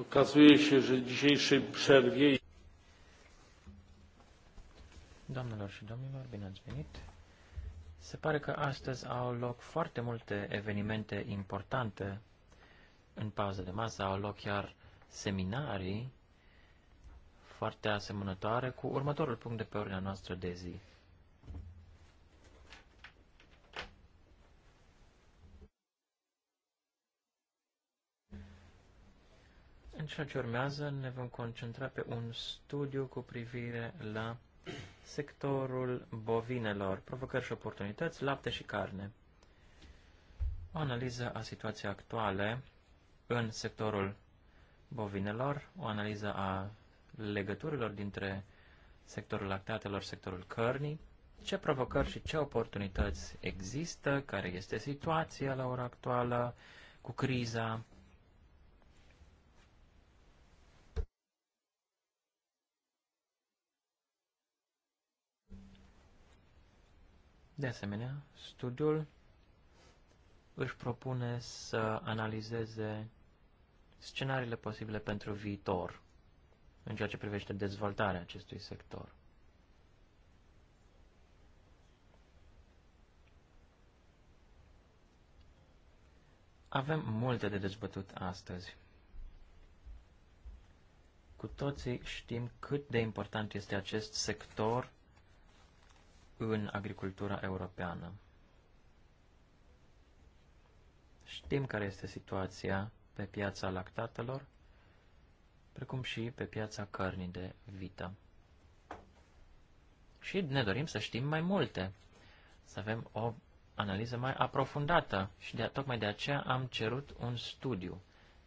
Okazuje się, że w dzisiejszej przerwie... și domnilor, bine ați venit! Se pare că astăzi au loc foarte multe evenimente importante în pauză de masă, au loc chiar seminarii foarte asemănătoare cu următorul punct de pe ordinea noastră de zi. În ceea ce urmează ne vom concentra pe un studiu cu privire la sectorul bovinelor, provocări și oportunități, lapte și carne. O analiză a situației actuale în sectorul bovinelor, o analiză a legăturilor dintre sectorul lactatelor, sectorul cărnii, ce provocări și ce oportunități există, care este situația la ora actuală cu criza De asemenea, studiul își propune să analizeze scenariile posibile pentru viitor în ceea ce privește dezvoltarea acestui sector. Avem multe de dezbătut astăzi. Cu toții știm cât de important este acest sector în agricultura europeană. Știm care este situația pe piața lactatelor, precum și pe piața cărnii de vită. Și ne dorim să știm mai multe, să avem o analiză mai aprofundată și de, tocmai de aceea am cerut un studiu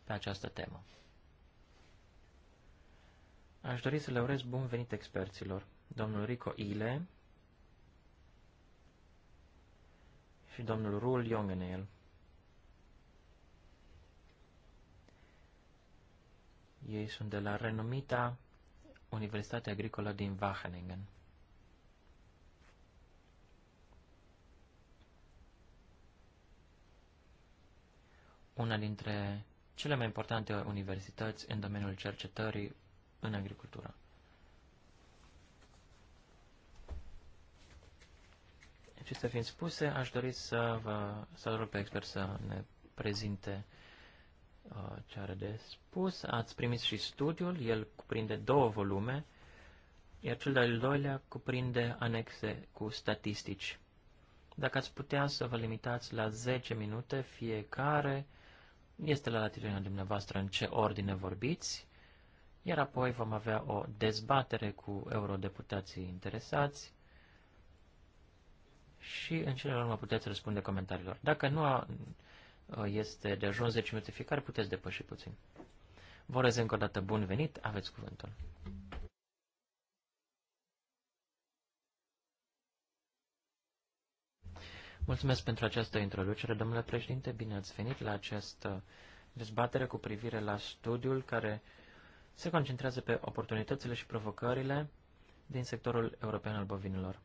pe această temă. Aș dori să le urez bun venit experților. Domnul Rico Ile și domnul Rul Jongenel. Ei sunt de la renumita Universitatea Agricolă din Wageningen. Una dintre cele mai importante universități în domeniul cercetării în agricultură. Acestea fiind spuse, aș dori să vă să rog pe expert să ne prezinte uh, ce are de spus. Ați primit și studiul, el cuprinde două volume, iar cel de-al doilea cuprinde anexe cu statistici. Dacă ați putea să vă limitați la 10 minute fiecare, este la latitudinea dumneavoastră în ce ordine vorbiți, iar apoi vom avea o dezbatere cu eurodeputații interesați, și în cele urmă puteți răspunde comentariilor. Dacă nu a, este de ajuns 10 minute fiecare, puteți depăși puțin. Vă urez încă o dată bun venit, aveți cuvântul. Mulțumesc pentru această introducere, domnule președinte. Bine ați venit la această dezbatere cu privire la studiul care se concentrează pe oportunitățile și provocările din sectorul european al bovinilor.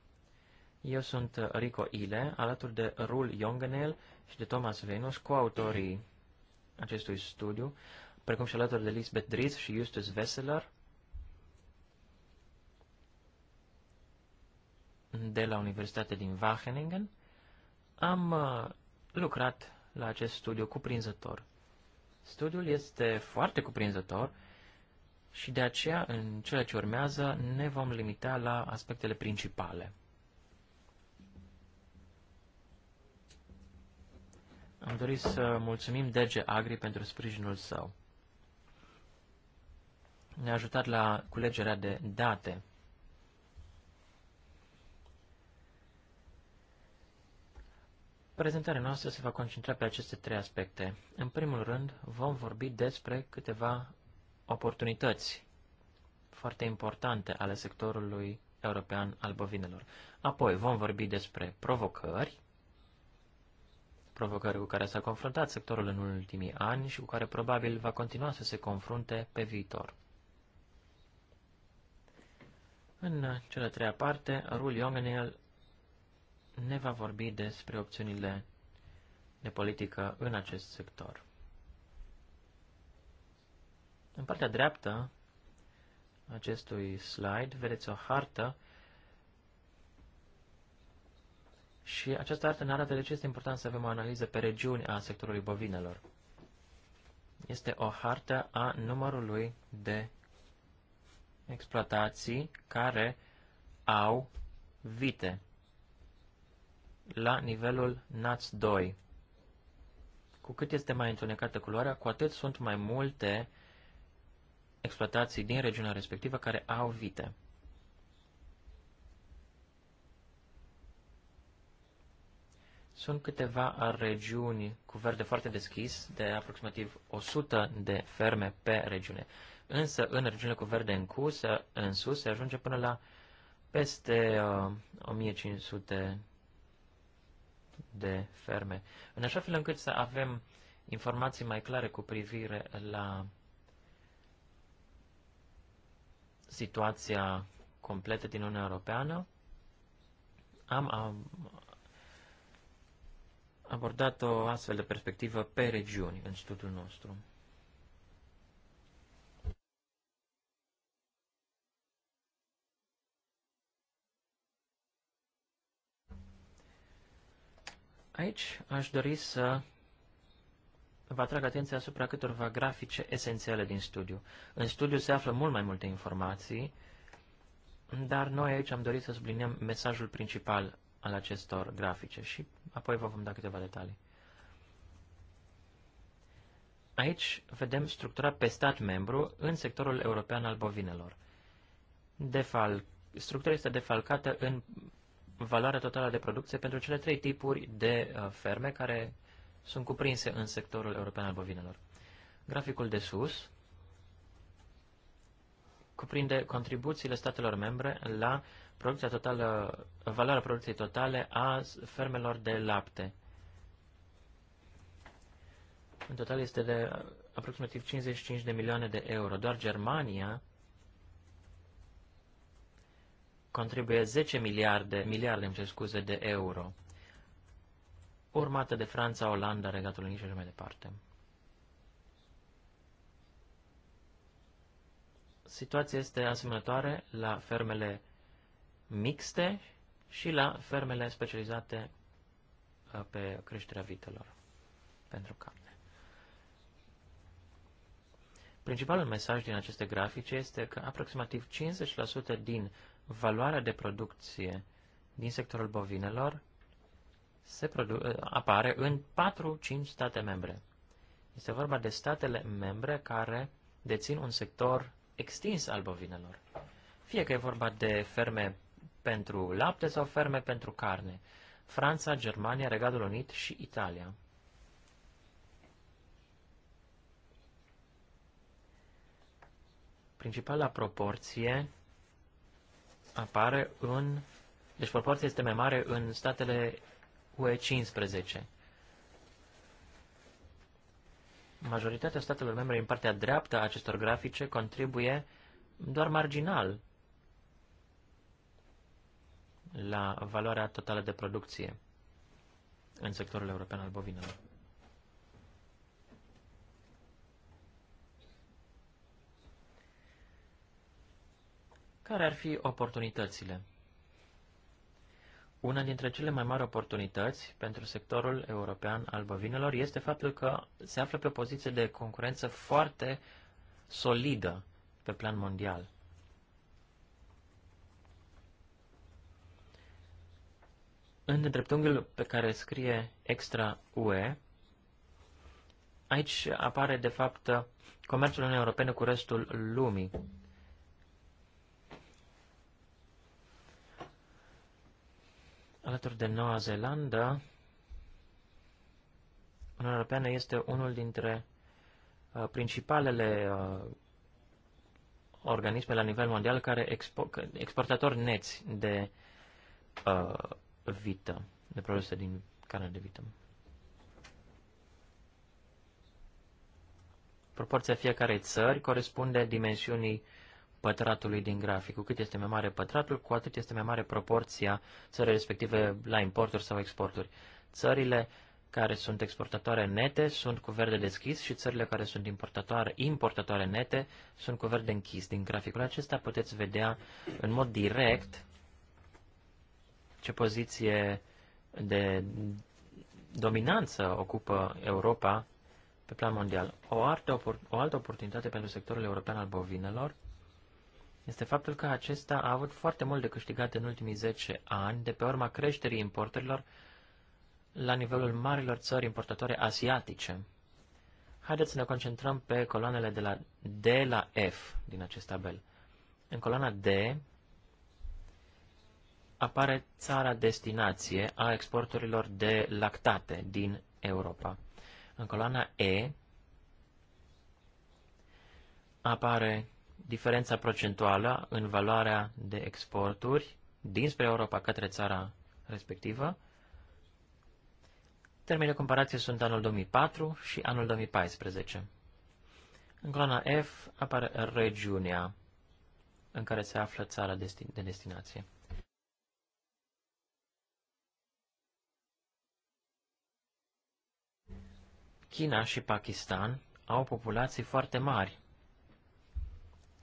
Eu sunt Rico Ile, alături de Rul Jongenel și de Thomas Venus, coautorii acestui studiu, precum și alături de Lisbeth Dries și Justus Wesseler, de la Universitatea din Wageningen, am uh, lucrat la acest studiu cuprinzător. Studiul este foarte cuprinzător și de aceea, în cele ce urmează, ne vom limita la aspectele principale – Am dorit să mulțumim DG Agri pentru sprijinul său. Ne-a ajutat la culegerea de date. Prezentarea noastră se va concentra pe aceste trei aspecte. În primul rând, vom vorbi despre câteva oportunități foarte importante ale sectorului european al bovinelor. Apoi vom vorbi despre provocări provocări cu care s-a confruntat sectorul în ultimii ani și cu care probabil va continua să se confrunte pe viitor. În cea treia parte, Rul Jongenel ne va vorbi despre opțiunile de politică în acest sector. În partea dreaptă acestui slide vedeți o hartă Și această artă ne arată de ce este important să avem o analiză pe regiuni a sectorului bovinelor. Este o hartă a numărului de exploatații care au vite la nivelul NATS 2. Cu cât este mai întunecată culoarea, cu atât sunt mai multe exploatații din regiunea respectivă care au vite. Sunt câteva regiuni cu verde foarte deschis, de aproximativ 100 de ferme pe regiune. Însă, în regiunile cu verde în, cus, în sus, se ajunge până la peste uh, 1500 de ferme. În așa fel încât să avem informații mai clare cu privire la situația completă din Uniunea Europeană, am, am abordat o astfel de perspectivă pe regiuni în studiul nostru. Aici aș dori să vă atrag atenția asupra câtorva grafice esențiale din studiu. În studiu se află mult mai multe informații, dar noi aici am dorit să subliniem mesajul principal al acestor grafice și apoi vă vom da câteva detalii. Aici vedem structura pe stat membru în sectorul european al bovinelor. Defal... Structura este defalcată în valoarea totală de producție pentru cele trei tipuri de uh, ferme care sunt cuprinse în sectorul european al bovinelor. Graficul de sus cuprinde contribuțiile statelor membre la uh, producția totală, valoarea producției totale a fermelor de lapte. În total este de aproximativ 55 de milioane de euro. Doar Germania contribuie 10 miliarde, miliarde îmi cer scuze, de euro, urmată de Franța, Olanda, Regatul Unit și așa mai departe. Situația este asemănătoare la fermele mixte și la fermele specializate uh, pe creșterea vitelor pentru carne. Principalul mesaj din aceste grafice este că aproximativ 50% din valoarea de producție din sectorul bovinelor se uh, apare în 4-5 state membre. Este vorba de statele membre care dețin un sector extins al bovinelor. Fie că e vorba de ferme pentru lapte sau ferme pentru carne. Franța, Germania, Regatul Unit și Italia. Principala proporție apare în... Deci proporția este mai mare în statele UE 15. Majoritatea statelor membre în partea dreaptă a acestor grafice contribuie doar marginal la valoarea totală de producție în sectorul european al bovinelor. Care ar fi oportunitățile? Una dintre cele mai mari oportunități pentru sectorul european al bovinelor este faptul că se află pe o poziție de concurență foarte solidă pe plan mondial. în dreptunghiul pe care scrie extra UE, aici apare, de fapt, comerțul Uniunii Europene cu restul lumii. Alături de Noua Zeelandă, Uniunea Europeană este unul dintre uh, principalele uh, organisme la nivel mondial care expo- exportatori neți de uh, vită, de produse din carne de vită. Proporția fiecarei țări corespunde dimensiunii pătratului din grafic. Cu cât este mai mare pătratul, cu atât este mai mare proporția țării respective la importuri sau exporturi. Țările care sunt exportatoare nete sunt cu verde deschis și țările care sunt importatoare, importatoare nete sunt cu verde închis. Din graficul acesta puteți vedea în mod direct ce poziție de dominanță ocupă Europa pe plan mondial. O altă, o altă oportunitate pentru sectorul european al bovinelor este faptul că acesta a avut foarte mult de câștigat în ultimii 10 ani de pe urma creșterii importurilor la nivelul marilor țări importatoare asiatice. Haideți să ne concentrăm pe coloanele de la, D la F din acest tabel. În coloana D apare țara destinație a exporturilor de lactate din Europa. În coloana E apare diferența procentuală în valoarea de exporturi dinspre Europa către țara respectivă. Termenii de comparație sunt anul 2004 și anul 2014. În coloana F apare regiunea în care se află țara de destinație. China și Pakistan au populații foarte mari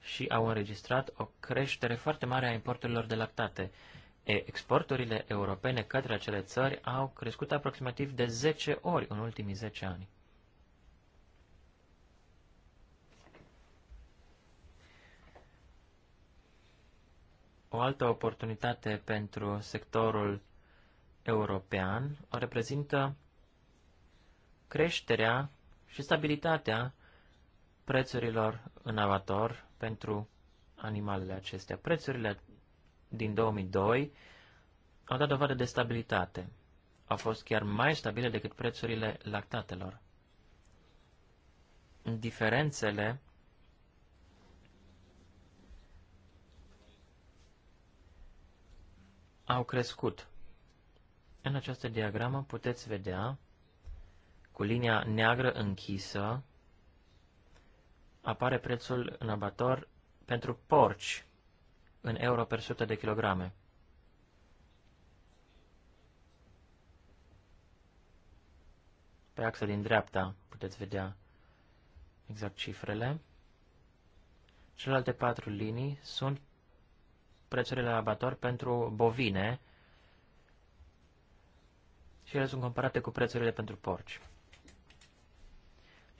și au înregistrat o creștere foarte mare a importurilor de lactate. E, exporturile europene către acele țări au crescut aproximativ de 10 ori în ultimii 10 ani. O altă oportunitate pentru sectorul european o reprezintă creșterea și stabilitatea prețurilor în avator pentru animalele acestea. Prețurile din 2002 au dat dovadă de stabilitate. Au fost chiar mai stabile decât prețurile lactatelor. Diferențele au crescut. În această diagramă puteți vedea cu linia neagră închisă apare prețul în abator pentru porci în euro per 100 de kilograme. Pe axa din dreapta puteți vedea exact cifrele. Celelalte patru linii sunt prețurile la abator pentru bovine și ele sunt comparate cu prețurile pentru porci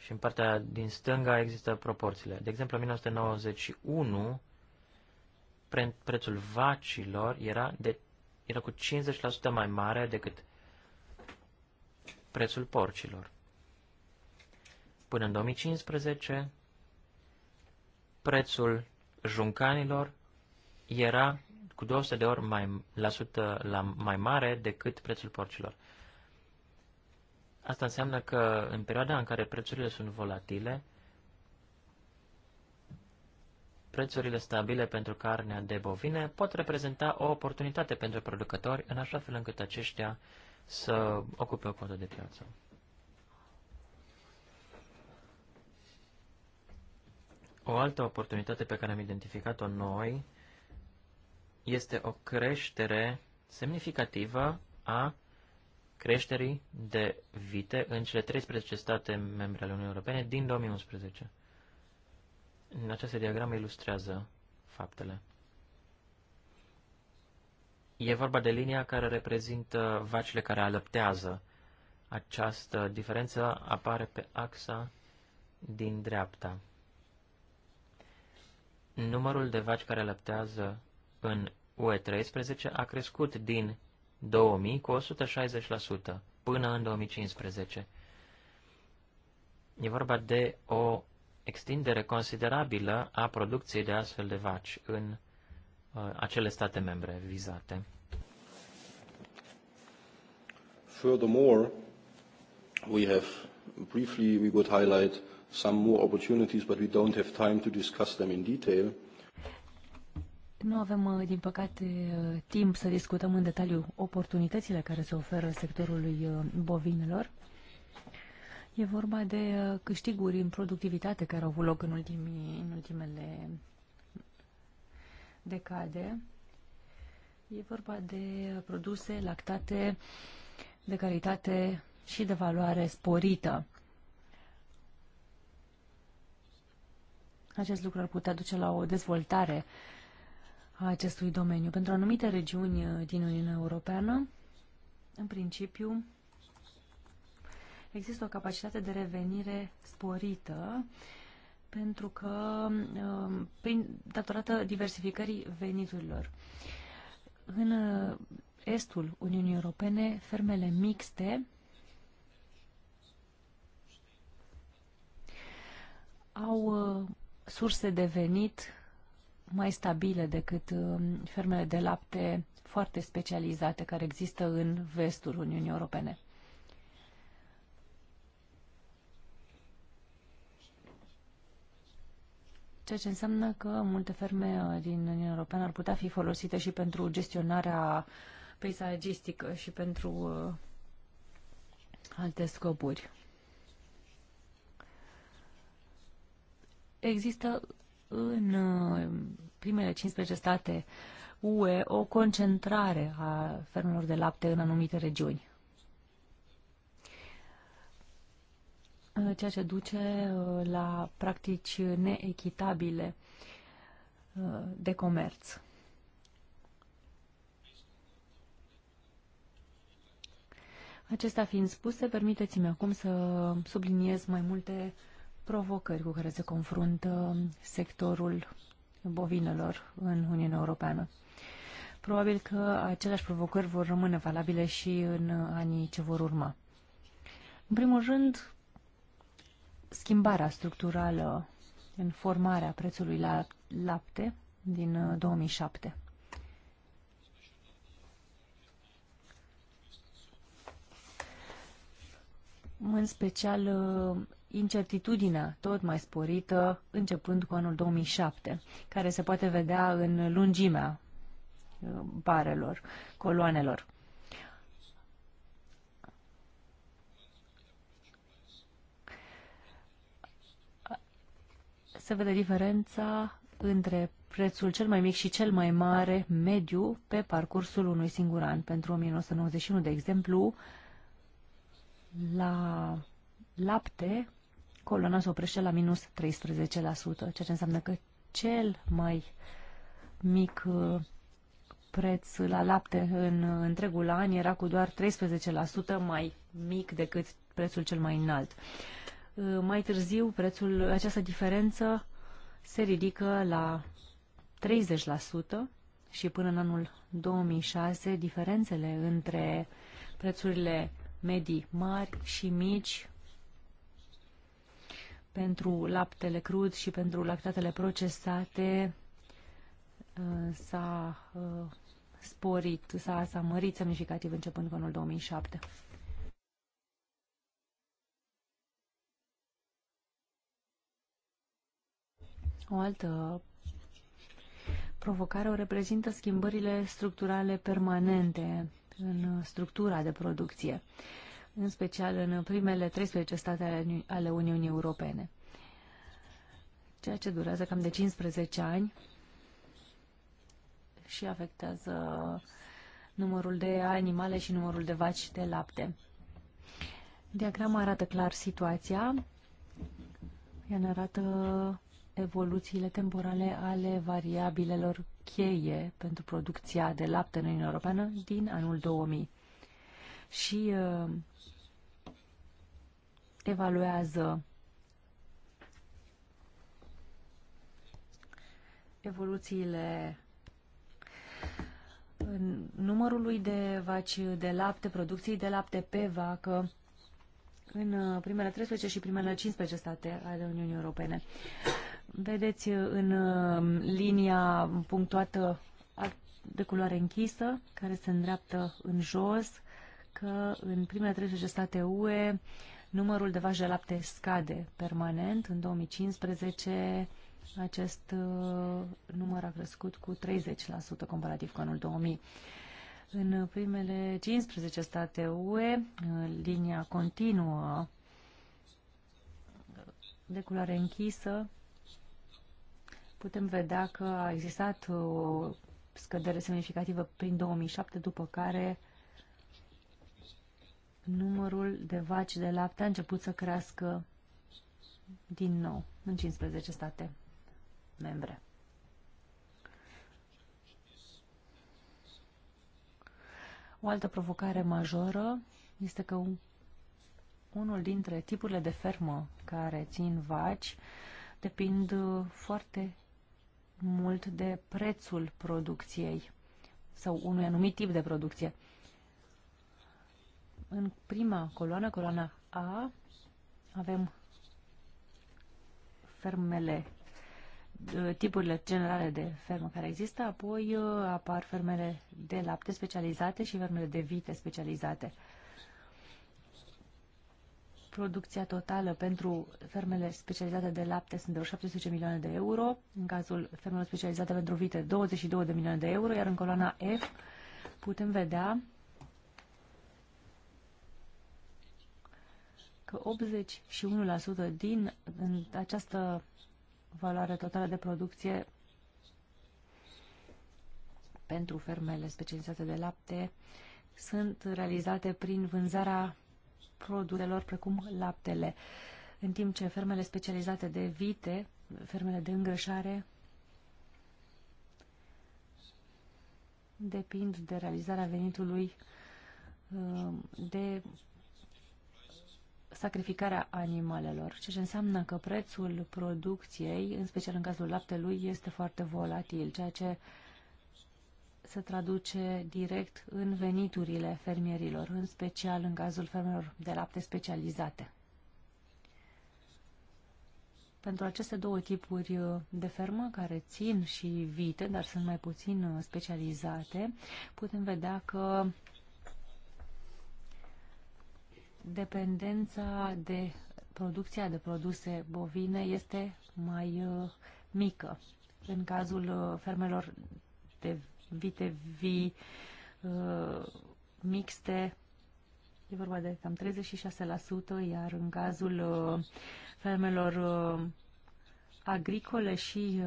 și în partea din stânga există proporțiile. De exemplu, în 1991, pre- prețul vacilor era, de, era cu 50% mai mare decât prețul porcilor. Până în 2015, prețul juncanilor era cu 200 de ori mai, la sută la mai mare decât prețul porcilor. Asta înseamnă că în perioada în care prețurile sunt volatile, prețurile stabile pentru carnea de bovine pot reprezenta o oportunitate pentru producători, în așa fel încât aceștia să ocupe o cotă de piață. O altă oportunitate pe care am identificat-o noi este o creștere semnificativă a creșterii de vite în cele 13 state membre ale Uniunii Europene din 2011. În această diagramă ilustrează faptele. E vorba de linia care reprezintă vacile care alăptează. Această diferență apare pe axa din dreapta. Numărul de vaci care alăptează în UE13 a crescut din 2000 cu 160% până în 2015. E vorba de o extindere considerabilă a producției de astfel de vaci în uh, acele state membre vizate. Furthermore, we have briefly we would highlight some more opportunities, but we don't have time to discuss them in detail. Nu avem, uh, din păcate, uh, timp să discutăm în detaliu oportunitățile care se oferă sectorului uh, bovinelor. E vorba de câștiguri în productivitate care au avut loc în, ultimii, în ultimele decade. E vorba de produse lactate de calitate și de valoare sporită. Acest lucru ar putea duce la o dezvoltare uh, a acestui domeniu. Pentru anumite regiuni uh, din Uniunea Europeană, în principiu, există o capacitate de revenire sporită pentru că um, prin, datorată diversificării veniturilor. În uh, estul Uniunii Europene, fermele mixte au uh, surse de venit mai stabile decât um, fermele de lapte foarte specializate care există în vestul Uniunii Europene. Ceea ce înseamnă că multe ferme uh, din Uniunea Europeană ar putea fi folosite și pentru gestionarea peisagistică și pentru uh, alte scopuri. Există în uh, primele 15 state UE o concentrare a fermelor de lapte în anumite regiuni. Uh, ceea ce duce uh, la practici neechitabile de comerț. Acestea fiind spuse, permiteți-mi acum să subliniez mai multe uh, provocări cu care se confruntă sectorul bovinelor în Uniunea Europeană. Probabil că aceleași provocări vor rămâne valabile și în anii ce vor urma. În primul rând, schimbarea structurală în formarea prețului la lapte din 2007. Uh, în special, uh, incertitudinea tot mai sporită începând cu anul 2007, care se poate vedea în lungimea uh, barelor, coloanelor. Se vede diferența între prețul cel mai mic și cel mai mare mediu pe parcursul unui singur an. Pentru 1991, de exemplu, la lapte coloana se oprește la minus 13%, ceea ce înseamnă că cel mai mic uh, preț la lapte în uh, întregul an era cu doar 13% mai mic decât prețul cel mai înalt. Uh, mai târziu, prețul, această diferență se ridică la 30% și până în anul 2006 diferențele între prețurile medii mari și mici pentru laptele crud și pentru lactatele procesate uh, s-a uh, sporit, s-a, s-a mărit semnificativ începând cu anul 2007. O altă provocare o reprezintă schimbările structurale permanente în structura de producție. Uh, în special în primele 13 state ale, Uniunii Europene, ceea ce durează cam de 15 ani și afectează numărul de animale și numărul de vaci de lapte. Diagrama arată clar situația. Ea ne arată evoluțiile temporale ale variabilelor cheie pentru producția de lapte în Uniunea Europeană din anul 2000. Și uh, evaluează evoluțiile numărului de vaci de lapte, producției de lapte pe vacă în primele 13 și primele 15 state ale Uniunii Europene. Vedeți în um, linia punctuată de culoare închisă, care se îndreaptă în jos, că în primele 13 state UE numărul de vaci de lapte scade permanent. În 2015 acest uh, număr a crescut cu 30% comparativ cu anul 2000. În primele 15 state UE, uh, linia continuă de culoare închisă, putem vedea că a existat uh, o scădere semnificativă prin 2007, după care numărul de vaci de lapte a început să crească din nou în 15 state membre. O altă provocare majoră este că unul dintre tipurile de fermă care țin vaci depind foarte mult de prețul producției sau unui anumit tip de producție. În prima coloană, coloana A, avem fermele, eh, tipurile generale de fermă care există, apoi eh, apar fermele de lapte specializate și fermele de vite specializate. Producția totală pentru fermele specializate de lapte sunt de 17 milioane de euro, în cazul fermelor specializate pentru vite 22 de milioane de euro, iar în coloana F putem vedea că 81% din în această valoare totală de producție pentru fermele specializate de lapte sunt realizate prin vânzarea produselor precum laptele, în timp ce fermele specializate de vite, fermele de îngrășare, depind de realizarea venitului uh, de sacrificarea animalelor, ceea ce înseamnă că prețul producției, în special în cazul laptelui, este foarte volatil, ceea ce se traduce direct în veniturile fermierilor, în special în cazul fermelor de lapte specializate. Pentru aceste două tipuri de fermă care țin și vite, dar sunt mai puțin specializate, putem vedea că dependența de producția de produse bovine este mai uh, mică. În cazul uh, fermelor de vite vii uh, mixte, e vorba de cam 36%, iar în cazul fermelor agricole și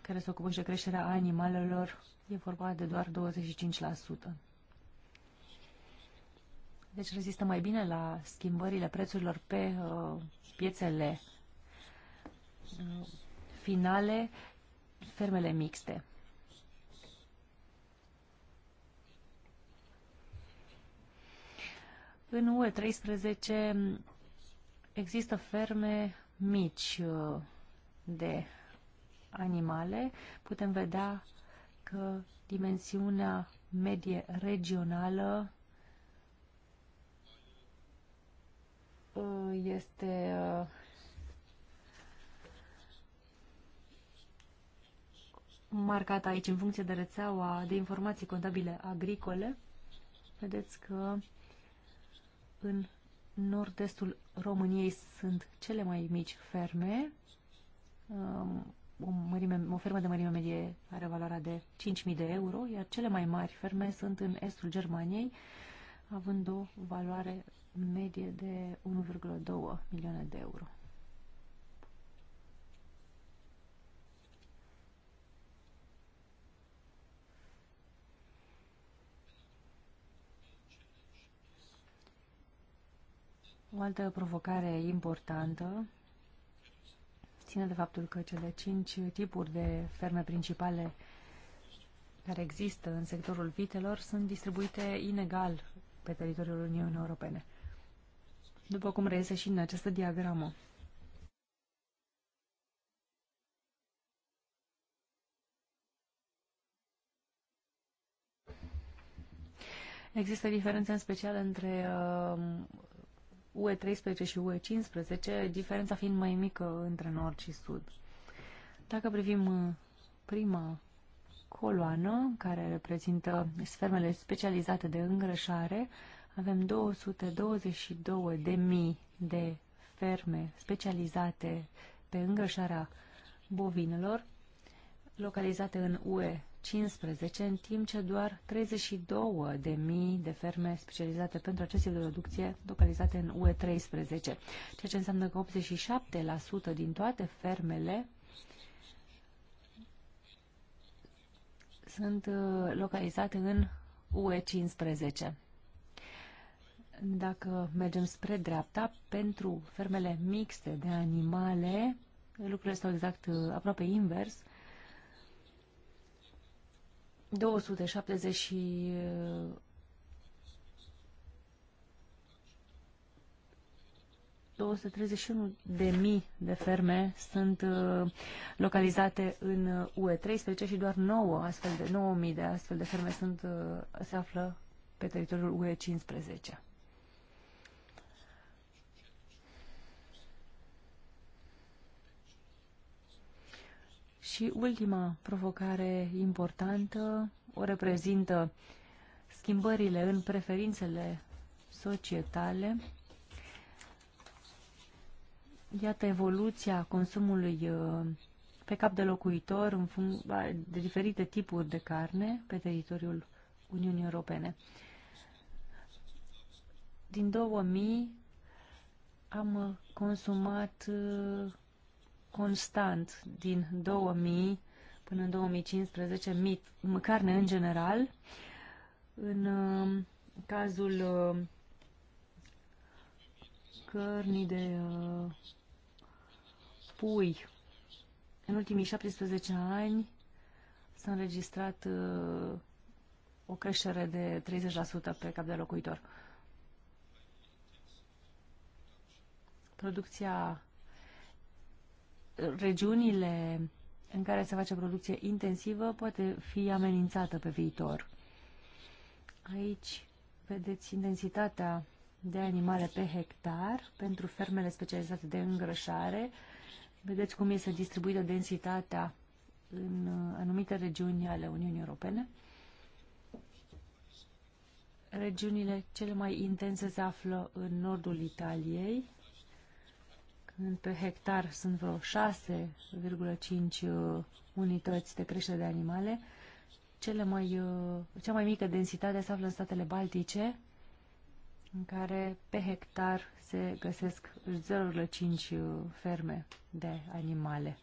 care se ocupă și de creșterea animalelor, e vorba de doar 25% deci rezistă mai bine la schimbările prețurilor pe uh, piețele uh, finale, fermele mixte. În UE 13 există ferme mici uh, de animale. Putem vedea că dimensiunea medie regională Uh, este uh, marcat aici în funcție de rețeaua de informații contabile agricole. Vedeți că în nord-estul României sunt cele mai mici ferme. Um, o, mărime, o fermă de mărime medie are valoarea de 5.000 de euro, iar cele mai mari ferme sunt în estul Germaniei, având o valoare medie de 1,2 milioane de euro. O altă provocare importantă ține de faptul că cele cinci tipuri de ferme principale care există în sectorul vitelor sunt distribuite inegal pe teritoriul Uniunii Europene, după cum reiese și în această diagramă. Există diferențe în special între UE13 uh, și UE15, diferența fiind mai mică între nord și sud. Dacă privim uh, prima coloană care reprezintă sfermele specializate de îngrășare. Avem 222.000 de de ferme specializate pe îngrășarea bovinelor, localizate în UE 15, în timp ce doar 32.000 de de ferme specializate pentru aceste de producție localizate în UE 13, ceea ce înseamnă că 87% din toate fermele sunt uh, localizate în UE15. Dacă mergem spre dreapta, pentru fermele mixte de animale, lucrurile stau exact uh, aproape invers, 270 231.000 de mii de ferme sunt uh, localizate în UE13 uh, și doar 9 astfel de 9 mii de astfel de ferme sunt, uh, se află pe teritoriul UE15. Și ultima provocare importantă o reprezintă schimbările în preferințele societale Iată evoluția consumului uh, pe cap de locuitor în de diferite tipuri de carne pe teritoriul Uniunii Europene. Din 2000 am consumat uh, constant din 2000 până în 2015 mit, carne în general. În uh, cazul cărnii de pui. În ultimii 17 ani s-a înregistrat uh, o creștere de 30% pe cap de locuitor. Producția, regiunile în care se face producție intensivă poate fi amenințată pe viitor. Aici vedeți intensitatea de animale pe hectar pentru fermele specializate de îngrășare, Vedeți cum este distribuită densitatea în uh, anumite regiuni ale Uniunii Europene. Regiunile cele mai intense se află în nordul Italiei, când pe hectar sunt vreo 6,5 uh, unități de creștere de animale. Cele mai, uh, cea mai mică densitate se află în statele Baltice, în care pe hectar se găsesc 0,5 uh, ferme de animale.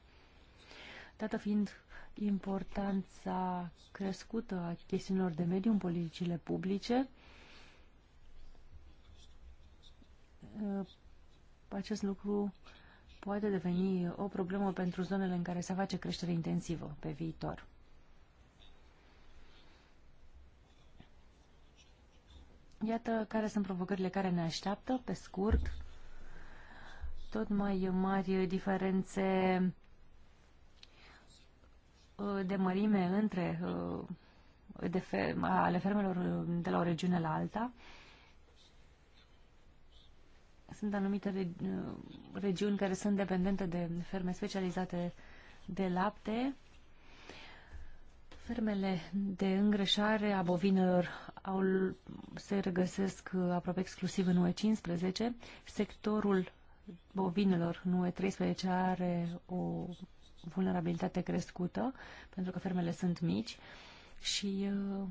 Dată fiind importanța crescută a chestiunilor de mediu în politicile publice, uh, acest lucru poate deveni o problemă pentru zonele în care se face creștere intensivă pe viitor. Iată care sunt provocările care ne așteaptă, pe scurt, tot mai mari diferențe uh, de mărime între uh, de ferm, ale fermelor uh, de la o regiune la alta. Sunt anumite regiuni care sunt dependente de ferme specializate de lapte, Fermele de îngrășare a bovinelor au, se regăsesc uh, aproape exclusiv în UE 15. Sectorul bovinelor în UE 13 are o vulnerabilitate crescută pentru că fermele sunt mici și uh,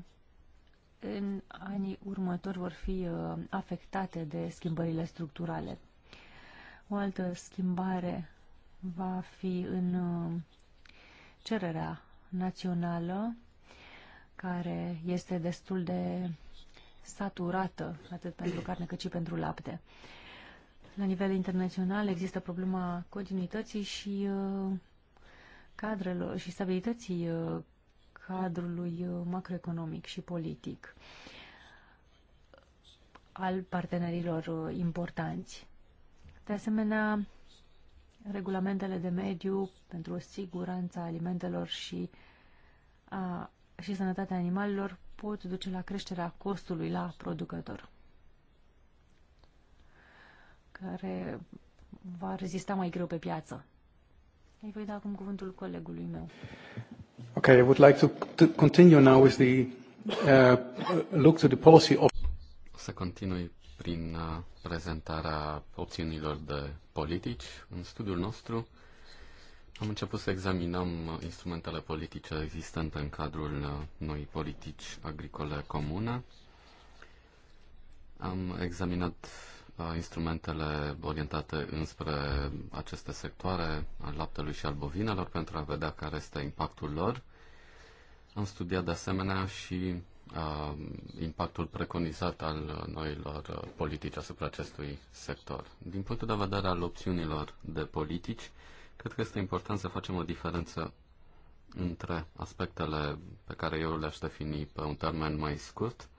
în anii următori vor fi uh, afectate de schimbările structurale. O altă schimbare va fi în cererea națională care este destul de saturată, atât pentru carne cât și pentru lapte. La nivel internațional există problema continuității și uh, cadrelor și stabilității uh, cadrului uh, macroeconomic și politic al partenerilor importanți. De asemenea, regulamentele de mediu pentru siguranța alimentelor și, a, și sănătatea animalelor pot duce la creșterea costului la producător, care va rezista mai greu pe piață. Îi voi da acum cuvântul colegului meu. Ok, I would like to, to continue now with the uh, look to the policy of... Să continui prin uh, prezentarea opțiunilor de politici. În studiul nostru am început să examinăm instrumentele politice existente în cadrul uh, noii politici agricole comune. Am examinat uh, instrumentele orientate înspre aceste sectoare al laptelui și al bovinelor pentru a vedea care este impactul lor. Am studiat de asemenea și impactul preconizat al noilor politici asupra acestui sector. Din punctul de vedere al opțiunilor de politici, cred că este important să facem o diferență între aspectele pe care eu le-aș defini pe un termen mai scurt.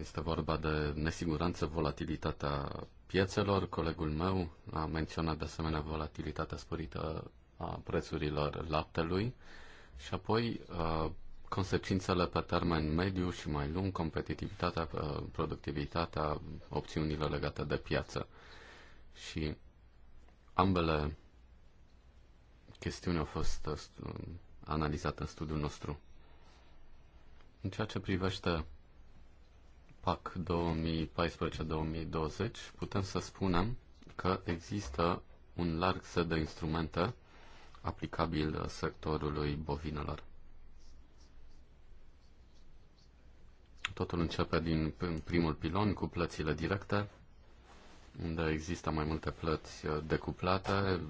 Este vorba de nesiguranță, volatilitatea piețelor. Colegul meu a menționat de asemenea volatilitatea sporită a prețurilor laptelui și apoi consecințele pe termen mediu și mai lung, competitivitatea, uh, productivitatea, opțiunile legate de piață. Și ambele chestiuni au fost uh, analizate în studiul nostru. În ceea ce privește PAC 2014-2020, putem să spunem că există un larg set de instrumente aplicabil sectorului bovinelor. Totul începe din primul pilon cu plățile directe, unde există mai multe plăți uh, decuplate,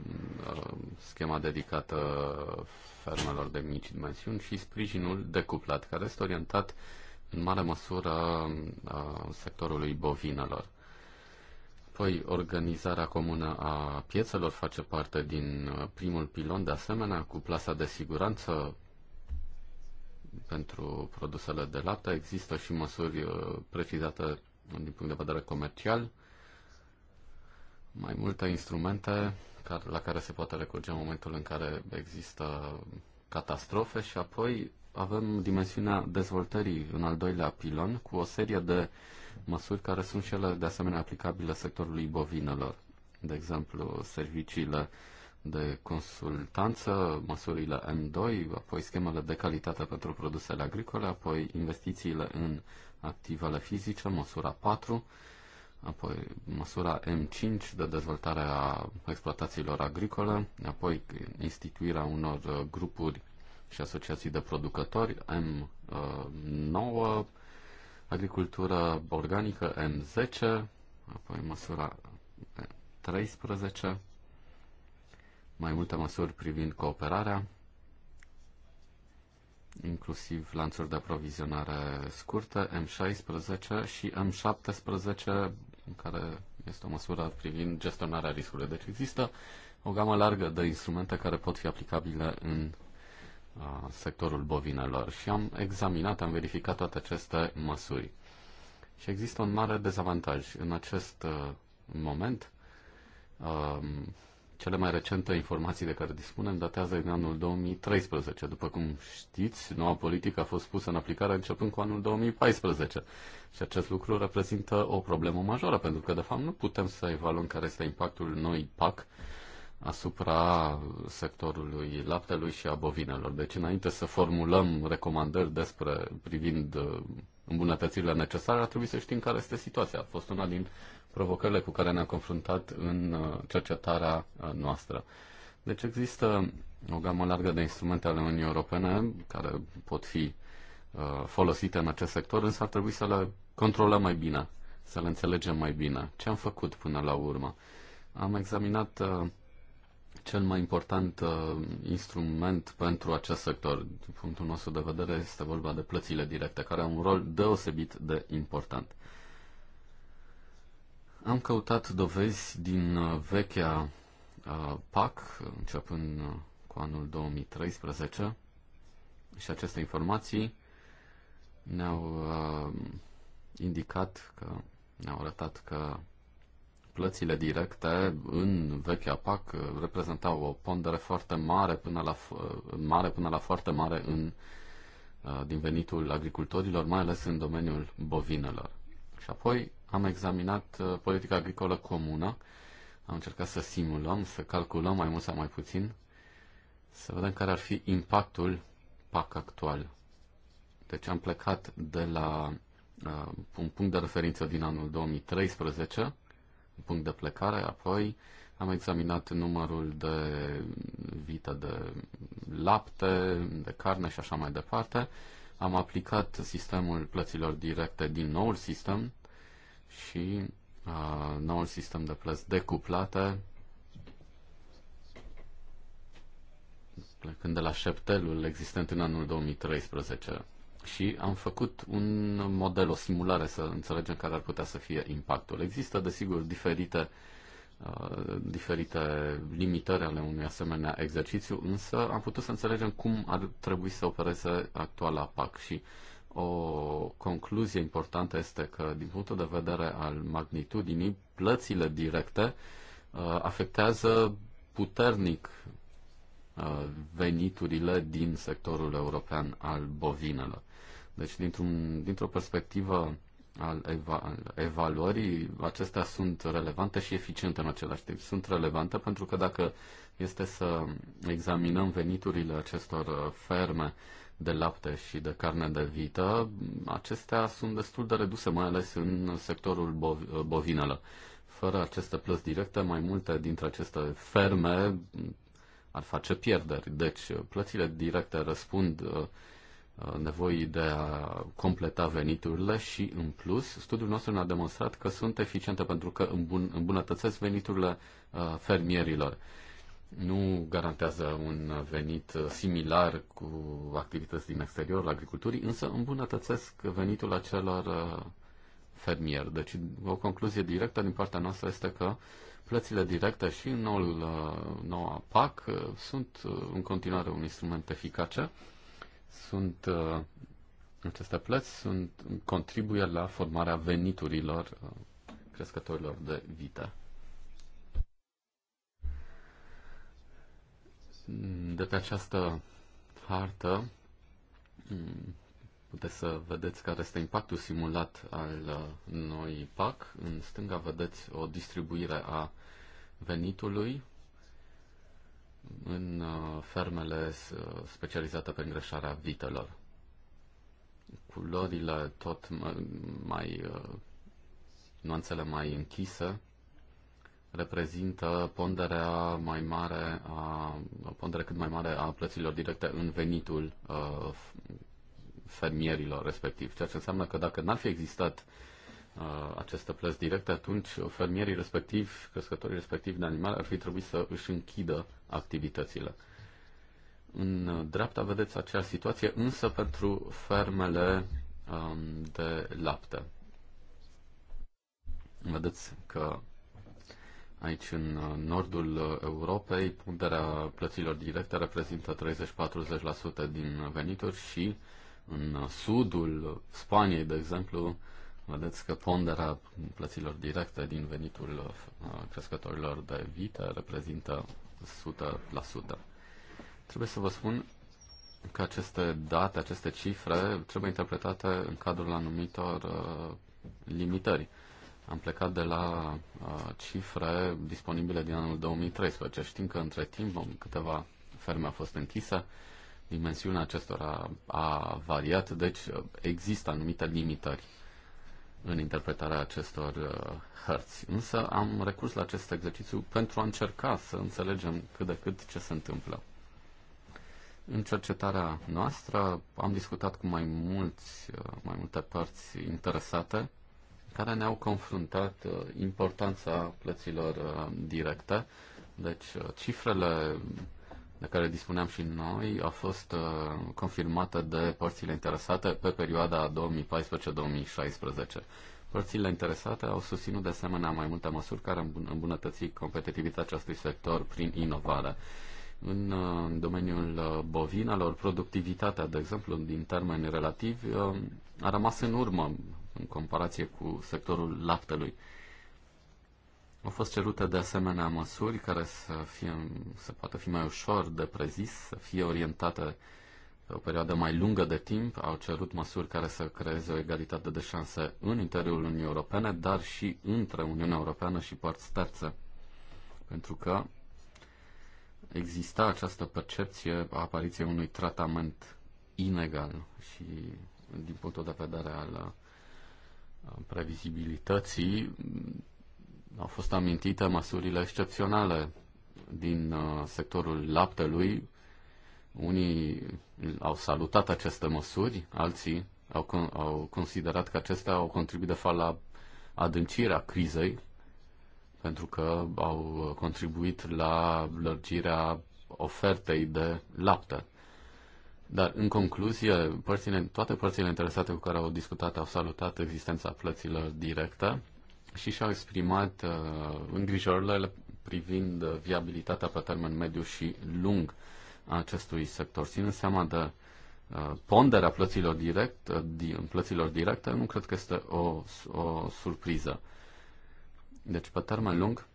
uh, schema dedicată fermelor de mici dimensiuni și sprijinul decuplat, care este orientat în mare măsură uh, sectorului bovinelor. Apoi, organizarea comună a piețelor face parte din primul pilon, de asemenea, cu plasa de siguranță pentru produsele de lapte. Există și măsuri uh, precizate din punct de vedere comercial, mai multe instrumente la care se poate recurge în momentul în care există catastrofe și apoi avem dimensiunea dezvoltării în al doilea pilon cu o serie de măsuri care sunt și ele de asemenea aplicabile sectorului bovinelor. De exemplu, serviciile uh, de consultanță, măsurile M2, apoi schemele de calitate pentru produsele agricole, apoi investițiile în activele fizice, măsura 4, apoi măsura M5 de dezvoltare a exploatațiilor agricole, apoi instituirea unor grupuri și asociații de producători, M9, agricultură organică, M10, apoi măsura 13, mai multe măsuri privind cooperarea, inclusiv lanțuri de aprovizionare scurte, M16 și M17, care este o măsură privind gestionarea riscului. Deci există o gamă largă de instrumente care pot fi aplicabile în sectorul bovinelor și am examinat, am verificat toate aceste măsuri. Și există un mare dezavantaj. În acest moment, cele mai recente informații de care dispunem datează din anul 2013. După cum știți, noua politică a fost pusă în aplicare începând cu anul 2014. Și acest lucru reprezintă o problemă majoră, pentru că, de fapt, nu putem să evaluăm care este impactul noi PAC asupra sectorului laptelui și a bovinelor. Deci, înainte să formulăm recomandări despre privind uh, îmbunătățirile necesare, ar trebui să știm care este situația. A fost una din provocările cu care ne-am confruntat în uh, cercetarea uh, noastră. Deci există o gamă largă de instrumente ale Uniunii Europene care pot fi uh, folosite în acest sector, însă ar trebui să le controlăm mai bine, să le înțelegem mai bine. Ce am făcut până la urmă? Am examinat cel mai important instrument pentru acest sector, din punctul nostru de vedere, este vorba de plățile directe, care au un rol deosebit de important. Am căutat dovezi din uh, vechea uh, PAC, începând uh, cu anul 2013, și aceste informații ne-au indicat că ne-au arătat că plățile directe în vechea PAC reprezentau o pondere foarte mare până la, mare până la foarte mare în, din venitul agricultorilor, mai ales în domeniul bovinelor. Și apoi am examinat uh, politica agricolă comună, am încercat să simulăm, să calculăm mai mult sau mai puțin, să vedem care ar fi impactul PAC actual. Deci am plecat de la uh, un punct de referință din anul 2013, un punct de plecare, apoi am examinat numărul de vită de lapte, de carne și așa mai departe. Am aplicat sistemul plăților directe din noul sistem și uh, noul sistem de plăți decuplate, plecând de la șeptelul existent în anul 2013. Și am făcut un model, o simulare, să înțelegem care ar putea să fie impactul. Există, desigur, diferite, uh, diferite limitări ale unui asemenea exercițiu, însă am putut să înțelegem cum ar trebui să opereze actuala PAC și o concluzie importantă este că, din punctul de vedere al magnitudinii, plățile directe uh, afectează puternic uh, veniturile din sectorul european al bovinelor. Deci, dintr-un, dintr-o perspectivă al, eva, al evaluării, acestea sunt relevante și eficiente în același timp. Sunt relevante pentru că dacă este să examinăm veniturile acestor uh, ferme de lapte și de carne de vită, acestea sunt destul de reduse, mai ales în sectorul bovinelă. Fără aceste plăți directe, mai multe dintre aceste ferme ar face pierderi. Deci, plățile directe răspund uh, uh, nevoii de a completa veniturile și, în plus, studiul nostru ne-a demonstrat că sunt eficiente pentru că îmbun- îmbunătățesc veniturile uh, fermierilor nu garantează un venit similar cu activități din exterior agriculturii, însă îmbunătățesc venitul acelor uh, fermieri. Deci o concluzie directă din partea noastră este că plățile directe și în noul, uh, noua PAC uh, sunt în continuare un instrument eficace. Sunt, aceste plăți sunt, contribuie la formarea veniturilor crescătorilor de vită. De pe această hartă puteți să vedeți care este impactul simulat al uh, noi PAC. În stânga vedeți o distribuire a venitului în uh, fermele uh, specializate pe îngreșarea vitelor. Culorile tot mai nuanțele mai închise reprezintă ponderea mai mare a, ponderea cât mai mare a plăților directe în venitul a, uh, fermierilor respectiv. Ceea ce înseamnă că dacă n-ar fi existat a, uh, aceste plăți directe, atunci fermierii respectiv, crescătorii respectiv de animale ar fi trebuit să își închidă activitățile. În dreapta vedeți acea situație, însă pentru fermele um, de lapte. Vedeți că Aici, în uh, nordul uh, Europei, punterea plăților directe reprezintă 30-40% din venituri și în uh, sudul Spaniei, de exemplu, vedeți că ponderea plăților directe din venitul crescătorilor de vite reprezintă 100%. Trebuie să vă spun că aceste date, aceste cifre trebuie interpretate în cadrul anumitor limitări am plecat de la uh, cifre disponibile din anul 2013. Știm că între timp câteva ferme au fost închise, dimensiunea acestora a variat, deci uh, există anumite limitări în interpretarea acestor uh, hărți. Însă am recurs la acest exercițiu pentru a încerca să înțelegem cât de cât ce se întâmplă. În cercetarea noastră am discutat cu mai, mulți, uh, mai multe părți interesate care ne-au confruntat uh, importanța plăților uh, directe. Deci uh, cifrele de care dispuneam și noi au fost confirmate de părțile interesate pe perioada 2014-2016. Părțile interesate au susținut de asemenea mai multe măsuri care îmbunătăți competitivitatea acestui sector prin inovare. În domeniul bovinelor, productivitatea, de exemplu, din termeni relativi, a rămas în urmă în comparație cu sectorul laptelui. Au fost cerute de asemenea măsuri care să, fie, să poată fi mai ușor de prezis, să fie orientate pe o perioadă mai lungă de timp. Au cerut măsuri care să creeze o egalitate de șanse în interiorul Uniunii Europene, dar și între Uniunea Europeană și părți terțe. Pentru că exista această percepție a apariției unui tratament inegal și din punctul de vedere al previzibilității au fost amintite măsurile excepționale din uh, sectorul laptelui. Unii au salutat aceste măsuri, alții au, au considerat că acestea au contribuit de fapt la adâncirea crizei, pentru că au contribuit la lărgirea ofertei de lapte. Dar, în concluzie, părțile, toate părțile interesate cu care au discutat au salutat existența plăților directe și și-au exprimat uh, îngrijorările privind viabilitatea pe termen mediu și lung a acestui sector. Ținând seama de uh, ponderea plăților, direct, uh, di, plăților directe, nu cred că este o, o surpriză. Deci, pe termen lung,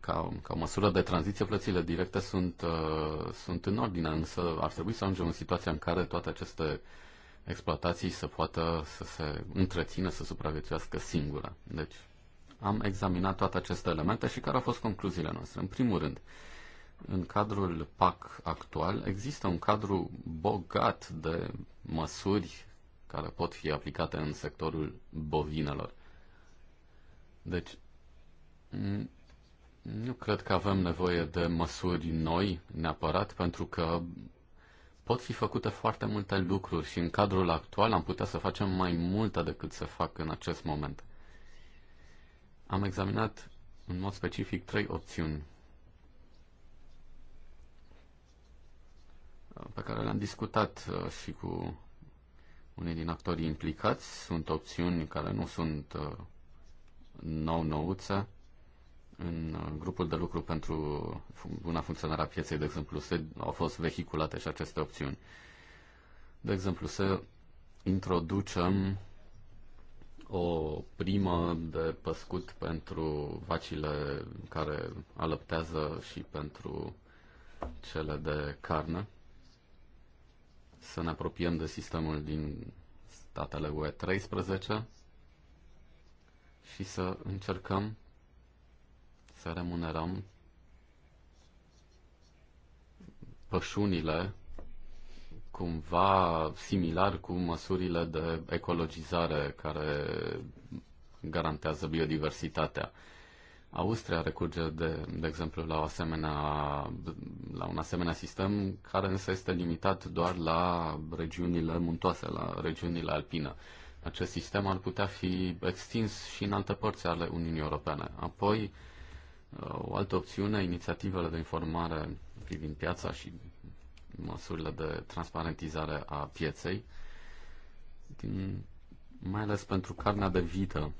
ca, ca măsură de tranziție, plățile directe sunt, uh, sunt în ordine, însă ar trebui să ajungem în situația în care toate aceste exploatații să poată să se întrețină, să supraviețuiască singură. Deci am examinat toate aceste elemente și care au fost concluziile noastre. În primul rând, în cadrul PAC actual există un cadru bogat de măsuri care pot fi aplicate în sectorul bovinelor. Deci, nu cred că avem nevoie de măsuri noi neapărat, pentru că pot fi făcute foarte multe lucruri și în cadrul actual am putea să facem mai multe decât se fac în acest moment. Am examinat în mod specific trei opțiuni pe care le-am discutat uh, și cu unii din actorii implicați. Sunt opțiuni care nu sunt uh, nou-nouțe, în grupul de lucru pentru buna funcționare a pieței, de exemplu, se, au fost vehiculate și aceste opțiuni. De exemplu, să introducem o primă de păscut pentru vacile care alăptează și pentru cele de carne. Să ne apropiem de sistemul din statele UE 13 și să încercăm să remunerăm pășunile cumva similar cu măsurile de ecologizare care garantează biodiversitatea. Austria recurge, de, de exemplu, la, o asemenea, la un asemenea sistem care însă este limitat doar la regiunile muntoase, la regiunile alpine. Acest sistem ar putea fi extins și în alte părți ale Uniunii Europene. Apoi, uh, o altă opțiune, inițiativele de informare privind piața și măsurile de transparentizare a pieței, din, mai ales pentru carnea de vită.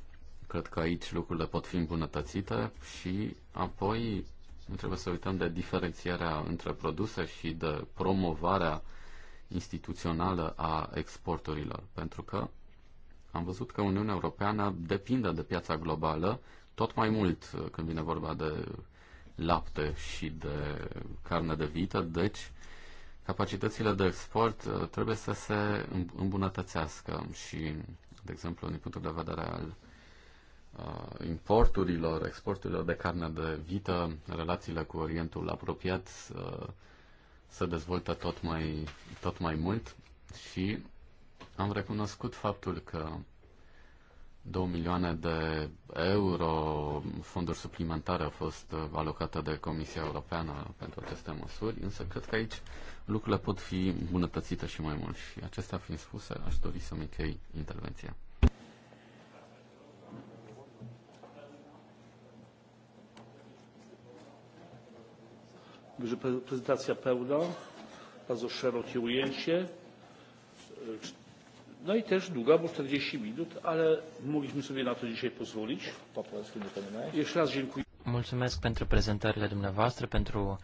Cred că aici lucrurile pot fi îmbunătățite și apoi trebuie să uităm de diferențierea între produse și de promovarea instituțională a exporturilor, pentru că am văzut că Uniunea Europeană depinde de piața globală tot mai mult uh, când vine vorba de lapte și de carne de vită, deci capacitățile de export uh, trebuie să se îmbunătățească și, de exemplu, din punctul de vedere al uh, importurilor, exporturilor de carne de vită, relațiile cu Orientul apropiat se dezvoltă tot mai, tot mai mult și am recunoscut faptul că 2 milioane de euro fonduri suplimentare au fost uh, alocate de Comisia Europeană pentru aceste măsuri, însă cred că aici lucrurile pot fi îmbunătățite și mai mult. Și acestea fiind spuse, aș dori să-mi închei intervenția. Prezentația pełna, bardzo szerokie ujęcie. No i też długa, bo 40 minut, ale mogliśmy sobie na to dzisiaj pozwolić. Jeszcze raz dziękuję. Mulțumesc pentru prezentările dumneavoastră, pentru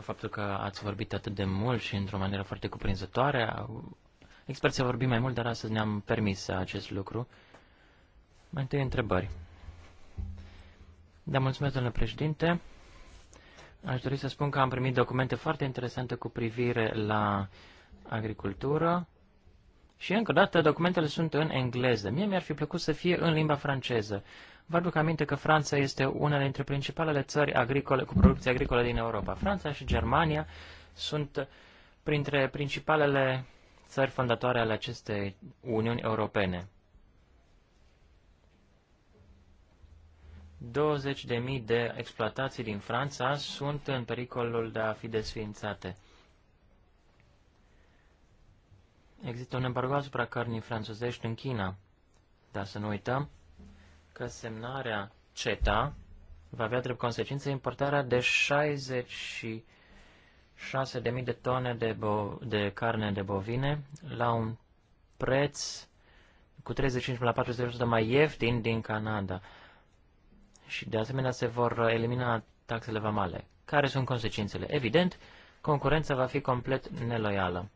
faptul că ați vorbit atât de mult și într-o manieră foarte cuprinzătoare. Experții au vorbit mai mult, dar astăzi ne-am permis acest lucru. Mai întâi întrebări. Da, mulțumesc, domnule președinte. Aș dori să spun că am primit documente foarte interesante cu privire la agricultură, și încă o dată, documentele sunt în engleză. Mie mi-ar fi plăcut să fie în limba franceză. Vă aduc aminte că Franța este una dintre principalele țări agricole, cu producție agricolă din Europa. Franța și Germania sunt printre principalele țări fondatoare ale acestei Uniuni Europene. 20.000 de exploatații din Franța sunt în pericolul de a fi desființate. Există un embargo asupra cărnii franțuzești în China. Dar să nu uităm că semnarea CETA va avea drept consecință importarea de 66.000 de tone de, bo- de carne de bovine la un preț cu 35 la 40% mai ieftin din Canada. Și de asemenea se vor elimina taxele vamale. Care sunt consecințele? Evident, concurența va fi complet neloială.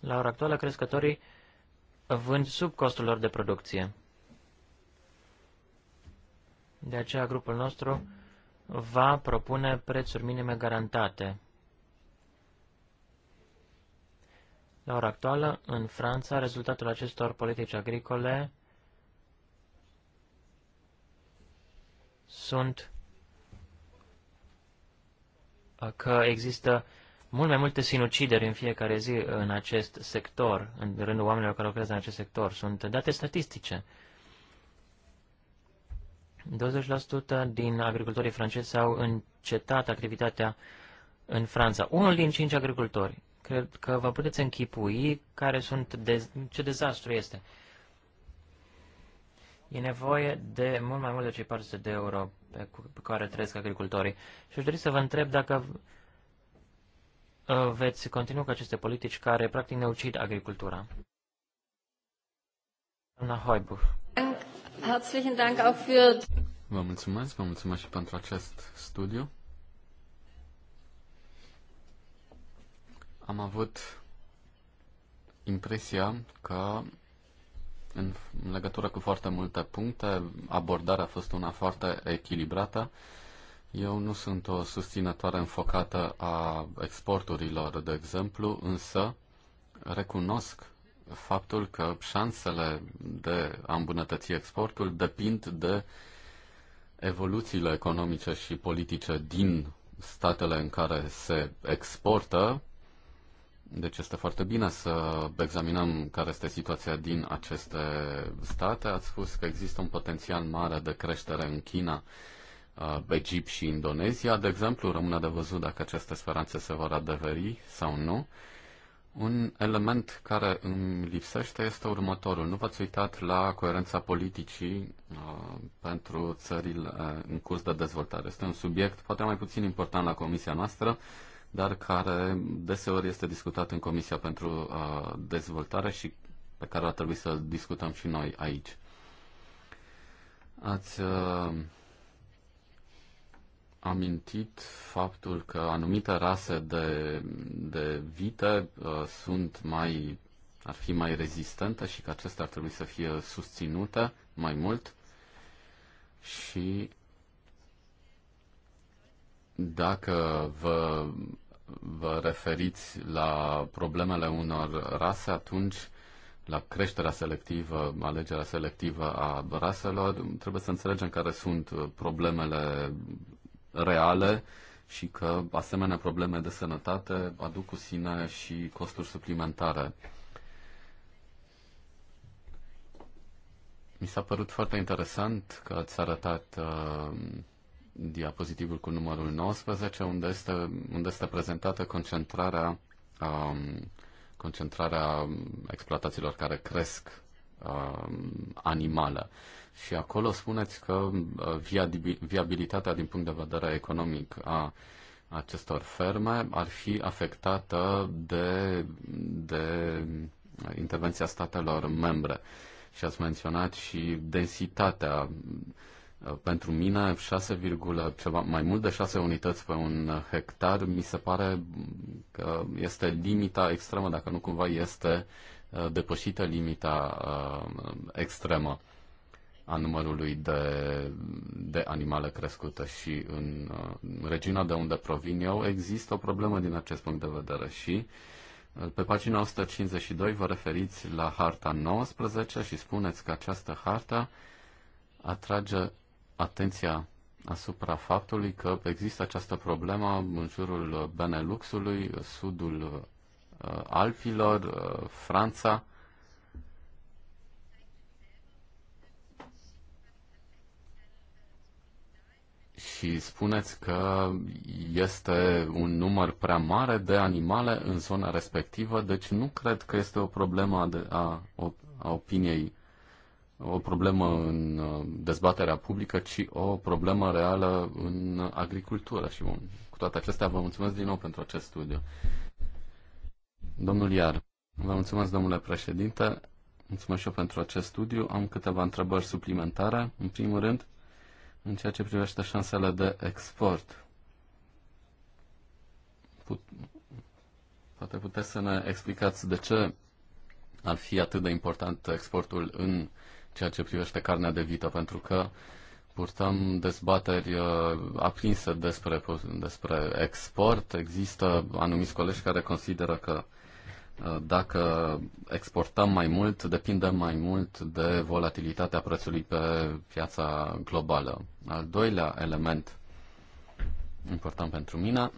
La ora actuală, crescătorii vând sub costul lor de producție. De aceea, grupul nostru va propune prețuri minime garantate. La ora actuală, în Franța, rezultatul acestor politici agricole sunt că există mult mai multe sinucideri în fiecare zi în acest sector, în rândul oamenilor care lucrează în acest sector. Sunt date statistice. 20% din agricultorii francezi au încetat activitatea în Franța. Unul din cinci agricultori. Cred că vă puteți închipui care sunt de, ce dezastru este. E nevoie de mult mai mult de cei 400 de euro pe care trăiesc agricultorii. Și aș dori să vă întreb dacă Uh, veți continua cu aceste politici care practic ne ucid agricultura. Doamna Hoibuch. Vă mulțumesc, vă mulțumesc și pentru acest studiu. Am avut impresia că în legătură cu foarte multe puncte, abordarea a fost una foarte echilibrată eu nu sunt o susținătoare înfocată a exporturilor, de exemplu, însă recunosc faptul că șansele de a îmbunătăți exportul depind de evoluțiile economice și politice din statele în care se exportă. Deci este foarte bine să examinăm care este situația din aceste state. Ați spus că există un potențial mare de creștere în China Uh, Egipt și Indonezia, de exemplu, rămâne de văzut dacă aceste speranțe se vor adeveri sau nu. Un element care îmi lipsește este următorul. Nu v-ați uitat la coerența politicii uh, pentru țările uh, în curs de dezvoltare. Este un subiect poate mai puțin important la comisia noastră, dar care deseori este discutat în Comisia pentru uh, Dezvoltare și pe care ar trebui să discutăm și noi aici. Ați uh, amintit faptul că anumite rase de, de vite uh, sunt mai, ar fi mai rezistente și că acestea ar trebui să fie susținute mai mult și dacă vă, vă referiți la problemele unor rase, atunci la creșterea selectivă, alegerea selectivă a raselor, trebuie să înțelegem care sunt problemele reale și că asemenea probleme de sănătate aduc cu sine și costuri suplimentare. Mi s-a părut foarte interesant că ați arătat uh, diapozitivul cu numărul 19, unde este, unde este prezentată concentrarea, um, concentrarea exploatațiilor care cresc um, animale și acolo spuneți că uh, viabilitatea din punct de vedere economic a acestor ferme ar fi afectată de, de intervenția statelor membre. Și ați menționat și densitatea. Uh, pentru mine, 6, ceva, mai mult de 6 unități pe un hectar, mi se pare că este limita extremă, dacă nu cumva este uh, depășită limita extremă a numărului de, de animale crescute și în uh, regiunea de unde provin eu există o problemă din acest punct de vedere și uh, pe pagina 152 vă referiți la harta 19 și spuneți că această harta atrage atenția asupra faptului că există această problemă în jurul Beneluxului, sudul uh, Alpilor, Franța, și spuneți că este un număr prea mare de animale în zona respectivă, deci nu cred că este o problemă a, a opiniei, o problemă în uh, dezbaterea publică, ci o problemă reală în agricultură. Și bun, cu toate acestea vă mulțumesc din nou pentru acest studiu. Domnul Iar, vă mulțumesc, domnule președinte, mulțumesc și eu pentru acest studiu. Am câteva întrebări suplimentare. În primul rând, în ceea ce privește șansele de export, put, poate puteți să ne explicați de ce ar fi atât de important exportul în ceea ce privește carnea de vită, pentru că purtăm dezbateri uh, aprinse despre, despre export. Există anumiți colegi care consideră că dacă exportăm mai mult, depindem mai mult de volatilitatea prețului pe piața globală. Al doilea element important pentru mine,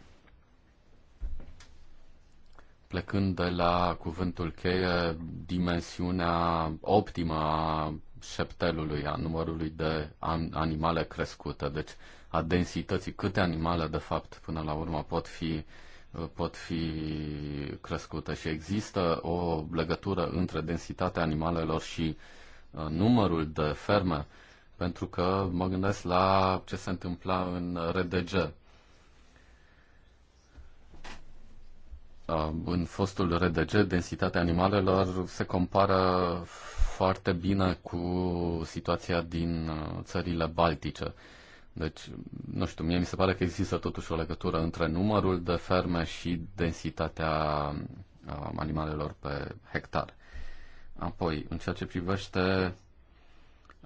plecând de la cuvântul cheie, dimensiunea optimă a șeptelului, a numărului de animale crescute, deci a densității, câte animale de fapt până la urmă pot fi uh, pot fi crescute și există o legătură între densitatea animalelor și uh, numărul de ferme, pentru că mă gândesc la ce se întâmpla în RDG. Uh, în fostul RDG, densitatea animalelor se compară foarte bine cu situația din uh, țările baltice. Deci, nu știu, mie mi se pare că există totuși o legătură între numărul de ferme și densitatea um, animalelor pe hectar. Apoi, în ceea ce privește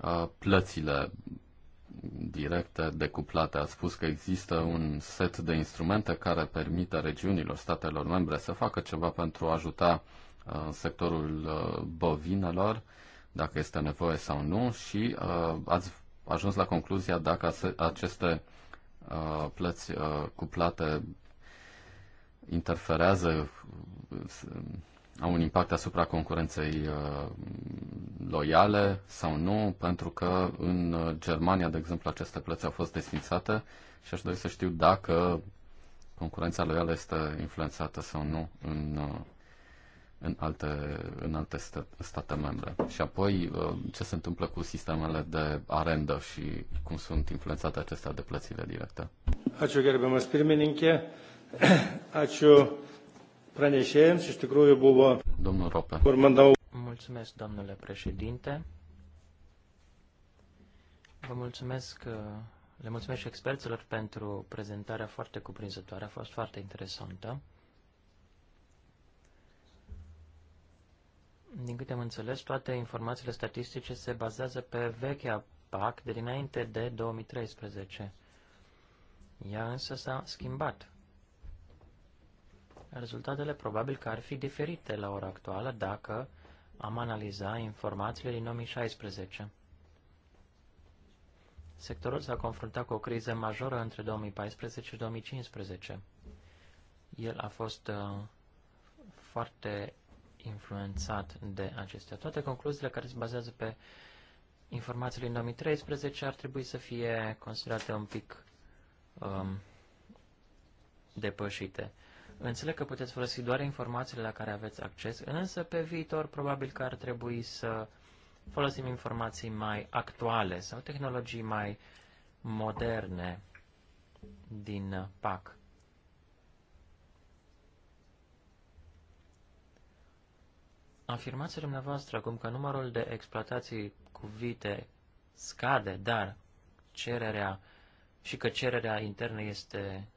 uh, plățile directe, decuplate. a spus că există un set de instrumente care permite regiunilor, statelor membre să facă ceva pentru a ajuta uh, sectorul uh, bovinelor, dacă este nevoie sau nu, și ați ajuns la concluzia dacă aceste uh, plăți uh, cuplate interferează, uh, au un impact asupra concurenței loiale sau nu, pentru că în Germania, de exemplu, aceste plăți au fost desfințate și aș dori să știu dacă concurența loială este influențată sau nu în în alte, în alte state membre. Și apoi, uh, ce se întâmplă cu sistemele de arendă și cum sunt influențate acestea de plățile directe? Ačiū gerbiamas pirmininkė, ačiū pranešėjams, iš tikrųjų buvo... Domnul Rope. Mulțumesc, domnule președinte. Vă mulțumesc, uh, le mulțumesc și experților pentru prezentarea foarte cuprinzătoare, a fost foarte interesantă. Din câte am înțeles, toate informațiile statistice se bazează pe vechea PAC de dinainte de 2013. Ea însă s-a schimbat. Rezultatele probabil că ar fi diferite la ora actuală dacă am analiza informațiile din 2016. Sectorul s-a confruntat cu o criză majoră între 2014 și 2015. El a fost uh, foarte influențat de acestea. Toate concluziile care se bazează pe informațiile din 2013 ar trebui să fie considerate un pic um, depășite. Înțeleg că puteți folosi doar informațiile la care aveți acces, însă pe viitor probabil că ar trebui să folosim informații mai actuale sau tehnologii mai moderne din PAC. Afirmația dumneavoastră acum că numărul de exploatații cu vite scade, dar cererea și că cererea internă este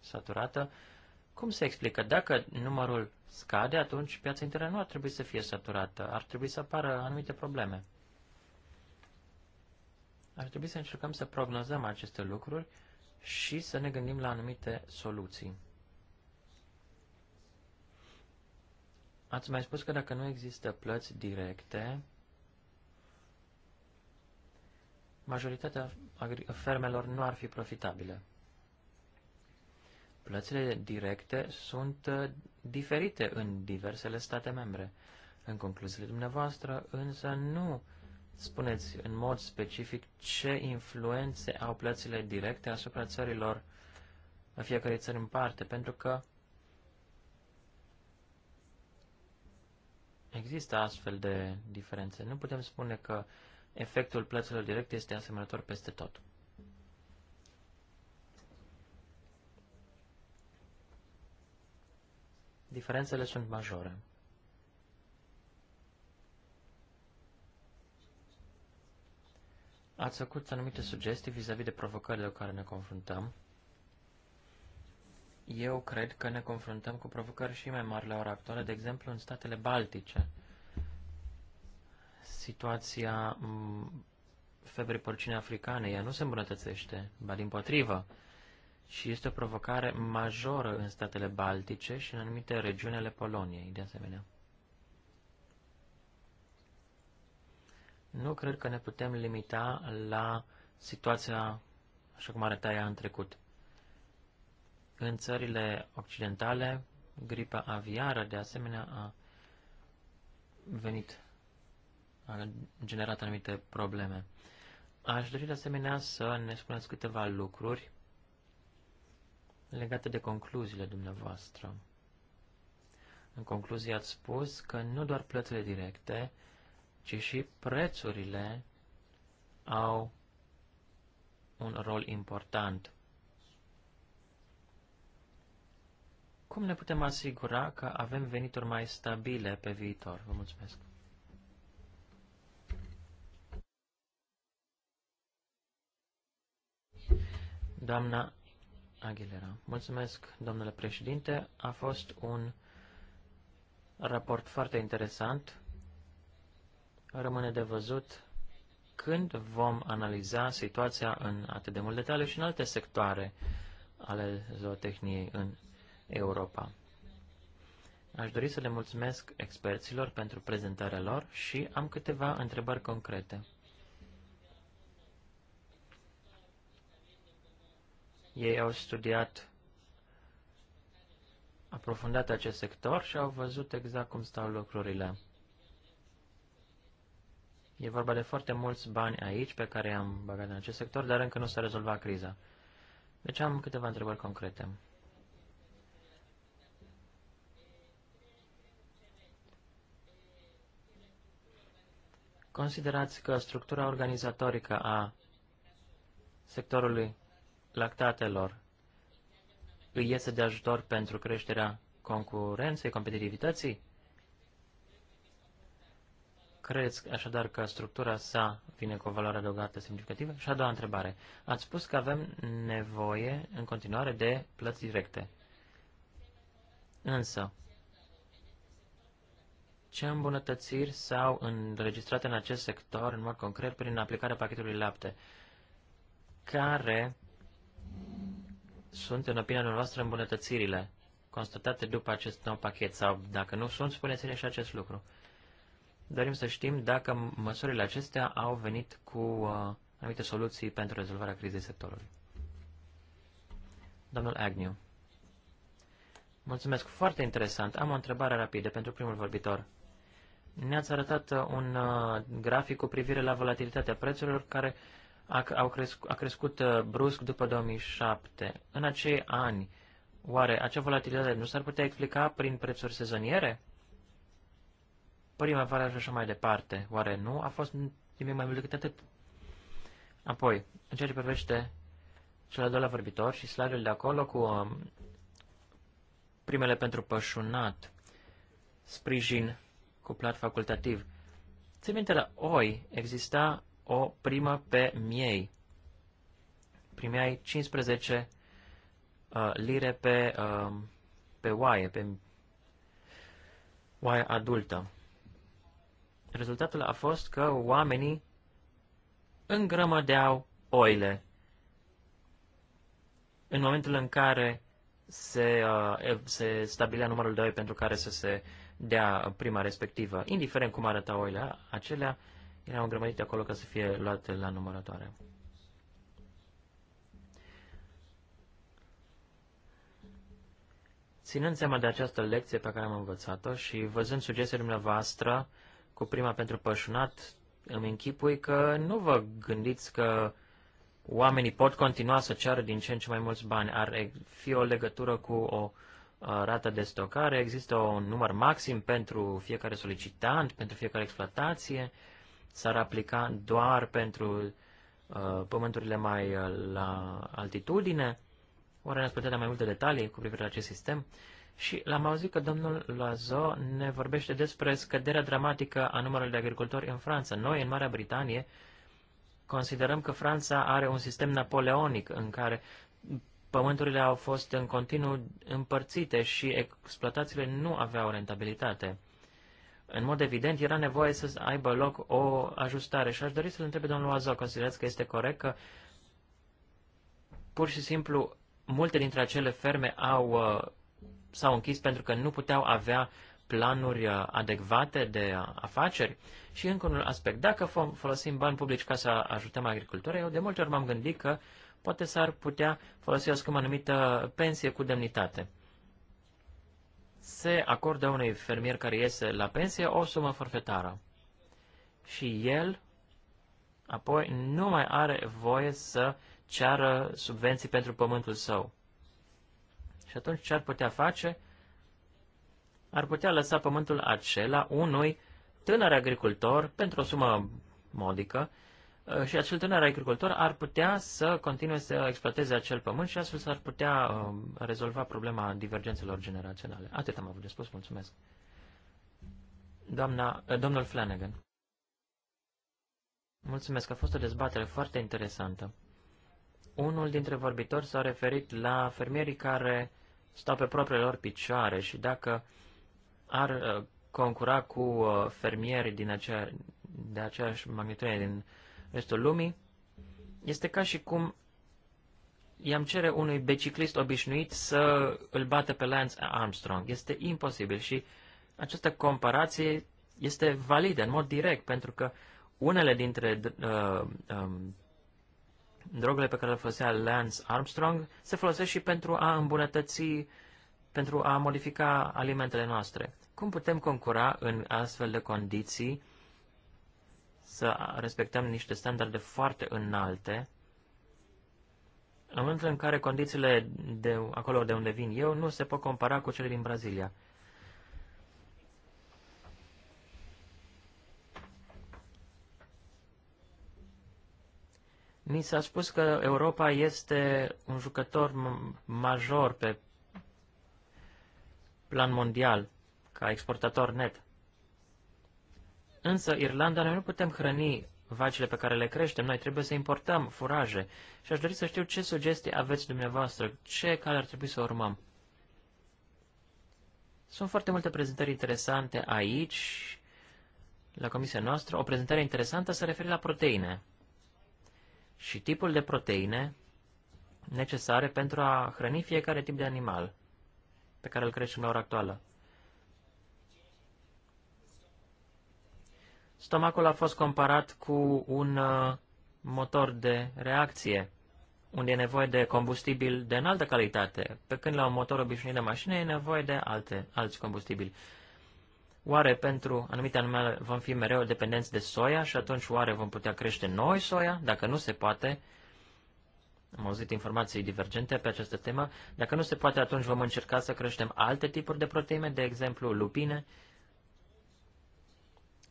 saturată, cum se explică? Dacă numărul scade, atunci piața internă nu ar trebui să fie saturată, ar trebui să apară anumite probleme. Ar trebui să încercăm să prognozăm aceste lucruri și să ne gândim la anumite soluții. Ați mai spus că dacă nu există plăți directe, majoritatea fermelor nu ar fi profitabile. Plățile directe sunt uh, diferite în diversele state membre. În concluziile dumneavoastră, însă nu spuneți în mod specific ce influențe au plățile directe asupra țărilor, a fiecare țări în parte, pentru că Există astfel de diferențe. Nu putem spune că efectul plăților directe este asemănător peste tot. Diferențele sunt majore. Ați făcut anumite sugestii vis-a-vis -vis de provocările cu care ne confruntăm eu cred că ne confruntăm cu provocări și mai mari la ora actuală, de exemplu în statele baltice. Situația febrei porcine africane, ea nu se îmbunătățește, ba din potrivă. Și este o provocare majoră în statele baltice și în anumite regiuni ale Poloniei, de asemenea. Nu cred că ne putem limita la situația așa cum arăta ea în trecut. În țările occidentale, gripa aviară, de asemenea, a venit, a generat anumite probleme. Aș dori de asemenea să ne spuneți câteva lucruri legate de concluziile dumneavoastră. În concluzie ați spus că nu doar plățile directe, ci și prețurile au un rol important. Cum ne putem asigura că avem venituri mai stabile pe viitor? Vă mulțumesc. Doamna Aguilera, mulțumesc, domnule președinte. A fost un raport foarte interesant. Rămâne de văzut când vom analiza situația în atât de mult detaliu și în alte sectoare ale zootehniei în Europa. Aș dori să le mulțumesc experților pentru prezentarea lor și am câteva întrebări concrete. Ei au studiat aprofundat acest sector și au văzut exact cum stau lucrurile. E vorba de foarte mulți bani aici pe care i-am băgat în acest sector, dar încă nu s-a rezolvat criza. Deci am câteva întrebări concrete. Considerați că structura organizatorică a sectorului lactatelor îi iese de ajutor pentru creșterea concurenței, competitivității? Credeți așadar că structura sa vine cu o valoare adăugată semnificativă? Și a doua întrebare. Ați spus că avem nevoie în continuare de plăți directe. Însă, ce îmbunătățiri s-au înregistrat în acest sector, în mod concret, prin aplicarea pachetului lapte? Care sunt, în opinia noastră, îmbunătățirile constatate după acest nou pachet? Sau, dacă nu sunt, spuneți-ne și acest lucru. Dorim să știm dacă măsurile acestea au venit cu uh, anumite soluții pentru rezolvarea crizei sectorului. Domnul Agnew. Mulțumesc, foarte interesant. Am o întrebare rapidă pentru primul vorbitor. Ne-ați arătat uh, un uh, grafic cu privire la volatilitatea prețurilor care a, au crescut, a crescut uh, brusc după 2007. În acei ani, oare acea volatilitate nu s-ar putea explica prin prețuri sezoniere? Primăvara și așa mai departe, oare nu a fost nimic mai mult decât atât? Apoi, în ceea ce privește cel al doilea vorbitor și slide-ul de acolo cu um, primele pentru pășunat, sprijin cuplat facultativ. Țin minte, la oi exista o primă pe miei. Primeai 15 uh, lire pe, uh, pe oaie, pe oaie adultă. Rezultatul a fost că oamenii îngrămădeau oile. În momentul în care se, uh, se stabilea numărul de oi pentru care să se dea prima respectivă, indiferent cum arăta oile acelea, erau îngrămădite acolo ca să fie luate la numărătoare. Ținând seama de această lecție pe care am învățat-o și văzând sugestiile dumneavoastră cu prima pentru pășunat, îmi închipui că nu vă gândiți că oamenii pot continua să ceară din ce în ce mai mulți bani. Ar fi o legătură cu o rată de stocare, există un număr maxim pentru fiecare solicitant, pentru fiecare exploatație, s-ar aplica doar pentru uh, pământurile mai la altitudine, oare ne-ați putea da mai multe detalii cu privire la acest sistem? Și l-am auzit că domnul Loazo ne vorbește despre scăderea dramatică a numărului de agricultori în Franța. Noi, în Marea Britanie, considerăm că Franța are un sistem napoleonic în care pământurile au fost în continuu împărțite și exploatațiile nu aveau rentabilitate. În mod evident, era nevoie să aibă loc o ajustare și aș dori să-l întrebe domnul Azo, considerați că este corect că pur și simplu multe dintre acele ferme au, uh, s-au închis pentru că nu puteau avea planuri uh, adecvate de uh, afaceri. Și încă un aspect, dacă folosim bani publici ca să ajutăm agricultura, eu de multe ori m-am gândit că uh, poate s-ar putea folosească o anumită pensie cu demnitate. Se acordă unui fermier care iese la pensie o sumă forfetară și el apoi nu mai are voie să ceară subvenții pentru pământul său. Și atunci ce ar putea face? Ar putea lăsa pământul acela unui tânăr agricultor pentru o sumă modică Uh, și acel tânăr agricultor ar putea să continue să exploateze acel pământ și astfel s-ar putea um, rezolva problema divergențelor generaționale. Atât am avut de spus, mulțumesc. Doamna, uh, domnul Flanagan. Mulțumesc, a fost o dezbatere foarte interesantă. Unul dintre vorbitori s-a referit la fermierii care stau pe propriile lor picioare și dacă ar uh, concura cu fermieri din acea, de aceeași magnitudine din uh, restul lumii, este ca și cum i-am cere unui biciclist obișnuit să îl bată pe Lance Armstrong. Este imposibil și această comparație este validă în mod direct, pentru că unele dintre uh, um, drogurile pe care le folosea Lance Armstrong se folosesc și pentru a îmbunătăți, pentru a modifica alimentele noastre. Cum putem concura în astfel de condiții să respectăm niște standarde foarte înalte, în momentul în care condițiile de acolo de unde vin eu nu se pot compara cu cele din Brazilia. Mi s-a spus că Europa este un jucător major pe plan mondial, ca exportator net. Însă, Irlanda, noi nu putem hrăni vacile pe care le creștem, noi trebuie să importăm furaje. Și aș dori să știu ce sugestii aveți dumneavoastră, ce cale ar trebui să urmăm. Sunt foarte multe prezentări interesante aici, la comisia noastră. O prezentare interesantă se referă la proteine și tipul de proteine necesare pentru a hrăni fiecare tip de animal pe care îl creștem la ora actuală. Stomacul a fost comparat cu un uh, motor de reacție, unde e nevoie de combustibil de înaltă calitate, pe când la un motor obișnuit de mașină e nevoie de alte, alți combustibili. Oare pentru anumite animale vom fi mereu dependenți de soia și atunci oare vom putea crește noi soia? Dacă nu se poate, am auzit informații divergente pe această temă, dacă nu se poate atunci vom încerca să creștem alte tipuri de proteine, de exemplu lupine,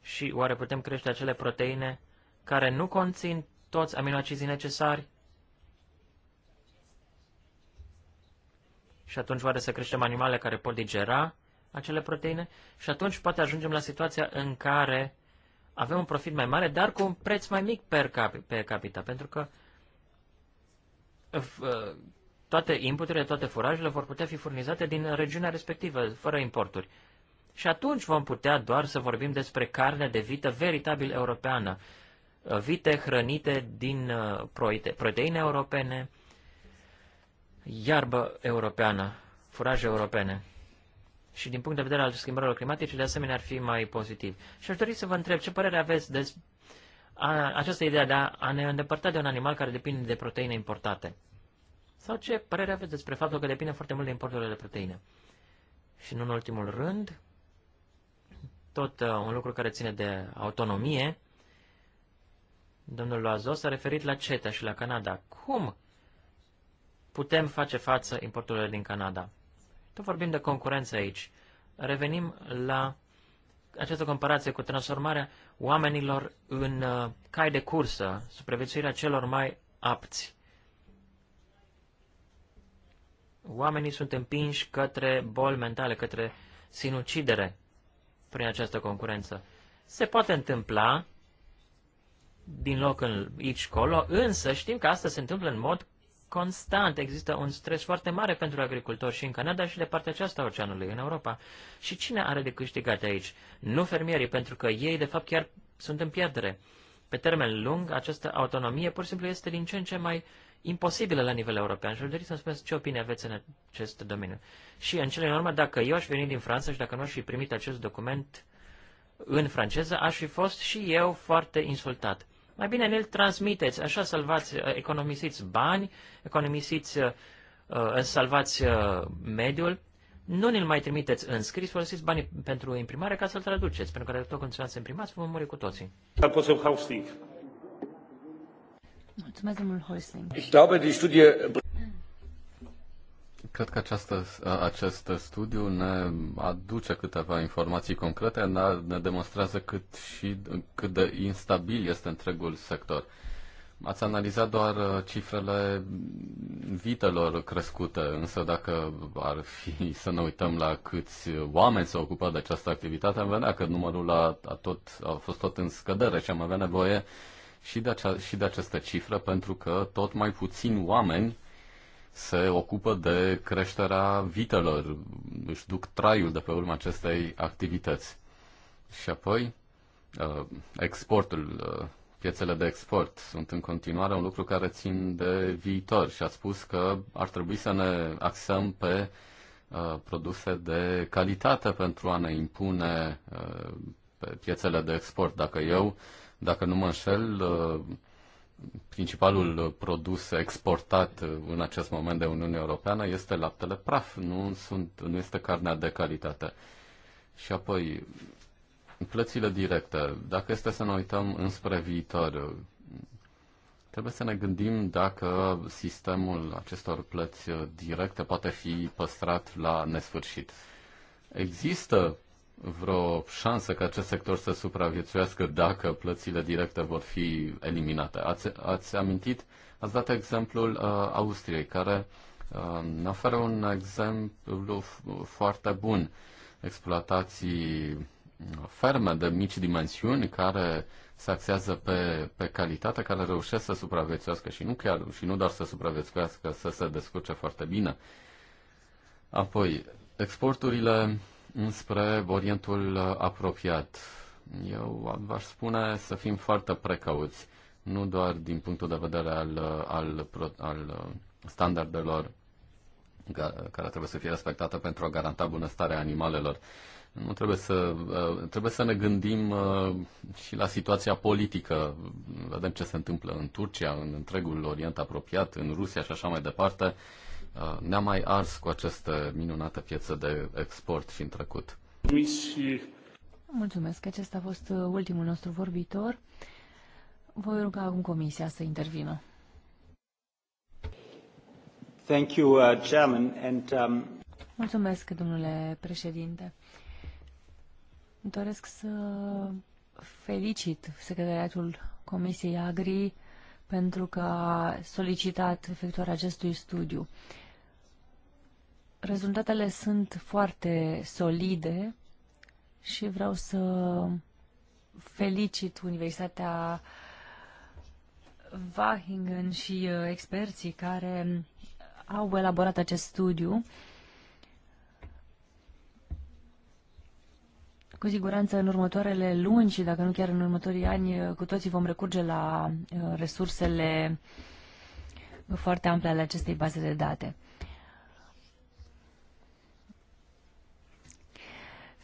și oare putem crește acele proteine care nu conțin toți aminoacizii necesari? Și atunci oare să creștem animale care pot digera acele proteine? Și atunci poate ajungem la situația în care avem un profit mai mare, dar cu un preț mai mic per, cap per capita, pentru că uh, toate inputurile, toate furajele vor putea fi furnizate din regiunea respectivă, fără importuri. Și atunci vom putea doar să vorbim despre carne de vită veritabil europeană, uh, vite hrănite din uh, proteine europene, iarbă europeană, furaje europene. Și din punct de vedere al schimbărilor climatice, de asemenea, ar fi mai pozitiv. Și aș dori să vă întreb ce părere aveți despre această idee de a, a ne îndepărta de un animal care depinde de proteine importate. Sau ce părere aveți despre faptul că depinde foarte mult de importurile de proteine? Și nu în ultimul rând, tot uh, un lucru care ține de autonomie, domnul Loazo s-a referit la CETA și la Canada. Cum putem face față importurilor din Canada? Tot vorbim de concurență aici. Revenim la această comparație cu transformarea oamenilor în uh, cai de cursă, supraviețuirea celor mai apți. Oamenii sunt împinși către boli mentale, către sinucidere prin această concurență. Se poate întâmpla din loc în aici colo, însă știm că asta se întâmplă în mod constant. Există un stres foarte mare pentru agricultori și în Canada și de partea aceasta a oceanului, în Europa. Și cine are de câștigat aici? Nu fermierii, pentru că ei, de fapt, chiar sunt în pierdere. Pe termen lung, această autonomie pur și simplu este din ce în ce mai uh, imposibilă la nivel european și aș dori să-mi spuneți ce opinie aveți în acest domeniu. Și în cele din urmă, dacă eu aș veni din Franța și dacă nu aș fi primit acest document în franceză, aș fi fost și eu foarte insultat. Mai bine ne-l transmiteți, așa salvați, uh, economisiți bani, economisiți, uh, uh, salvați mediul, nu ne-l mai trimiteți în scris, folosiți banii pentru imprimare ca să-l traduceți, pentru că dacă tot continuați să imprimați, vom muri cu toții. Mulțumesc, domnul Cred că această, acest studiu ne aduce câteva informații concrete, ne demonstrează cât, și, cât de instabil este întregul sector. Ați analizat doar uh, cifrele vitelor crescute, însă dacă ar fi să ne uităm la câți oameni se ocupă de această activitate, am vedea că numărul a, a, tot, a fost tot în scădere și am avea nevoie și de, acea, și de această cifră, pentru că tot mai puțin oameni se ocupă de creșterea vitelor, își duc traiul de pe urma acestei activități. Și apoi, uh, exportul, uh, piețele de export sunt în continuare un lucru care țin de viitor și a spus că ar trebui să ne axăm pe uh, produse de calitate pentru a ne impune pe piețele de export. Dacă eu uh, dacă nu mă înșel, uh, principalul produs exportat în acest moment de Uniunea Europeană este laptele praf, nu, sunt, nu este carnea de calitate. Și apoi, plățile directe. Dacă este să ne uităm înspre viitor, trebuie să ne gândim dacă sistemul acestor plăți directe poate fi păstrat la nesfârșit. Există vreo șansă ca acest sector să supraviețuiască dacă plățile directe vor fi eliminate. Ați, ați amintit, ați dat exemplul uh, Austriei, care uh, ne oferă un exemplu foarte bun. Exploatații uh, ferme de mici dimensiuni care se axează pe, pe calitate, care reușesc să supraviețuiască și nu chiar, și nu doar să supraviețuiască, să se descurce foarte bine. Apoi, exporturile înspre Orientul apropiat. Eu v-aș spune să fim foarte precauți, nu doar din punctul de vedere al, al, al standardelor care trebuie să fie respectate pentru a garanta bunăstarea animalelor. Nu trebuie să, uh, trebuie să ne gândim uh, și la situația politică. Vedem ce se întâmplă în Turcia, în întregul Orient apropiat, în Rusia și așa mai departe. Uh, ne-a mai ars cu această minunată piață de export fiind trecut. Mulțumesc, acesta a fost uh, ultimul nostru vorbitor. Voi ruga acum Comisia să intervină. Thank you, uh, Chairman, and, um... Mulțumesc, domnule președinte. Doresc să felicit Secretariatul Comisiei Agri pentru că a solicitat efectuarea acestui studiu. Rezultatele sunt foarte solide și vreau să felicit Universitatea Wahingen și uh, experții care au elaborat acest studiu. Cu siguranță în următoarele luni și dacă nu chiar în următorii ani, uh, cu toții vom recurge la uh, resursele foarte ample ale acestei baze de date.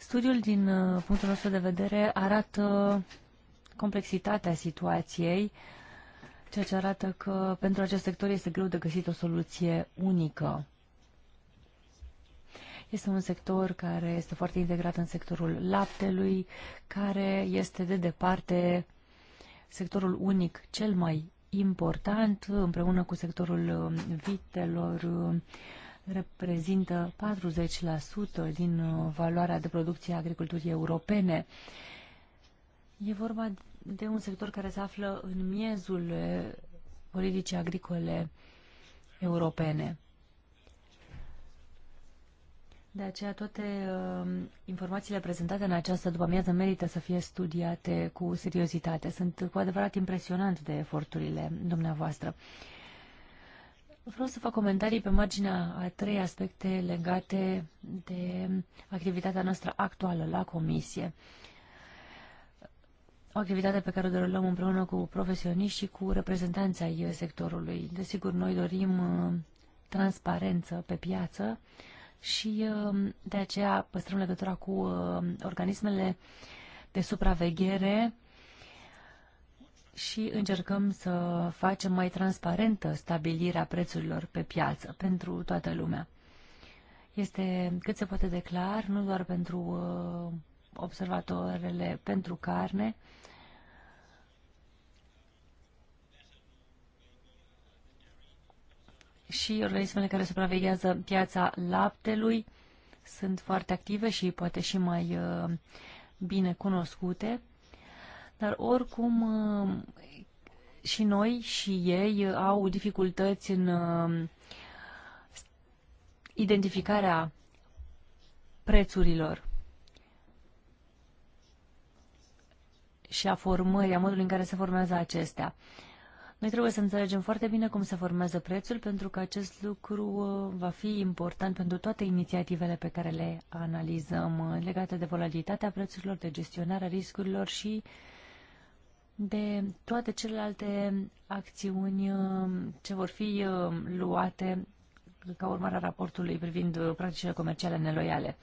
Studiul, din uh, punctul nostru de vedere, arată complexitatea situației, ceea ce arată că pentru acest sector este greu de găsit o soluție unică. Este un sector care este foarte integrat în sectorul laptelui, care este de departe sectorul unic cel mai important, împreună cu sectorul uh, vitelor, uh, reprezintă 40% din uh, valoarea de producție a agriculturii europene. E vorba de un sector care se află în miezul uh, politicii agricole europene. De aceea toate uh, informațiile prezentate în această după-amiază merită să fie studiate cu seriozitate. Sunt cu adevărat impresionant de eforturile dumneavoastră. Uh, Vreau să fac comentarii pe marginea a trei aspecte legate de activitatea noastră actuală la comisie. O activitate pe care o derulăm împreună cu profesioniști și cu reprezentanții ai sectorului. Desigur, noi dorim uh, transparență pe piață și uh, de aceea păstrăm legătura cu uh, organismele de supraveghere și încercăm să facem mai transparentă stabilirea prețurilor pe piață pentru toată lumea. Este cât se poate declar, nu doar pentru uh, observatoarele pentru carne, și organismele care supraveghează piața laptelui sunt foarte active și poate și mai uh, bine cunoscute dar oricum uh, și noi și ei uh, au dificultăți în uh, identificarea prețurilor și a formării, a modului în care se formează acestea. Noi trebuie să înțelegem foarte bine cum se formează prețul, pentru că acest lucru va fi important pentru toate inițiativele pe care le analizăm legate de volatilitatea prețurilor, de gestionarea riscurilor și uh, de toate celelalte acțiuni uh, ce vor fi uh, luate ca urmare a raportului privind uh, practicile comerciale neloiale.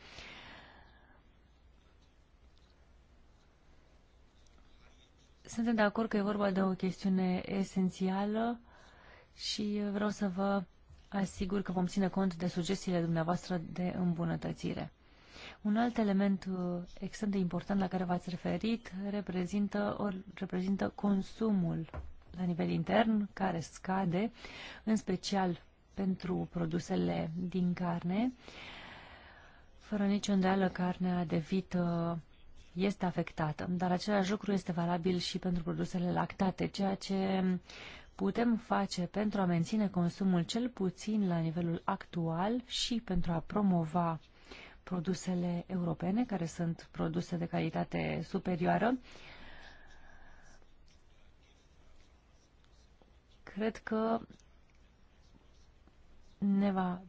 Suntem de acord că e vorba de o chestiune esențială și vreau să vă asigur că vom ține cont de sugestiile dumneavoastră de îmbunătățire. Un alt element uh, extrem de important la care v-ați referit reprezintă, or, reprezintă consumul la nivel intern, care scade, în special pentru produsele din carne. Fără nicio îndoială, carnea de vită este afectată, dar același lucru este valabil și pentru produsele lactate, ceea ce putem face pentru a menține consumul cel puțin la nivelul actual și pentru a promova produsele europene, care sunt produse de calitate superioară. Cred că ne va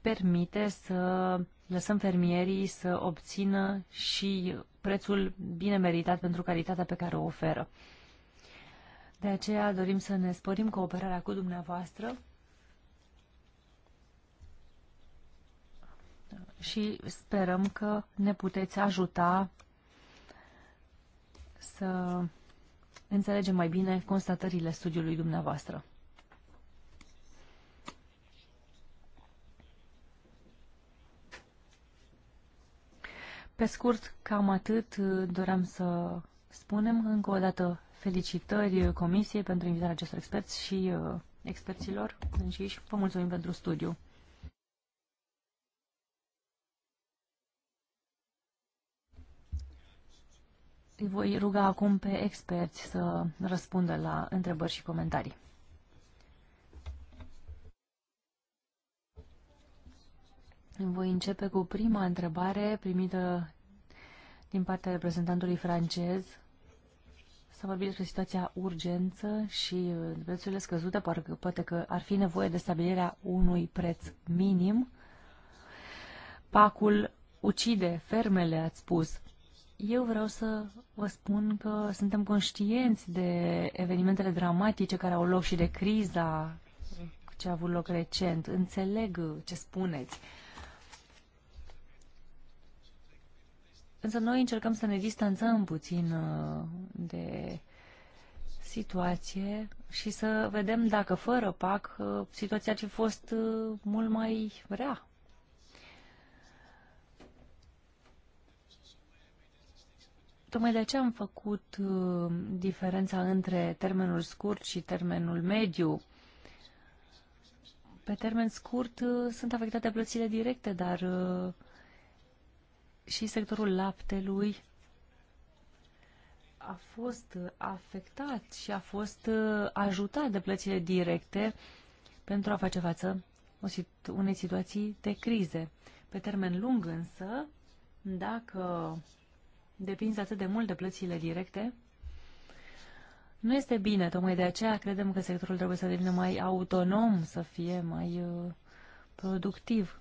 permite să lăsăm fermierii să obțină și prețul bine meritat pentru calitatea pe care o oferă. De aceea dorim să ne sporim cooperarea cu dumneavoastră și sperăm că ne puteți ajuta să înțelegem mai bine constatările studiului dumneavoastră. Pe scurt, cam atât doream să spunem. Încă o dată, felicitări Comisiei pentru invitarea acestor experți și uh, experților înșiși. Vă mulțumim pentru studiu. Îi voi ruga acum pe experți să răspundă la întrebări și comentarii. Voi începe cu prima întrebare primită din partea reprezentantului francez. S-a vorbit despre situația urgență și prețurile scăzute, parcă, poate că ar fi nevoie de stabilirea unui preț minim. Pacul ucide fermele, ați spus. Eu vreau să vă spun că suntem conștienți de evenimentele dramatice care au loc și de criza ce a avut loc recent. Înțeleg ce spuneți. Însă noi încercăm să ne distanțăm puțin uh, de situație și să vedem dacă fără PAC uh, situația ar fi fost uh, mult mai rea. Tocmai de ce am făcut uh, diferența între termenul scurt și termenul mediu. Pe termen scurt uh, sunt afectate plățile directe, dar uh, și sectorul laptelui a fost afectat și a fost uh, ajutat de plățile directe pentru a face față unei situații de crize. Pe termen lung însă, dacă depinzi atât de mult de plățile directe, nu este bine. Tocmai de aceea credem că sectorul trebuie să devină mai autonom, să fie mai uh, productiv.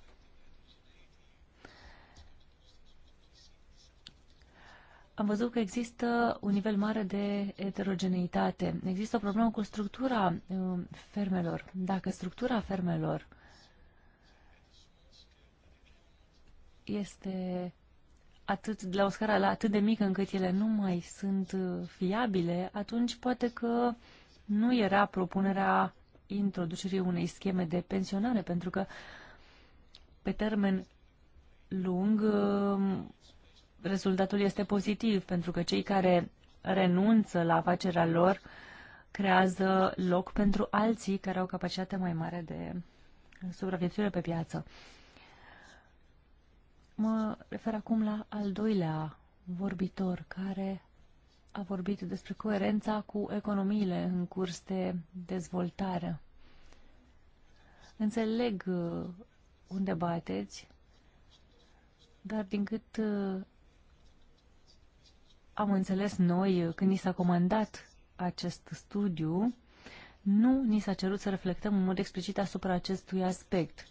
Am văzut că există un nivel mare de heterogeneitate. Există o problemă cu structura uh, fermelor. Dacă structura fermelor este atât, la o scară atât de mică încât ele nu mai sunt uh, fiabile, atunci poate că nu era propunerea introducerii unei scheme de pensionare, pentru că pe termen lung um, rezultatul este pozitiv, pentru că cei care renunță la afacerea lor creează loc pentru alții care au capacitatea mai mare de supraviețuire pe piață. Mă refer acum la al doilea vorbitor care a vorbit despre coerența cu economiile în curs de dezvoltare. Înțeleg uh, unde bateți, dar din cât uh, am înțeles noi uh, când ni s-a comandat acest studiu, nu ni s-a cerut să reflectăm în mod explicit asupra acestui aspect.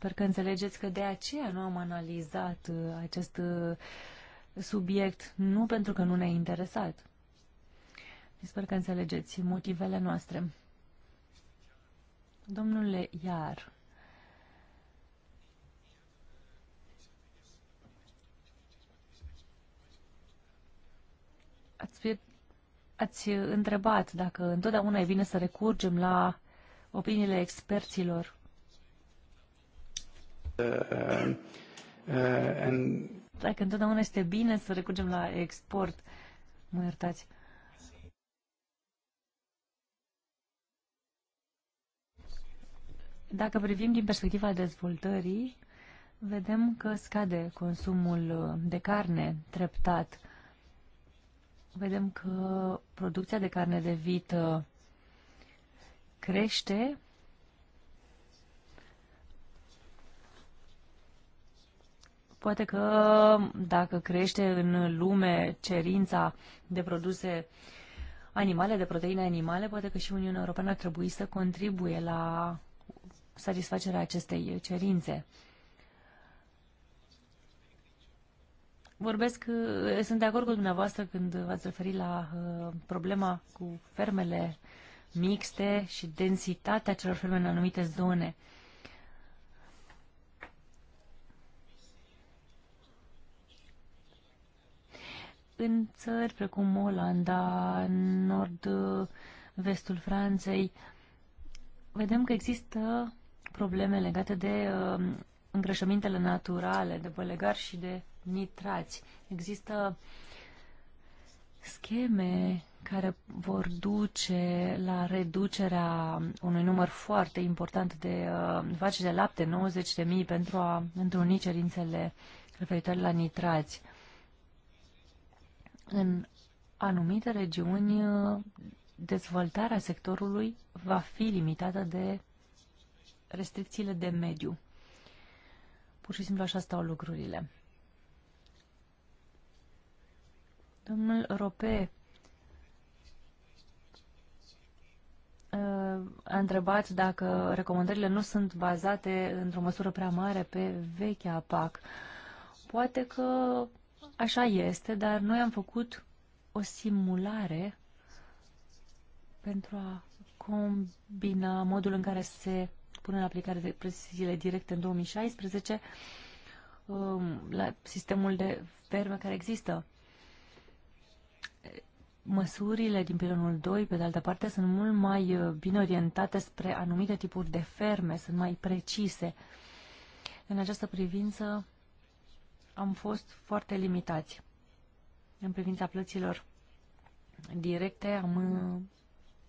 Sper că înțelegeți că de aceea nu am analizat uh, acest uh, subiect, nu pentru că nu ne-a interesat. Sper că înțelegeți motivele noastre. Domnule Iar, ați, ați întrebat dacă întotdeauna e bine să recurgem la opiniile experților Uh, Dacă întotdeauna este bine să recurgem la export, mă iertați. Dacă privim din perspectiva dezvoltării, vedem că scade consumul de carne treptat. Vedem că producția de carne de vită crește, Poate că dacă crește în lume cerința de produse animale, de proteine animale, poate că și Uniunea Europeană ar trebui să contribuie la satisfacerea acestei cerințe. Vorbesc, sunt de acord cu dumneavoastră când v-ați referit la uh, problema cu fermele mixte și densitatea celor ferme în anumite zone. Uh, în țări precum Olanda, nord-vestul Franței, vedem că există probleme legate de uh, îngrășămintele naturale, de bălegar și de nitrați. Există scheme care vor duce la reducerea unui număr foarte important de uh, vaci de lapte, 90.000, pentru a întruni cerințele referitoare la nitrați. În anumite regiuni, dezvoltarea sectorului va fi limitată de restricțiile de mediu. Pur și simplu așa stau lucrurile. Domnul Rope a întrebat dacă recomandările nu sunt bazate într-o măsură prea mare pe vechea PAC. Poate că Așa este, dar noi am făcut o simulare pentru a combina modul în care se pune în aplicare depresiile directe în 2016 um, la sistemul de ferme care există. Măsurile din pilonul 2, pe de altă parte, sunt mult mai uh, bine orientate spre anumite tipuri de ferme, sunt mai precise. În această privință, am fost foarte limitați în privința plăților directe. Am uh,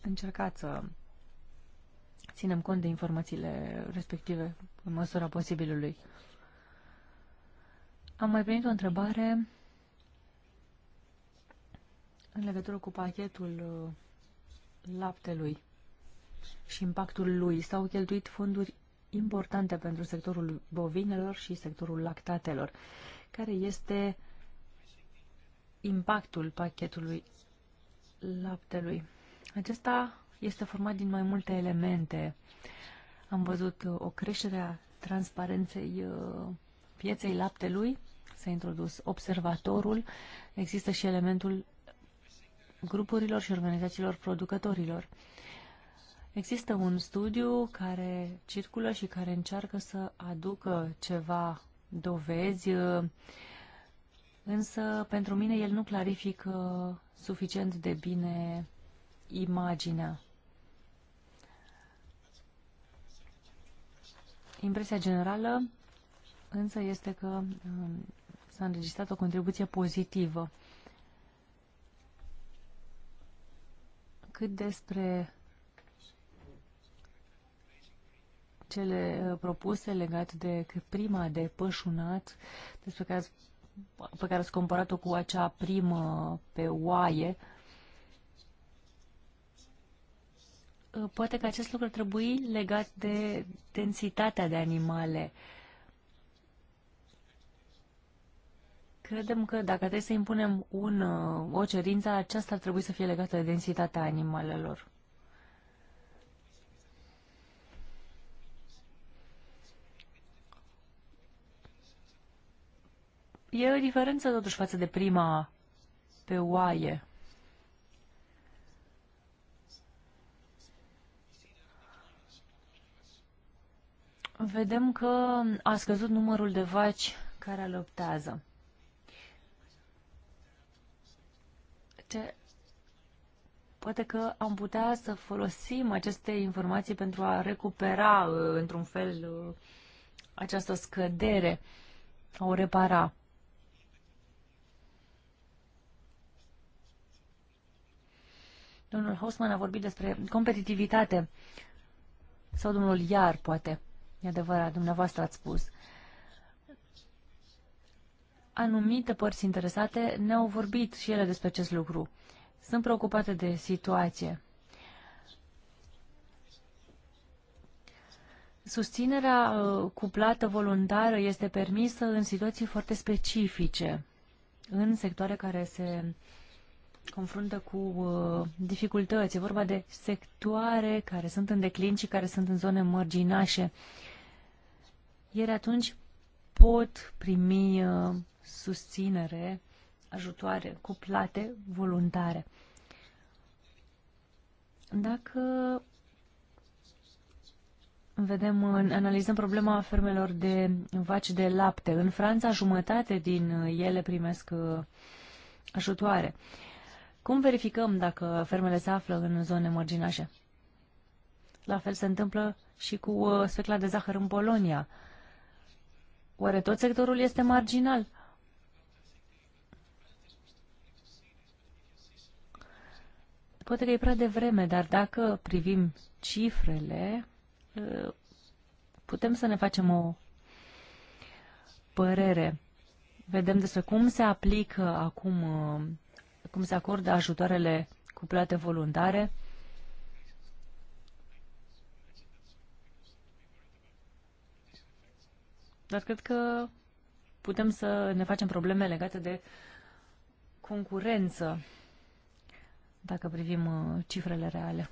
încercat să ținem cont de informațiile respective în măsura posibilului. Am mai primit o întrebare în legătură cu pachetul uh, laptelui și impactul lui. S-au cheltuit fonduri importante pentru sectorul bovinelor și sectorul lactatelor care este impactul pachetului laptelui. Acesta este format din mai multe elemente. Am văzut uh, o creștere a transparenței uh, pieței laptelui, s-a introdus observatorul, există și elementul grupurilor și organizațiilor producătorilor. Există un studiu care circulă și care încearcă să aducă ceva dovezi, uh, însă pentru mine el nu clarifică suficient de bine imaginea. Impresia generală însă este că um, s-a înregistrat o contribuție pozitivă. Cât despre cele uh, propuse legate de prima de pășunat, despre care ați, pe care ați comparat-o cu acea primă pe oaie. Uh, poate că acest lucru trebuie legat de densitatea de animale. Credem că dacă trebuie să impunem un, uh, o cerință, aceasta ar trebui să fie legată de densitatea animalelor. E o diferență totuși față de prima pe oaie. Vedem că a scăzut numărul de vaci care alăptează. Ce? Poate că am putea să folosim aceste informații pentru a recupera, într-un fel, această scădere, a o repara. Domnul Hausman a vorbit despre competitivitate. Sau domnul Iar, poate. E adevărat, dumneavoastră ați spus. Anumite părți interesate ne-au vorbit și ele despre acest lucru. Sunt preocupate de situație. Susținerea uh, cuplată voluntară este permisă în situații foarte specifice, în sectoare care se uh, confruntă cu uh, dificultăți. E vorba de sectoare care sunt în declin și care sunt în zone mărginașe. Ieri atunci pot primi uh, susținere, ajutoare cuplate, voluntare. Dacă vedem, uh, analizăm problema fermelor de vaci de lapte, în Franța jumătate din uh, ele primesc uh, ajutoare. ajutoare. Cum verificăm dacă fermele se află în zone marginașe? La fel se întâmplă și cu uh, specla de zahăr în Polonia. Oare tot sectorul este marginal? Poate că e prea devreme, dar dacă privim cifrele, uh, putem să ne facem o părere. Vedem despre cum se aplică acum uh, cum se acordă ajutoarele cuplate voluntare. Dar cred că putem să ne facem probleme legate de concurență, dacă privim uh, cifrele reale.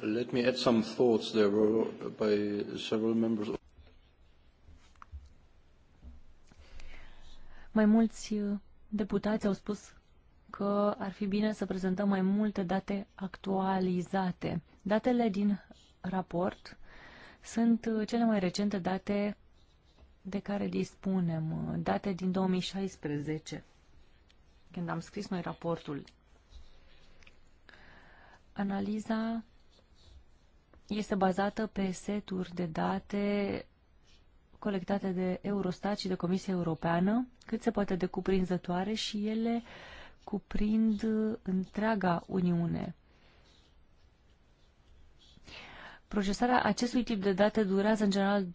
Let me add some thoughts. There were uh, by several members Mai mulți uh, deputați au spus că ar fi bine să prezentăm mai multe date actualizate. Datele din raport sunt uh, cele mai recente date de care dispunem, uh, date din 2016, când am scris noi raportul. Analiza este bazată pe seturi de date colectate de Eurostat și de Comisia Europeană, cât se poate de cuprinzătoare și ele cuprind întreaga Uniune. Procesarea acestui tip de date durează în general 2-3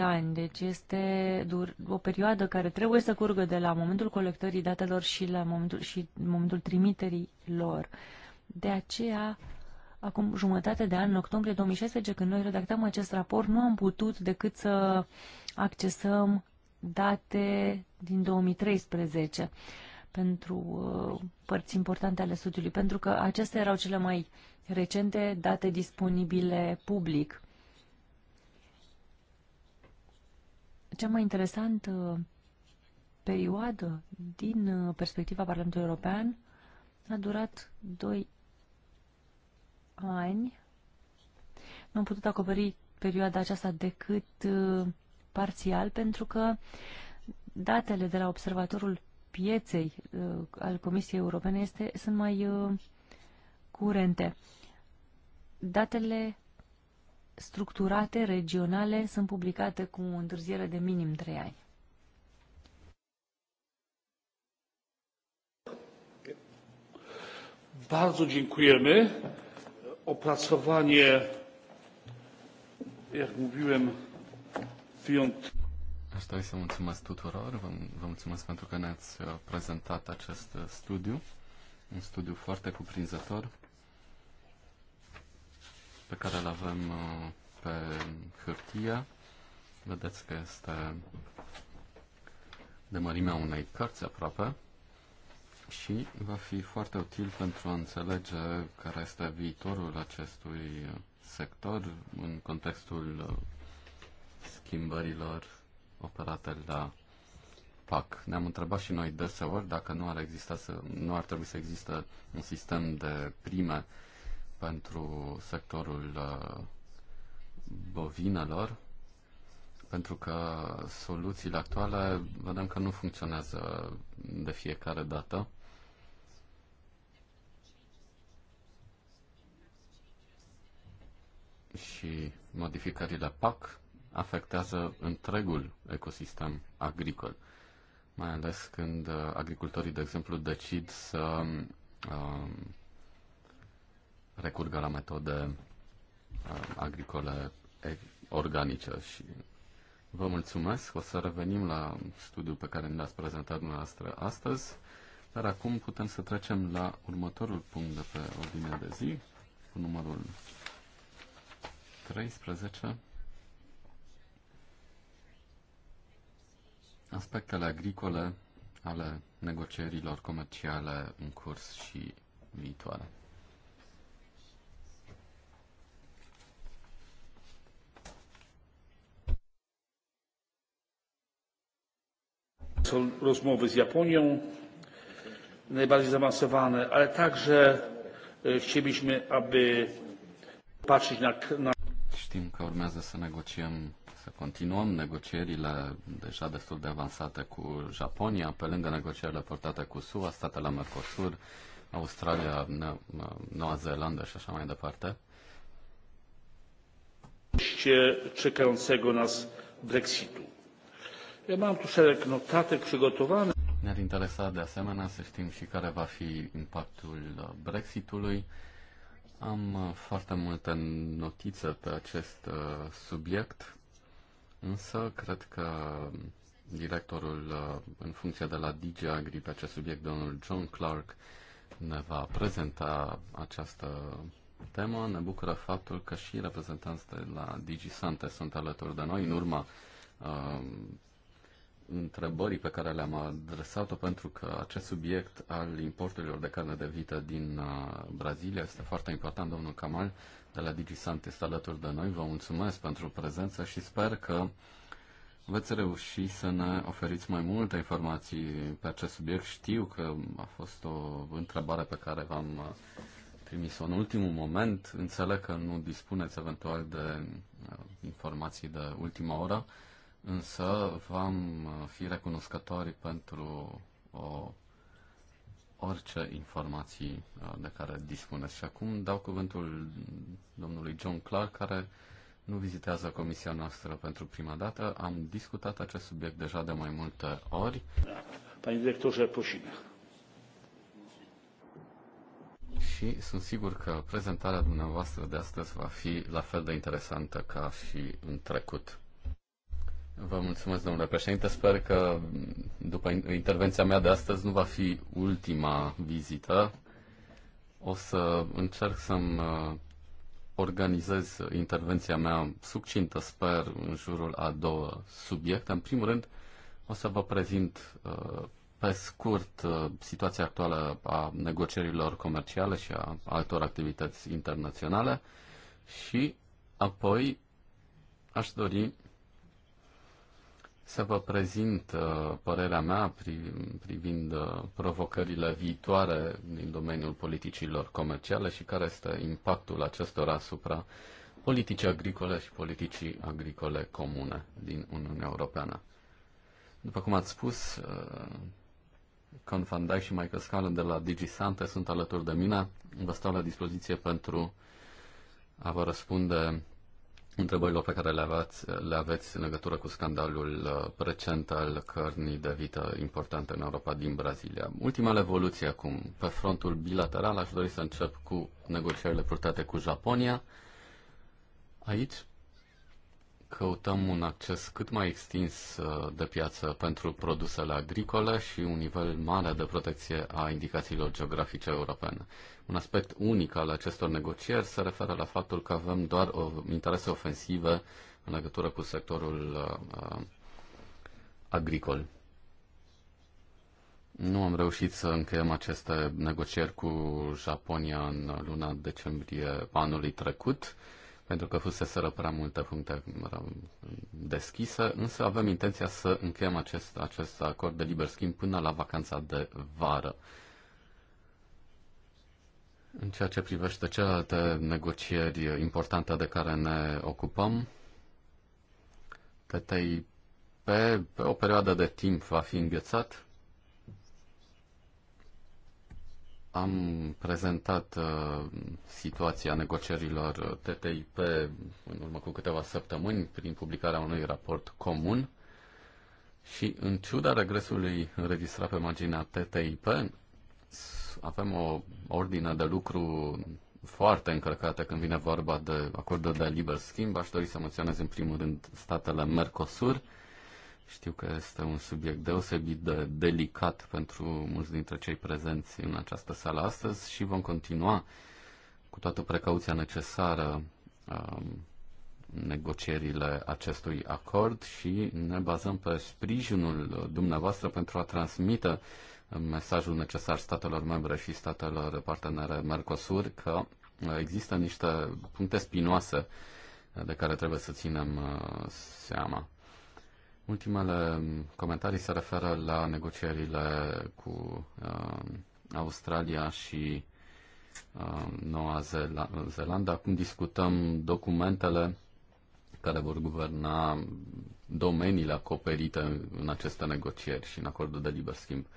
ani, deci este o perioadă care trebuie să curgă de la momentul colectării datelor și la momentul, și momentul trimiterii lor. De aceea, acum jumătate de an, în octombrie 2016, când noi redactăm acest raport, nu am putut decât să accesăm date din 2013 pentru uh, părți importante ale studiului, pentru că acestea erau cele mai recente date disponibile public. Cea mai interesantă perioadă din uh, perspectiva Parlamentului European a durat 2 ani nu am putut acoperi perioada aceasta decât uh, parțial, pentru că datele de la observatorul pieței uh, al Comisiei Europene este, sunt mai uh, curente. Datele structurate, regionale, sunt publicate cu o întârziere de minim 3 ani. Bardzo dziękujemy opracowanie, jak mówiłem, wyjątkowe. Aș dori să mulțumesc tuturor, vă, vă mulțumesc pentru că ne-ați uh, prezentat acest uh, studiu, un studiu foarte cuprinzător pe care îl avem uh, pe hârtie. Vedeți că este de mărimea unei cărți aproape și va fi foarte util pentru a înțelege care este viitorul acestui sector în contextul schimbărilor operate la PAC. Ne-am întrebat și noi deseori dacă nu ar, exista să, nu ar trebui să existe un sistem de prime pentru sectorul uh, bovinelor, pentru că soluțiile actuale vedem că nu funcționează de fiecare dată și modificările PAC afectează întregul ecosistem agricol, mai ales când uh, agricultorii, de exemplu, decid să um, recurgă la metode um, agricole organice și vă mulțumesc. O să revenim la studiul pe care ne l-ați prezentat dumneavoastră astăzi, dar acum putem să trecem la următorul punct de pe ordinea de zi, cu numărul 13. Aspectele agricole ale negocierilor comerciale în curs și viitoare. Są rozmowy z Japonią, najbardziej zaawansowane, ale także chcieliśmy, aby patrzeć na, na știm că urmează să negociem, să continuăm negocierile deja destul de avansate cu Japonia, pe lângă negocierile portate cu SUA, statele Mercosur, Australia, Noua Zeelandă și așa mai departe. czekającego nas Brexitu. Eu am tu șerec notate, pregătovane. Ne-ar interesa de asemenea să știm și care va fi impactul Brexitului am uh, foarte multă notiță pe acest uh, subiect, însă cred că directorul uh, în funcție de la DJ Agri pe acest subiect, domnul John Clark, ne va prezenta această temă. Ne bucură faptul că și reprezentanții de la DigiSante sunt alături de noi în urma întrebării pe care le-am adresat-o pentru că acest subiect al importurilor de carne de vită din uh, Brazilia este foarte important. Domnul Kamal de la DigiSant este alături de noi. Vă mulțumesc pentru prezență și sper că veți reuși să ne oferiți mai multe informații pe acest subiect. Știu că a fost o întrebare pe care v-am uh, trimis-o în ultimul moment. Înțeleg că nu dispuneți eventual de uh, informații de ultima oră însă vom uh, fi recunoscători pentru o, orice informații uh, de care dispuneți. Și acum dau cuvântul domnului John Clark, care nu vizitează comisia noastră pentru prima dată. Am discutat acest subiect deja de mai multe ori. Pani directorze, prosimy. Și sunt sigur că prezentarea dumneavoastră de astăzi va fi la fel de interesantă ca și în trecut. Vă mulțumesc, domnule președinte. Sper că mm, după intervenția mea de astăzi nu va fi ultima vizită. O să încerc să-mi uh, organizez intervenția mea succintă, sper, în jurul a două subiecte. În primul rând, o să vă prezint uh, pe scurt uh, situația actuală a negocierilor comerciale și a altor activități internaționale și apoi aș dori să vă prezint uh, părerea mea privind uh, provocările viitoare din domeniul politicilor comerciale și care este impactul acestora asupra politicii agricole și politicii agricole comune din Uniunea Europeană. După cum ați spus, uh, Con Van Dijk și Michael Scalen de la DigiSante sunt alături de mine. Vă stau la dispoziție pentru a vă răspunde întrebărilor pe care le aveți, le aveți în legătură cu scandalul uh, recent al cărnii de vită importante în Europa din Brazilia. Ultimele evoluții acum. Pe frontul bilateral aș dori să încep cu negocierile purtate cu Japonia. Aici căutăm un acces cât mai extins uh, de piață pentru produsele agricole și un nivel mare de protecție a indicațiilor geografice europene. Un aspect unic al acestor negocieri se referă la faptul că avem doar o, interese ofensive în legătură cu sectorul uh, uh agricol. Nu am reușit să încheiem aceste negocieri cu Japonia în luna decembrie anului trecut pentru că fusese prea multe puncte deschise, însă avem intenția să încheiem acest, acest acord de liber schimb până la vacanța de vară. În ceea ce privește celelalte negocieri importante de care ne ocupăm, TTIP pe o perioadă de timp va fi înghețat Am prezentat uh, situația negocierilor TTIP în urmă cu câteva săptămâni prin publicarea unui raport comun și în ciuda regresului înregistrat pe marginea TTIP, avem o ordine de lucru foarte încărcată când vine vorba de acordul de liber schimb. Aș dori să menționez în primul rând statele Mercosur, știu că este un subiect deosebit de delicat pentru mulți dintre cei prezenți în această sală astăzi și vom continua cu toată precauția necesară um, negocierile acestui acord și ne bazăm pe sprijinul dumneavoastră pentru a transmite mesajul necesar statelor membre și statelor partenere Mercosur că există niște puncte spinoase de care trebuie să ținem uh, seama. Ultimele um, comentarii se referă la negocierile cu uh, Australia și uh, Noua Zeelandă. Acum discutăm documentele care vor guverna domeniile acoperite în aceste negocieri și în acordul de liber schimb. Uh,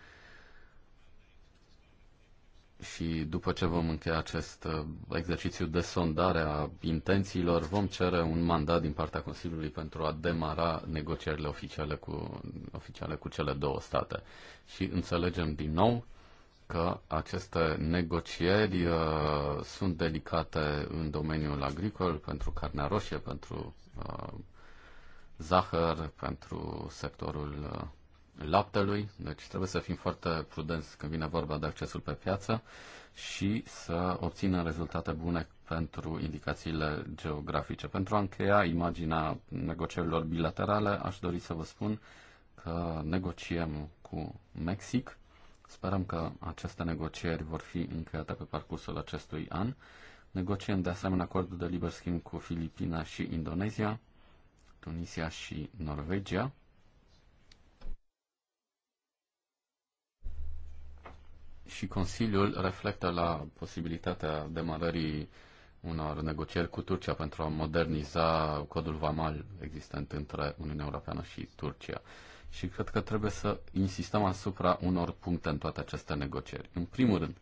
și după ce vom încheia acest uh, exercițiu de sondare a intențiilor, vom cere un mandat din partea Consiliului pentru a demara negocierile oficiale cu, oficiale cu cele două state. Și înțelegem din nou că aceste negocieri uh, sunt delicate în domeniul agricol pentru carnea roșie, pentru uh, zahăr, pentru sectorul laptelui, deci trebuie să fim foarte prudenți când vine vorba de accesul pe piață și să obținem rezultate bune pentru indicațiile geografice. Pentru a încheia imaginea negocierilor bilaterale, aș dori să vă spun că negociem cu Mexic. Sperăm că aceste negocieri vor fi încheiate pe parcursul acestui an. Negociem de asemenea acordul de liber schimb cu Filipina și Indonezia, Tunisia și Norvegia și Consiliul reflectă la posibilitatea demarării unor negocieri cu Turcia pentru a moderniza codul vamal existent între Uniunea Europeană și Turcia. Și cred că trebuie să insistăm asupra unor puncte în toate aceste negocieri. În primul rând,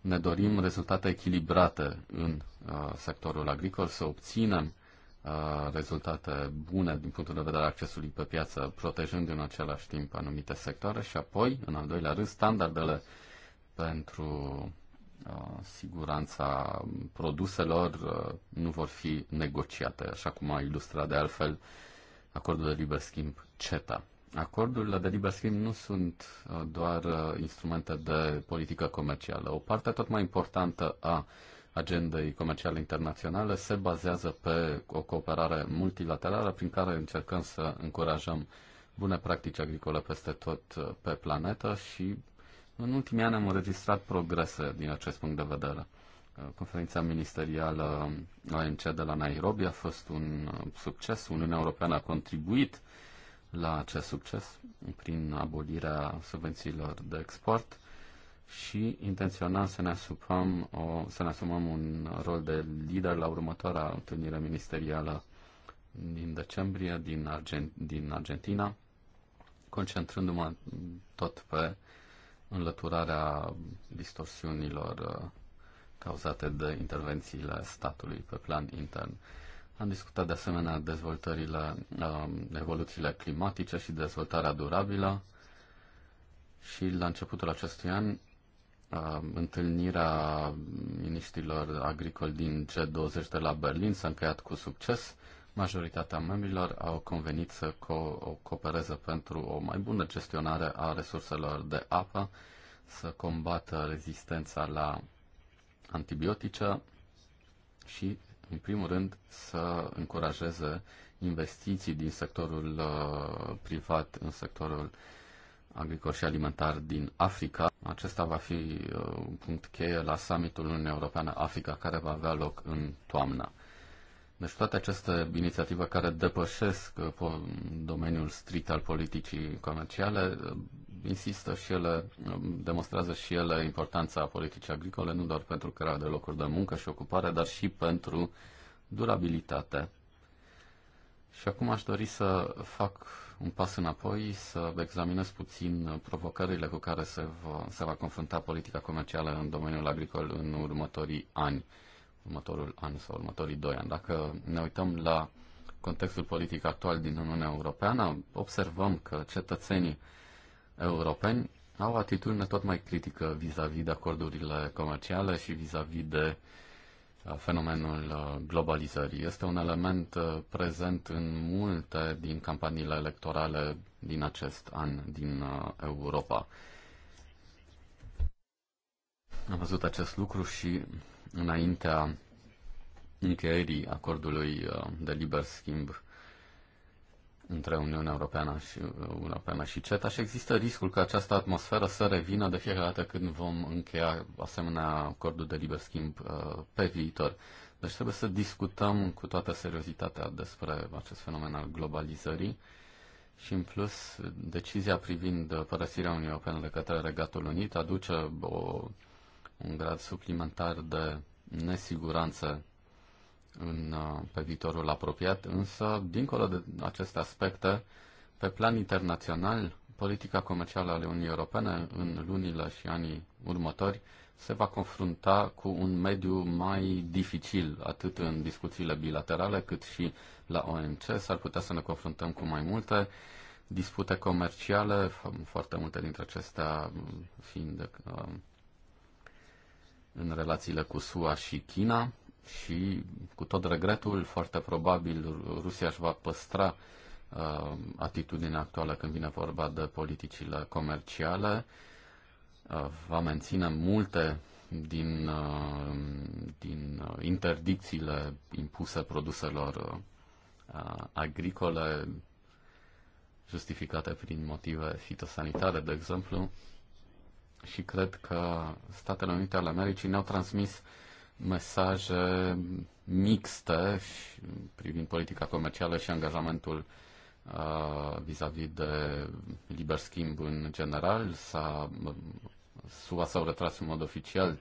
ne dorim rezultate echilibrate în uh, sectorul agricol, să obținem uh, rezultate bune din punctul de vedere al accesului pe piață, protejând în același timp anumite sectoare și apoi, în al doilea rând, standardele pentru siguranța produselor nu vor fi negociate, așa cum a ilustrat de altfel acordul de liber schimb CETA. Acordurile de liber schimb nu sunt doar instrumente de politică comercială. O parte tot mai importantă a agendei comerciale internaționale se bazează pe o cooperare multilaterală prin care încercăm să încurajăm bune practici agricole peste tot uh, pe planetă și în ultimii ani am înregistrat progrese din acest punct de vedere. Uh, conferința ministerială ONC de la Nairobi a fost un uh, succes. Uniunea Europeană a contribuit la acest succes prin abolirea subvențiilor de export și intenționăm să ne asumăm, o, să ne asumăm un rol de lider la următoarea întâlnire ministerială din decembrie din, Argent, din Argentina, concentrându-mă tot pe înlăturarea distorsiunilor uh, cauzate de intervențiile statului pe plan intern. Am discutat de asemenea dezvoltările, um, evoluțiile climatice și dezvoltarea durabilă și la începutul acestui an întâlnirea ministrilor agricoli din G20 de la Berlin s-a încheiat cu succes. Majoritatea membrilor au convenit să co- o coopereze pentru o mai bună gestionare a resurselor de apă, să combată rezistența la antibiotice și, în primul rând, să încurajeze investiții din sectorul uh, privat în sectorul agricol și alimentar din Africa. Acesta va fi uh, un punct cheie la summitul Uniunii Europeană Africa care va avea loc în toamnă. Deci toate aceste inițiative care depășesc uh, domeniul strict al politicii comerciale uh, insistă și ele, demonstrează și ele importanța politicii agricole, nu doar pentru crearea de locuri de muncă și ocupare, dar și pentru durabilitate și acum aș dori să fac un pas înapoi, să examinez puțin provocările cu care se va, se va confrunta politica comercială în domeniul agricol în următorii ani, următorul an sau următorii doi ani. Dacă ne uităm la contextul politic actual din Uniunea Europeană, observăm că cetățenii europeni au o atitudine tot mai critică vis-a-vis -vis de acordurile comerciale și vis-a-vis -vis de uh, fenomenul uh, globalizării. Este un element uh, prezent în multe din campaniile electorale din acest an din uh, Europa. Am văzut acest lucru și înaintea încheierii acordului de liber schimb între Uniunea Europeană și, Europeană și CETA și există riscul ca această atmosferă să revină de fiecare dată când vom încheia asemenea acordul de liber schimb uh, pe viitor. Deci trebuie să discutăm cu toată seriozitatea despre acest fenomen al globalizării și, în plus, decizia privind părăsirea Uniunii Europene de către Regatul Unit aduce o, un grad suplimentar de nesiguranță în, uh, pe viitorul apropiat, însă, dincolo de aceste aspecte, pe plan internațional, politica comercială ale Uniunii Europene în lunile și anii următori se va confrunta cu un mediu mai dificil, atât în discuțiile bilaterale, cât și la OMC. S-ar putea să ne confruntăm cu mai multe dispute comerciale, foarte multe dintre acestea fiind uh, în relațiile cu SUA și China și, cu tot regretul, foarte probabil Rusia își va păstra uh, atitudinea actuală când vine vorba de politicile comerciale, uh, va menține multe din, uh, din interdicțiile impuse produselor uh, agricole justificate prin motive fitosanitare, de exemplu, și cred că Statele Unite ale Americii ne-au transmis uh, mesaje mixte privind politica comercială și angajamentul vis-a-vis -vis de liber schimb în general. S-a, SUA s-au retras în mod oficial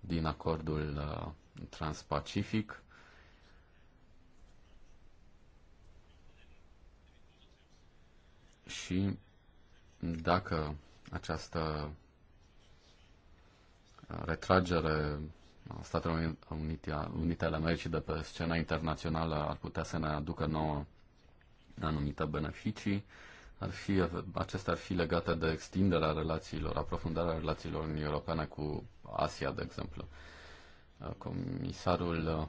din acordul transpacific. Și dacă această retragere Statele Unite, Unite ale Americii de pe scena internațională ar putea să ne aducă nouă anumite beneficii. Ar fi, acestea ar fi legate de extinderea relațiilor, aprofundarea relațiilor Europene cu Asia, de exemplu. Comisarul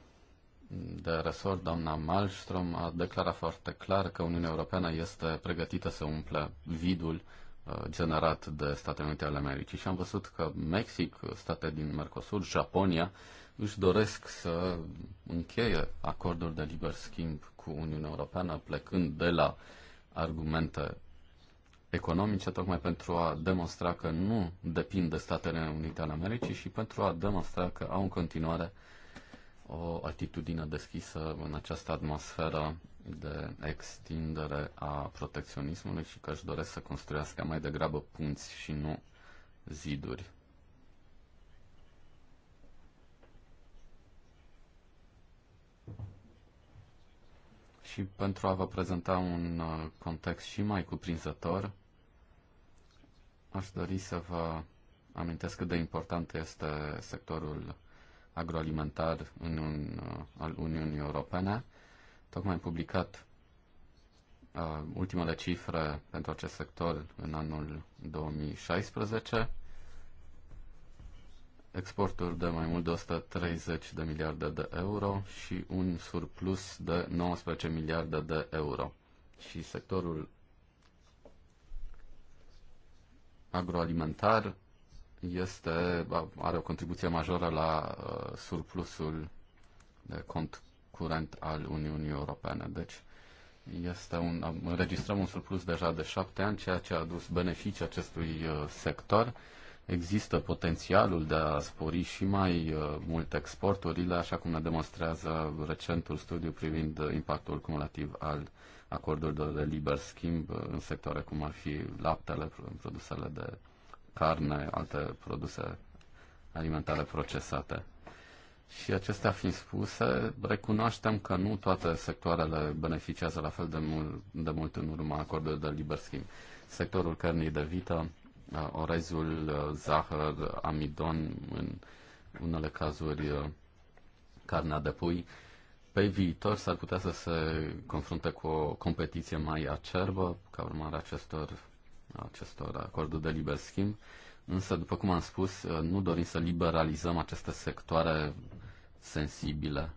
de resort, doamna Malmström, a declarat foarte clar că Uniunea Europeană este pregătită să umple vidul Uh, generat de Statele Unite ale Americii. Și am văzut că Mexic, state din Mercosur, Japonia, își doresc să încheie acorduri de liber schimb cu Uniunea Europeană, plecând de la argumente economice, tocmai pentru a demonstra că nu depind de Statele Unite ale Americii și pentru a demonstra că au în continuare o atitudine deschisă în această atmosferă de extindere a protecționismului și că își doresc să construiască mai degrabă punți și nu ziduri. Și pentru a vă prezenta un uh, context și mai cuprinzător, aș dori să vă amintesc cât de important este sectorul agroalimentar în un, al Uniunii Europene tocmai publicat uh, ultimele cifre pentru acest sector în anul 2016. Exporturi de mai mult de 130 de miliarde de euro și un surplus de 19 miliarde de euro. Și sectorul agroalimentar este, are o contribuție majoră la uh, surplusul de cont curent al Uniunii Europene. Deci este un, înregistrăm un surplus deja de șapte ani, ceea ce a adus beneficii acestui uh, sector. Există potențialul de a spori și mai uh, mult exporturile, așa cum ne demonstrează recentul studiu privind impactul cumulativ al acordurilor de liber schimb uh, în sectoare cum ar fi laptele, produsele de carne, alte produse alimentare procesate. Și acestea fiind spuse, recunoaștem că nu toate sectoarele beneficiază la fel de mult, de mult în urma acordului de liber schimb. Sectorul cărnii de vită, uh, orezul, uh, zahăr, amidon, în unele cazuri uh, carnea de pui, pe viitor s-ar putea să se confrunte cu o competiție mai acerbă ca urmare acestor, acestor acorduri de liber schimb. Însă, după cum am spus, nu dorim să liberalizăm aceste sectoare sensibile.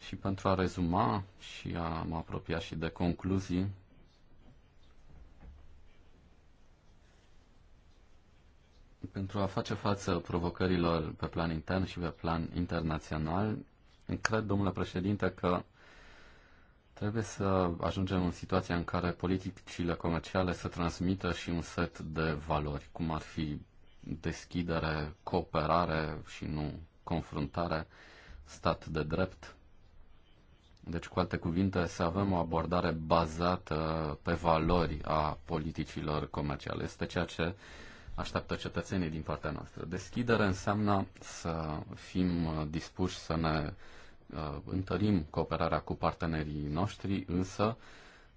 Și pentru a rezuma și a mă apropia și de concluzii, pentru a face față provocărilor pe plan intern și pe plan internațional, cred, domnule președinte, că trebuie să ajungem în situația în care politicile comerciale să transmită și un set de valori, cum ar fi deschidere, cooperare și nu confruntare, stat de drept. Deci, cu alte cuvinte, să avem o abordare bazată pe valori a politicilor comerciale. Este ceea ce așteaptă cetățenii din partea noastră. Deschidere înseamnă să fim dispuși să ne uh, întărim cooperarea cu partenerii noștri, însă uh,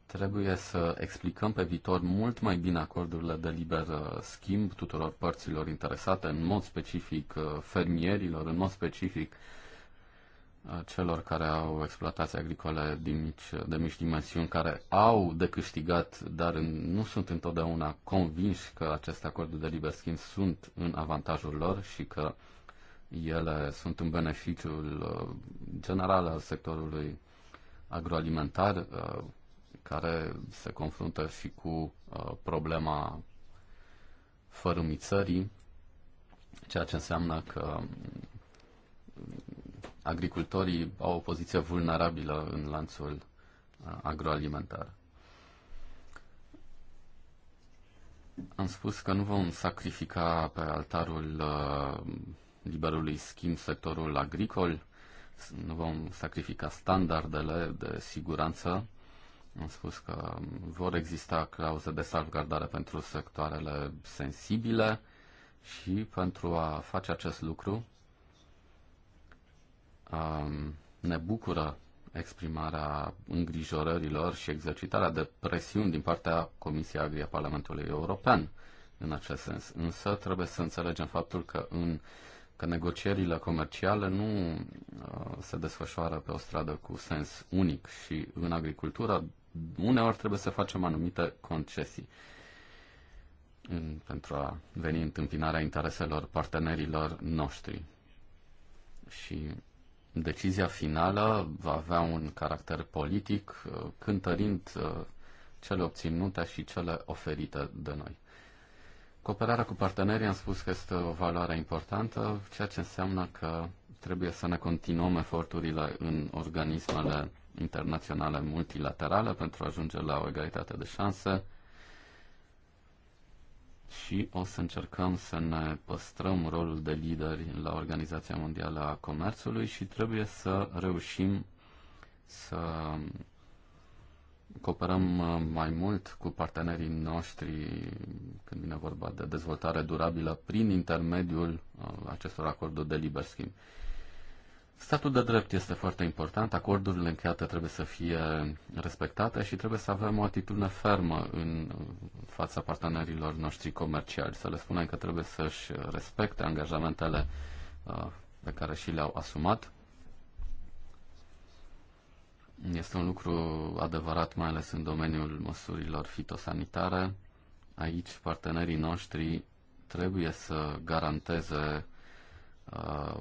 Trebuie să explicăm pe viitor mult mai bine acordurile de liber uh, schimb tuturor părților interesate, în mod specific uh, fermierilor, în mod specific uh, celor care au exploatații agricole de mici, de mici dimensiuni, care au de câștigat, dar nu sunt întotdeauna convinși că aceste acorduri de liber schimb sunt în avantajul lor și că ele sunt în beneficiul general al sectorului agroalimentar care se confruntă și cu uh, problema fărâmițării, ceea ce înseamnă că mm, agricultorii au o poziție vulnerabilă în lanțul uh, agroalimentar. Am spus că nu vom sacrifica pe altarul uh, liberului schimb sectorul agricol, nu vom sacrifica standardele de siguranță am spus că vor exista clauze de salvgardare pentru sectoarele sensibile și pentru a face acest lucru ne bucură exprimarea îngrijorărilor și exercitarea de presiuni din partea Comisiei Agri a Parlamentului European în acest sens. Însă trebuie să înțelegem faptul că în că negocierile comerciale nu uh, se desfășoară pe o stradă cu sens unic și în agricultură uneori trebuie să facem anumite concesii pentru a veni întâmpinarea intereselor partenerilor noștri. Și decizia finală va avea un caracter politic, uh, cântărind uh, cele obținute și cele oferite de noi. Cooperarea cu partenerii am spus că este o valoare importantă, ceea ce înseamnă că trebuie să ne continuăm eforturile în organismele internaționale multilaterale pentru a ajunge la o egalitate de șanse și o să încercăm să ne păstrăm rolul de lideri la Organizația Mondială a Comerțului și trebuie să reușim să cooperăm uh, mai mult cu partenerii noștri când vine vorba de dezvoltare durabilă prin intermediul uh, acestor acorduri de liber schimb. Statul de drept este foarte important, acordurile încheiate trebuie să fie respectate și trebuie să avem o atitudine fermă în fața partenerilor noștri comerciali, să le spunem că trebuie să-și respecte angajamentele uh, pe care și le-au asumat. Este un lucru adevărat, mai ales în domeniul măsurilor fitosanitare. Aici partenerii noștri trebuie să garanteze Uh,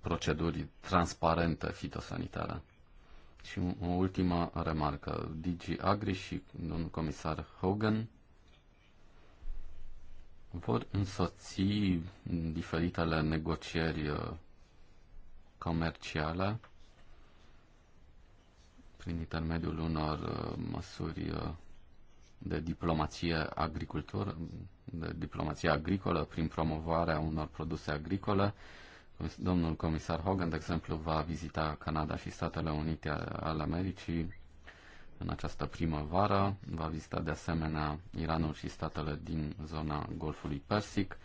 proceduri transparente fitosanitare. Și o ultimă remarcă. DG Agri și domnul comisar Hogan vor însoți diferitele negocieri uh, comerciale prin intermediul unor uh, măsuri de diplomație agricultură, de diplomație agricolă prin promovarea unor produse agricole. Domnul comisar Hogan, de exemplu, va vizita Canada și Statele Unite ale Americii în această primăvară. Va vizita de asemenea Iranul și statele din zona Golfului Persic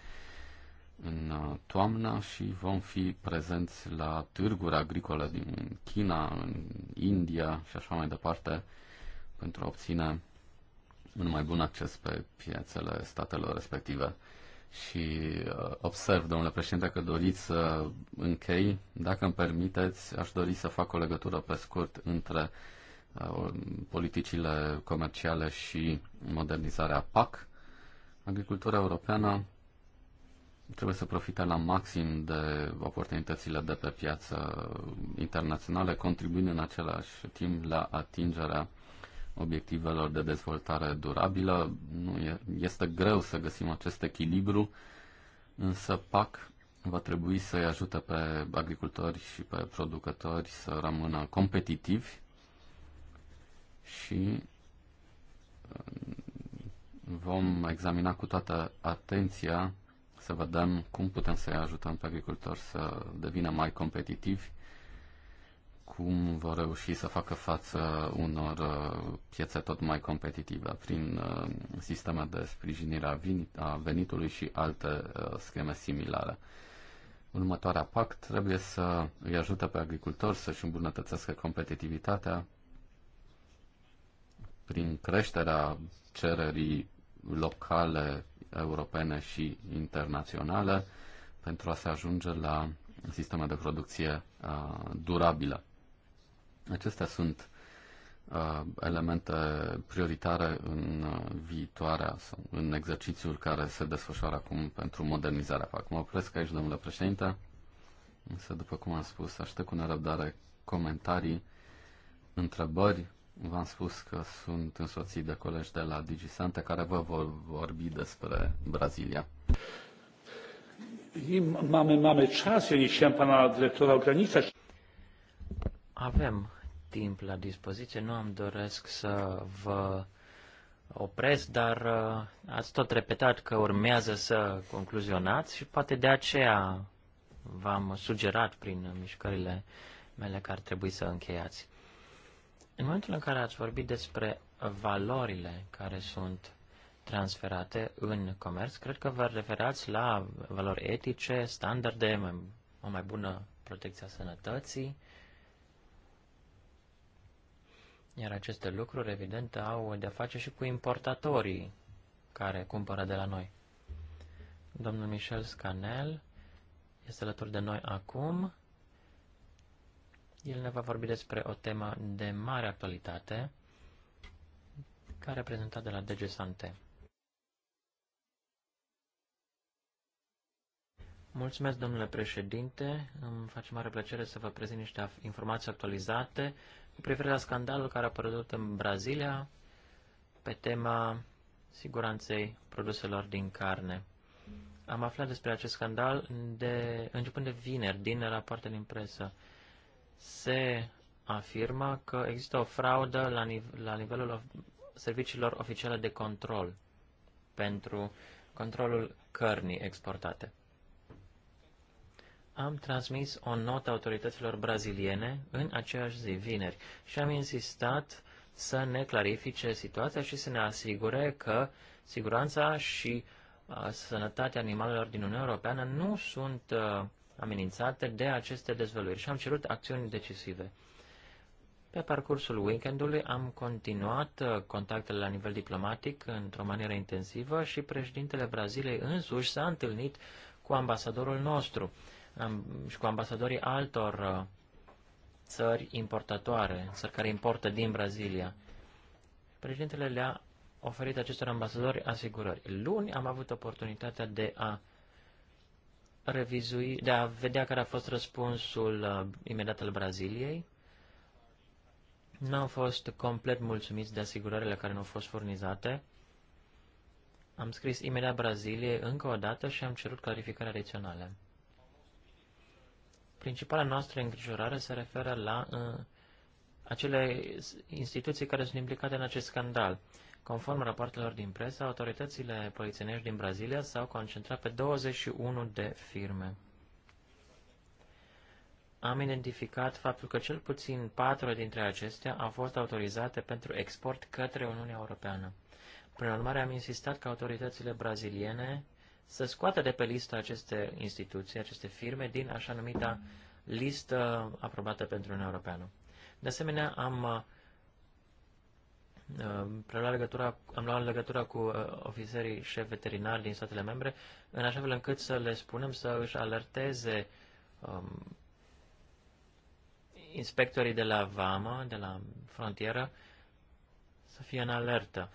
în uh, toamnă și vom fi prezenți la târguri agricole din China, în India și așa mai departe pentru a obține un mai bun acces pe piețele statelor respective. Și uh, observ, domnule președinte, că doriți să închei. Dacă îmi permiteți, aș dori să fac o legătură pe scurt între uh, politicile comerciale și modernizarea PAC. Agricultura europeană trebuie să profite la maxim de oportunitățile de pe piață internaționale, contribuind în același timp la atingerea obiectivelor de dezvoltare durabilă. Nu e, este greu să găsim acest echilibru, însă PAC va trebui să-i ajute pe agricultori și pe producători să rămână competitivi și uh, vom examina cu toată atenția să vedem cum putem să-i ajutăm pe agricultori să devină mai competitivi cum vor reuși să facă față unor uh, piețe tot mai competitive prin uh, sisteme de sprijinire a venitului și alte uh, scheme similare. Următoarea PAC trebuie să îi ajute pe agricultori să-și îmbunătățească competitivitatea prin creșterea cererii locale, europene și internaționale pentru a se ajunge la sisteme de producție durabilă. Acestea sunt uh, elemente prioritare în viitoarea sau în exercițiul care se desfășoară acum pentru modernizarea PAC. Mă opresc aici, domnule președinte, însă, după cum am spus, aștept cu nerăbdare comentarii, întrebări. V-am spus că sunt însoțit de colegi de la DigiSante care vă vor vorbi despre Brazilia. Mamy, mamy czas, ja nie chciałem pana dyrektora ograniczać. Avem timp la dispoziție, nu am doresc să vă opresc, dar uh, ați tot repetat că urmează să concluzionați și poate de aceea v-am sugerat prin mișcările mele că ar trebui să încheiați. În momentul în care ați vorbit despre valorile care sunt transferate în comerț, cred că vă referați la valori etice, standarde, o mai bună protecția sănătății, iar aceste lucruri, evident, au de-a face și cu importatorii care cumpără de la noi. Domnul Michel Scanel este alături de noi acum. El ne va vorbi despre o temă de mare actualitate, care prezentat de la DG Sante. Mulțumesc, domnule președinte. Îmi face mare plăcere să vă prezint niște informații actualizate cu privire la scandalul care a apărut în Brazilia pe tema siguranței produselor din carne. Am aflat despre acest scandal de, începând de vineri, din rapoarte din presă. Se afirma că există o fraudă la, nive- la nivelul serviciilor oficiale de control pentru controlul cărnii exportate am transmis o notă autorităților braziliene în aceeași zi, vineri, și am insistat să ne clarifice situația și să ne asigure că siguranța și uh, sănătatea animalelor din Uniunea Europeană nu sunt uh, amenințate de aceste dezvăluiri și am cerut acțiuni decisive. Pe parcursul weekendului am continuat uh, contactele la nivel diplomatic într-o manieră intensivă și președintele Braziliei însuși s-a întâlnit cu ambasadorul nostru și cu ambasadorii altor uh, țări importatoare, țări care importă din Brazilia. Președintele le-a oferit acestor ambasadori asigurări. Luni am avut oportunitatea de a revizui, de a vedea care a fost răspunsul uh, imediat al Braziliei. Nu am fost complet mulțumiți de asigurările care nu au fost furnizate. Am scris imediat Braziliei încă o dată și am cerut clarificări adiționale. Principala noastră îngrijorare se referă la uh, acele instituții care sunt implicate în acest scandal. Conform rapoartelor din presă, autoritățile polițienești din Brazilia s-au concentrat pe 21 de firme. Am identificat faptul că cel puțin patru dintre acestea au fost autorizate pentru export către Uniunea Europeană. Prin urmare, am insistat că autoritățile braziliene să scoată de pe listă aceste instituții, aceste firme, din așa numita listă aprobată pentru Uniunea Europeană. De asemenea, am uh, preluat legătura, am luat legătura cu uh, ofițerii șef veterinari din statele membre, în așa fel încât să le spunem să își alerteze um, inspectorii de la VAMA, de la frontieră, să fie în alertă.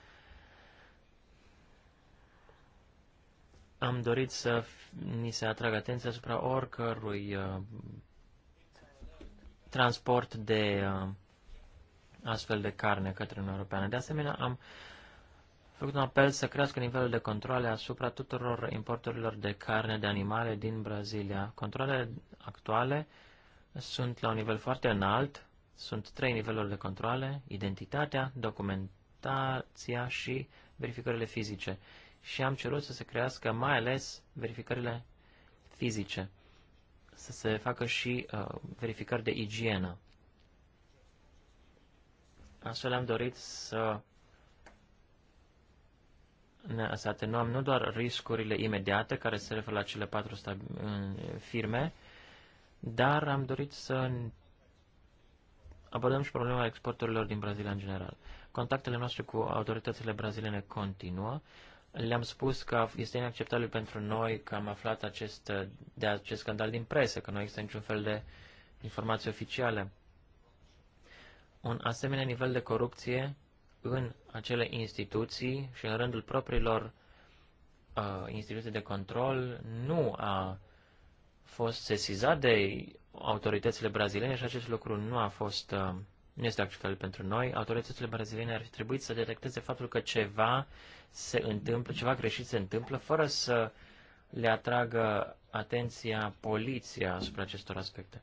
am dorit să ni se atragă atenția asupra oricărui uh, transport de uh, astfel de carne către Uniunea Europeană. De asemenea, am făcut un apel să crească nivelul de controle asupra tuturor importurilor de carne de animale din Brazilia. Controlele actuale sunt la un nivel foarte înalt, sunt trei niveluri de controle, identitatea, documentația și verificările fizice și am cerut să se crească mai ales verificările fizice, să se facă și uh, verificări de igienă. Astfel am dorit să, ne, să atenuăm nu doar riscurile imediate care se referă la cele patru uh, firme, dar am dorit să abordăm și problema exporturilor din Brazilia în general. Contactele noastre cu autoritățile braziliene continuă le-am spus că este inacceptabil pentru noi că am aflat acest, de acest scandal din presă, că nu există niciun fel de informații oficiale. Un asemenea nivel de corupție în acele instituții și în rândul propriilor uh, instituții de control nu a fost sesizat de autoritățile braziliene și acest lucru nu a fost uh, nu este acceptabil pentru noi. Autoritățile braziliene ar fi trebuit să detecteze faptul că ceva se întâmplă, ceva greșit se întâmplă, fără să le atragă atenția poliția asupra acestor aspecte.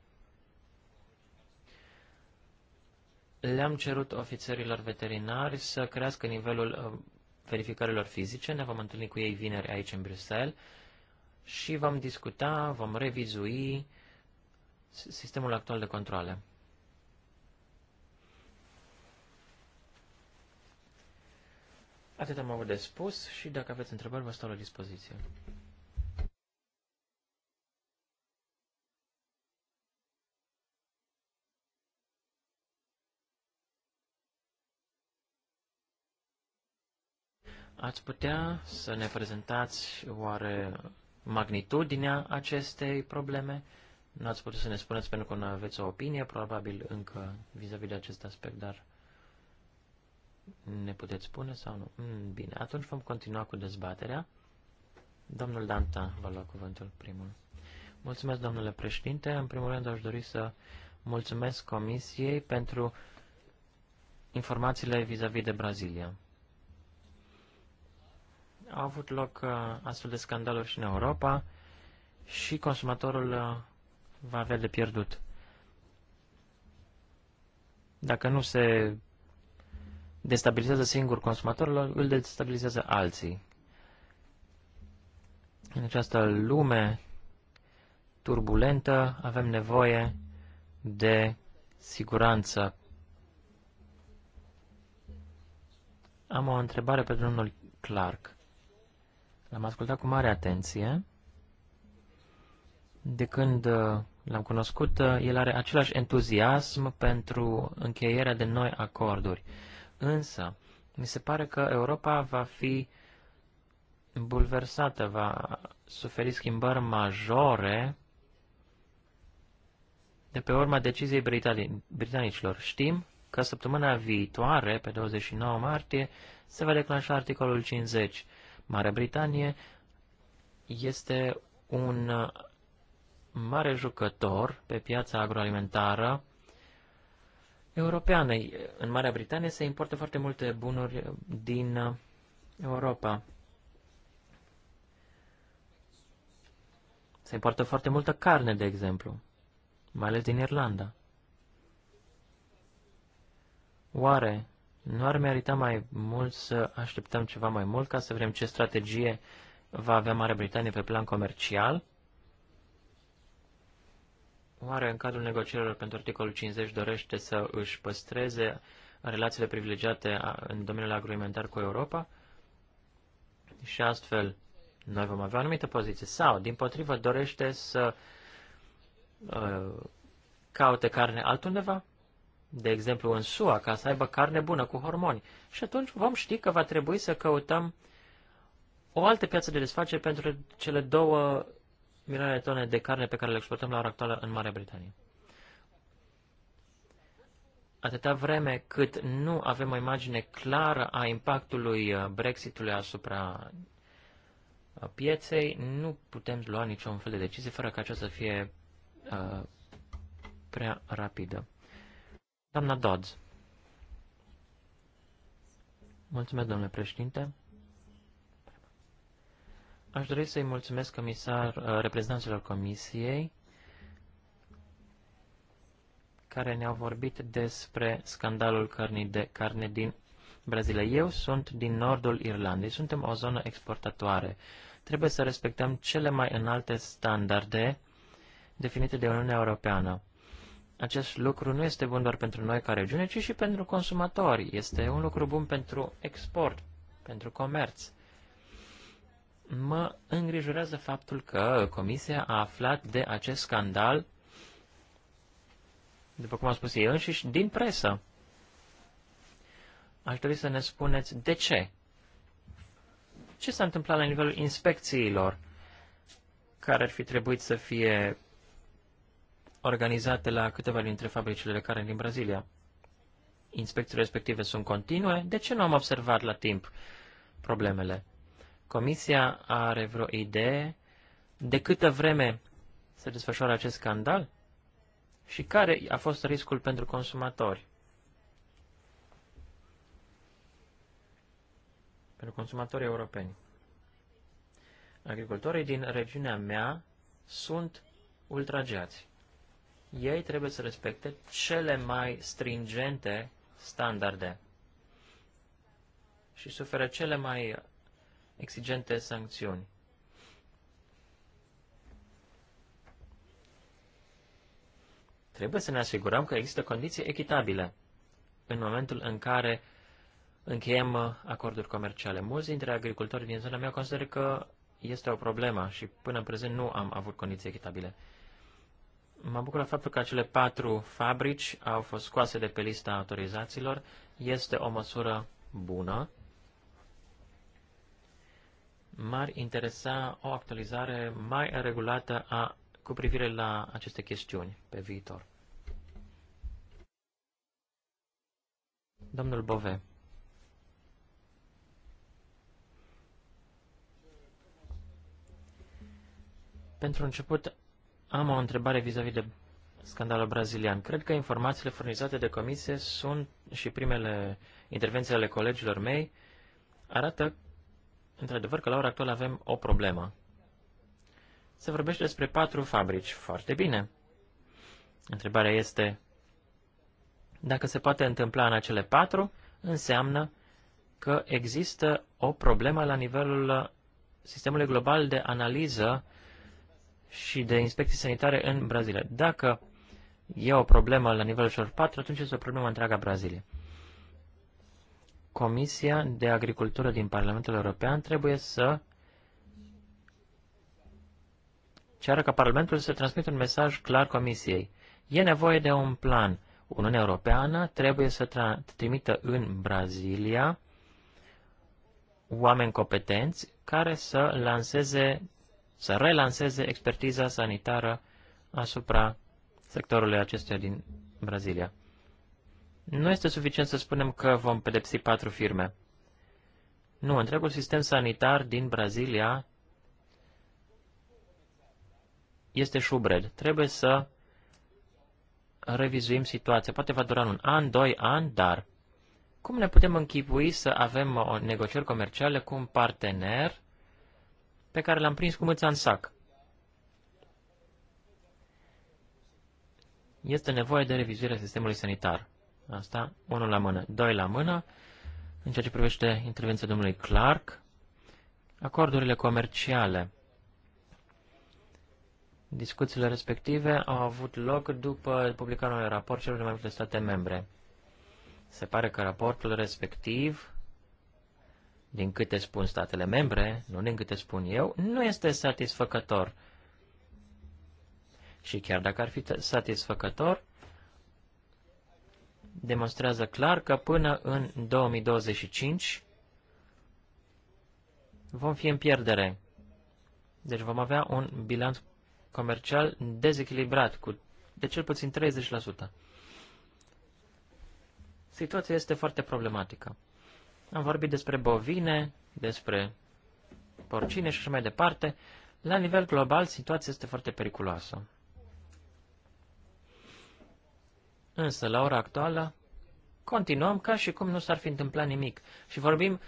Le-am cerut ofițerilor veterinari să crească nivelul uh, verificărilor fizice. Ne vom întâlni cu ei vineri aici în Bruxelles și vom discuta, vom revizui sistemul actual de controle. Atât am avut de spus și dacă aveți întrebări, vă stau la dispoziție. Ați putea să ne prezentați oare magnitudinea acestei probleme? Nu ați putut să ne spuneți pentru că nu aveți o opinie, probabil încă vis-a-vis -vis de acest aspect, dar... Ne puteți spune sau nu? Mm, bine, atunci vom continua cu dezbaterea. Domnul Danta va lua cuvântul primul. Mulțumesc, domnule președinte. În primul rând aș dori să mulțumesc Comisiei pentru informațiile vis-a-vis -vis de Brazilia. Au avut loc uh, astfel de scandaluri și în Europa și consumatorul uh, va avea de pierdut. Dacă nu se destabilizează singur consumatorul, îl destabilizează alții. În această lume turbulentă avem nevoie de siguranță. Am o întrebare pentru domnul Clark. L-am ascultat cu mare atenție. De când uh, l-am cunoscut, uh, el are același entuziasm pentru încheierea de noi acorduri. Însă, mi se pare că Europa va fi bulversată, va suferi schimbări majore de pe urma deciziei britani britanicilor. Știm că săptămâna viitoare, pe 29 martie, se va declanșa articolul 50. Marea Britanie este un mare jucător pe piața agroalimentară europeană. În Marea Britanie se importă foarte multe bunuri din uh, Europa. Se importă foarte multă carne, de exemplu, mai ales din Irlanda. Oare nu ar merita mai mult să așteptăm ceva mai mult ca să vedem ce strategie va avea Marea Britanie pe plan comercial? Oare în cadrul negocierilor pentru articolul 50 dorește să își păstreze relațiile privilegiate în domeniul agroalimentar cu Europa? Și astfel, noi vom avea o anumită poziție. Sau, din potrivă, dorește să uh, caute carne altundeva? De exemplu, în SUA, ca să aibă carne bună cu hormoni. Și atunci vom ști că va trebui să căutăm o altă piață de desfacere pentru cele două milioane de tone de carne pe care le exportăm la ora actuală în Marea Britanie. Atâta vreme cât nu avem o imagine clară a impactului uh, Brexitului asupra uh, pieței, nu putem lua niciun fel de decizie fără ca aceasta să fie uh, prea rapidă. Doamna Dodds. Mulțumesc, domnule președinte. Aș dori să-i mulțumesc comisar, uh, reprezentanților comisiei care ne-au vorbit despre scandalul cărnii de carne din Brazilia. Eu sunt din nordul Irlandei, suntem o zonă exportatoare. Trebuie să respectăm cele mai înalte standarde definite de Uniunea Europeană. Acest lucru nu este bun doar pentru noi ca regiune, ci și pentru consumatori. Este un lucru bun pentru export, pentru comerț mă îngrijorează faptul că comisia a aflat de acest scandal, după cum am spus ei înșiși, din presă. Aș dori să ne spuneți de ce. Ce s-a întâmplat la nivelul inspecțiilor care ar fi trebuit să fie organizate la câteva dintre fabricile de care din Brazilia? Inspecțiile respective sunt continue? De ce nu am observat la timp problemele? Comisia are vreo idee de câtă vreme se desfășoară acest scandal și care a fost riscul pentru consumatori? Pentru consumatorii europeni. Agricultorii din regiunea mea sunt ultrageați. Ei trebuie să respecte cele mai stringente standarde și suferă cele mai exigente sancțiuni. Trebuie să ne asigurăm că există condiții echitabile în momentul în care încheiem acorduri comerciale. Mulți dintre agricultori din zona mea consideră că este o problemă și până în prezent nu am avut condiții echitabile. Mă la faptul că acele patru fabrici au fost scoase de pe lista autorizațiilor. Este o măsură bună m-ar interesa o actualizare mai regulată a, cu privire la aceste chestiuni pe viitor. Domnul Bove. Pentru început, am o întrebare vis-a-vis -vis de scandalul brazilian. Cred că informațiile furnizate de comisie sunt și primele intervenții ale colegilor mei arată într-adevăr că la ora actuală avem o problemă. Se vorbește despre patru fabrici. Foarte bine. Întrebarea este, dacă se poate întâmpla în acele patru, înseamnă că există o problemă la nivelul sistemului global de analiză și de inspecții sanitare în Brazilia. Dacă e o problemă la nivelul celor patru, atunci este o problemă întreaga Brazilie. Comisia de Agricultură din Parlamentul European trebuie să ceară ca Parlamentul să transmită un mesaj clar Comisiei. E nevoie de un plan. Uniunea Europeană trebuie să trimită în Brazilia oameni competenți care să lanseze, să relanseze expertiza sanitară asupra sectorului acestuia din Brazilia. Nu este suficient să spunem că vom pedepsi patru firme. Nu, întregul sistem sanitar din Brazilia este șubred. Trebuie să revizuim situația. Poate va dura un an, doi ani, dar cum ne putem închipui să avem o negocieri comerciale cu un partener pe care l-am prins cu mâța în sac? Este nevoie de revizuirea sistemului sanitar. Asta, unul la mână. Doi la mână, în ceea ce privește intervenția domnului Clark, acordurile comerciale. Discuțiile respective au avut loc după publicarea unui raport celor mai multe state membre. Se pare că raportul respectiv, din câte spun statele membre, nu din câte spun eu, nu este satisfăcător. Și chiar dacă ar fi satisfăcător, demonstrează clar că până în 2025 vom fi în pierdere. Deci vom avea un bilanț comercial dezechilibrat cu de cel puțin 30%. Situația este foarte problematică. Am vorbit despre bovine, despre porcine și așa mai departe. La nivel global, situația este foarte periculoasă. Însă, la ora actuală, continuăm ca și cum nu s-ar fi întâmplat nimic și vorbim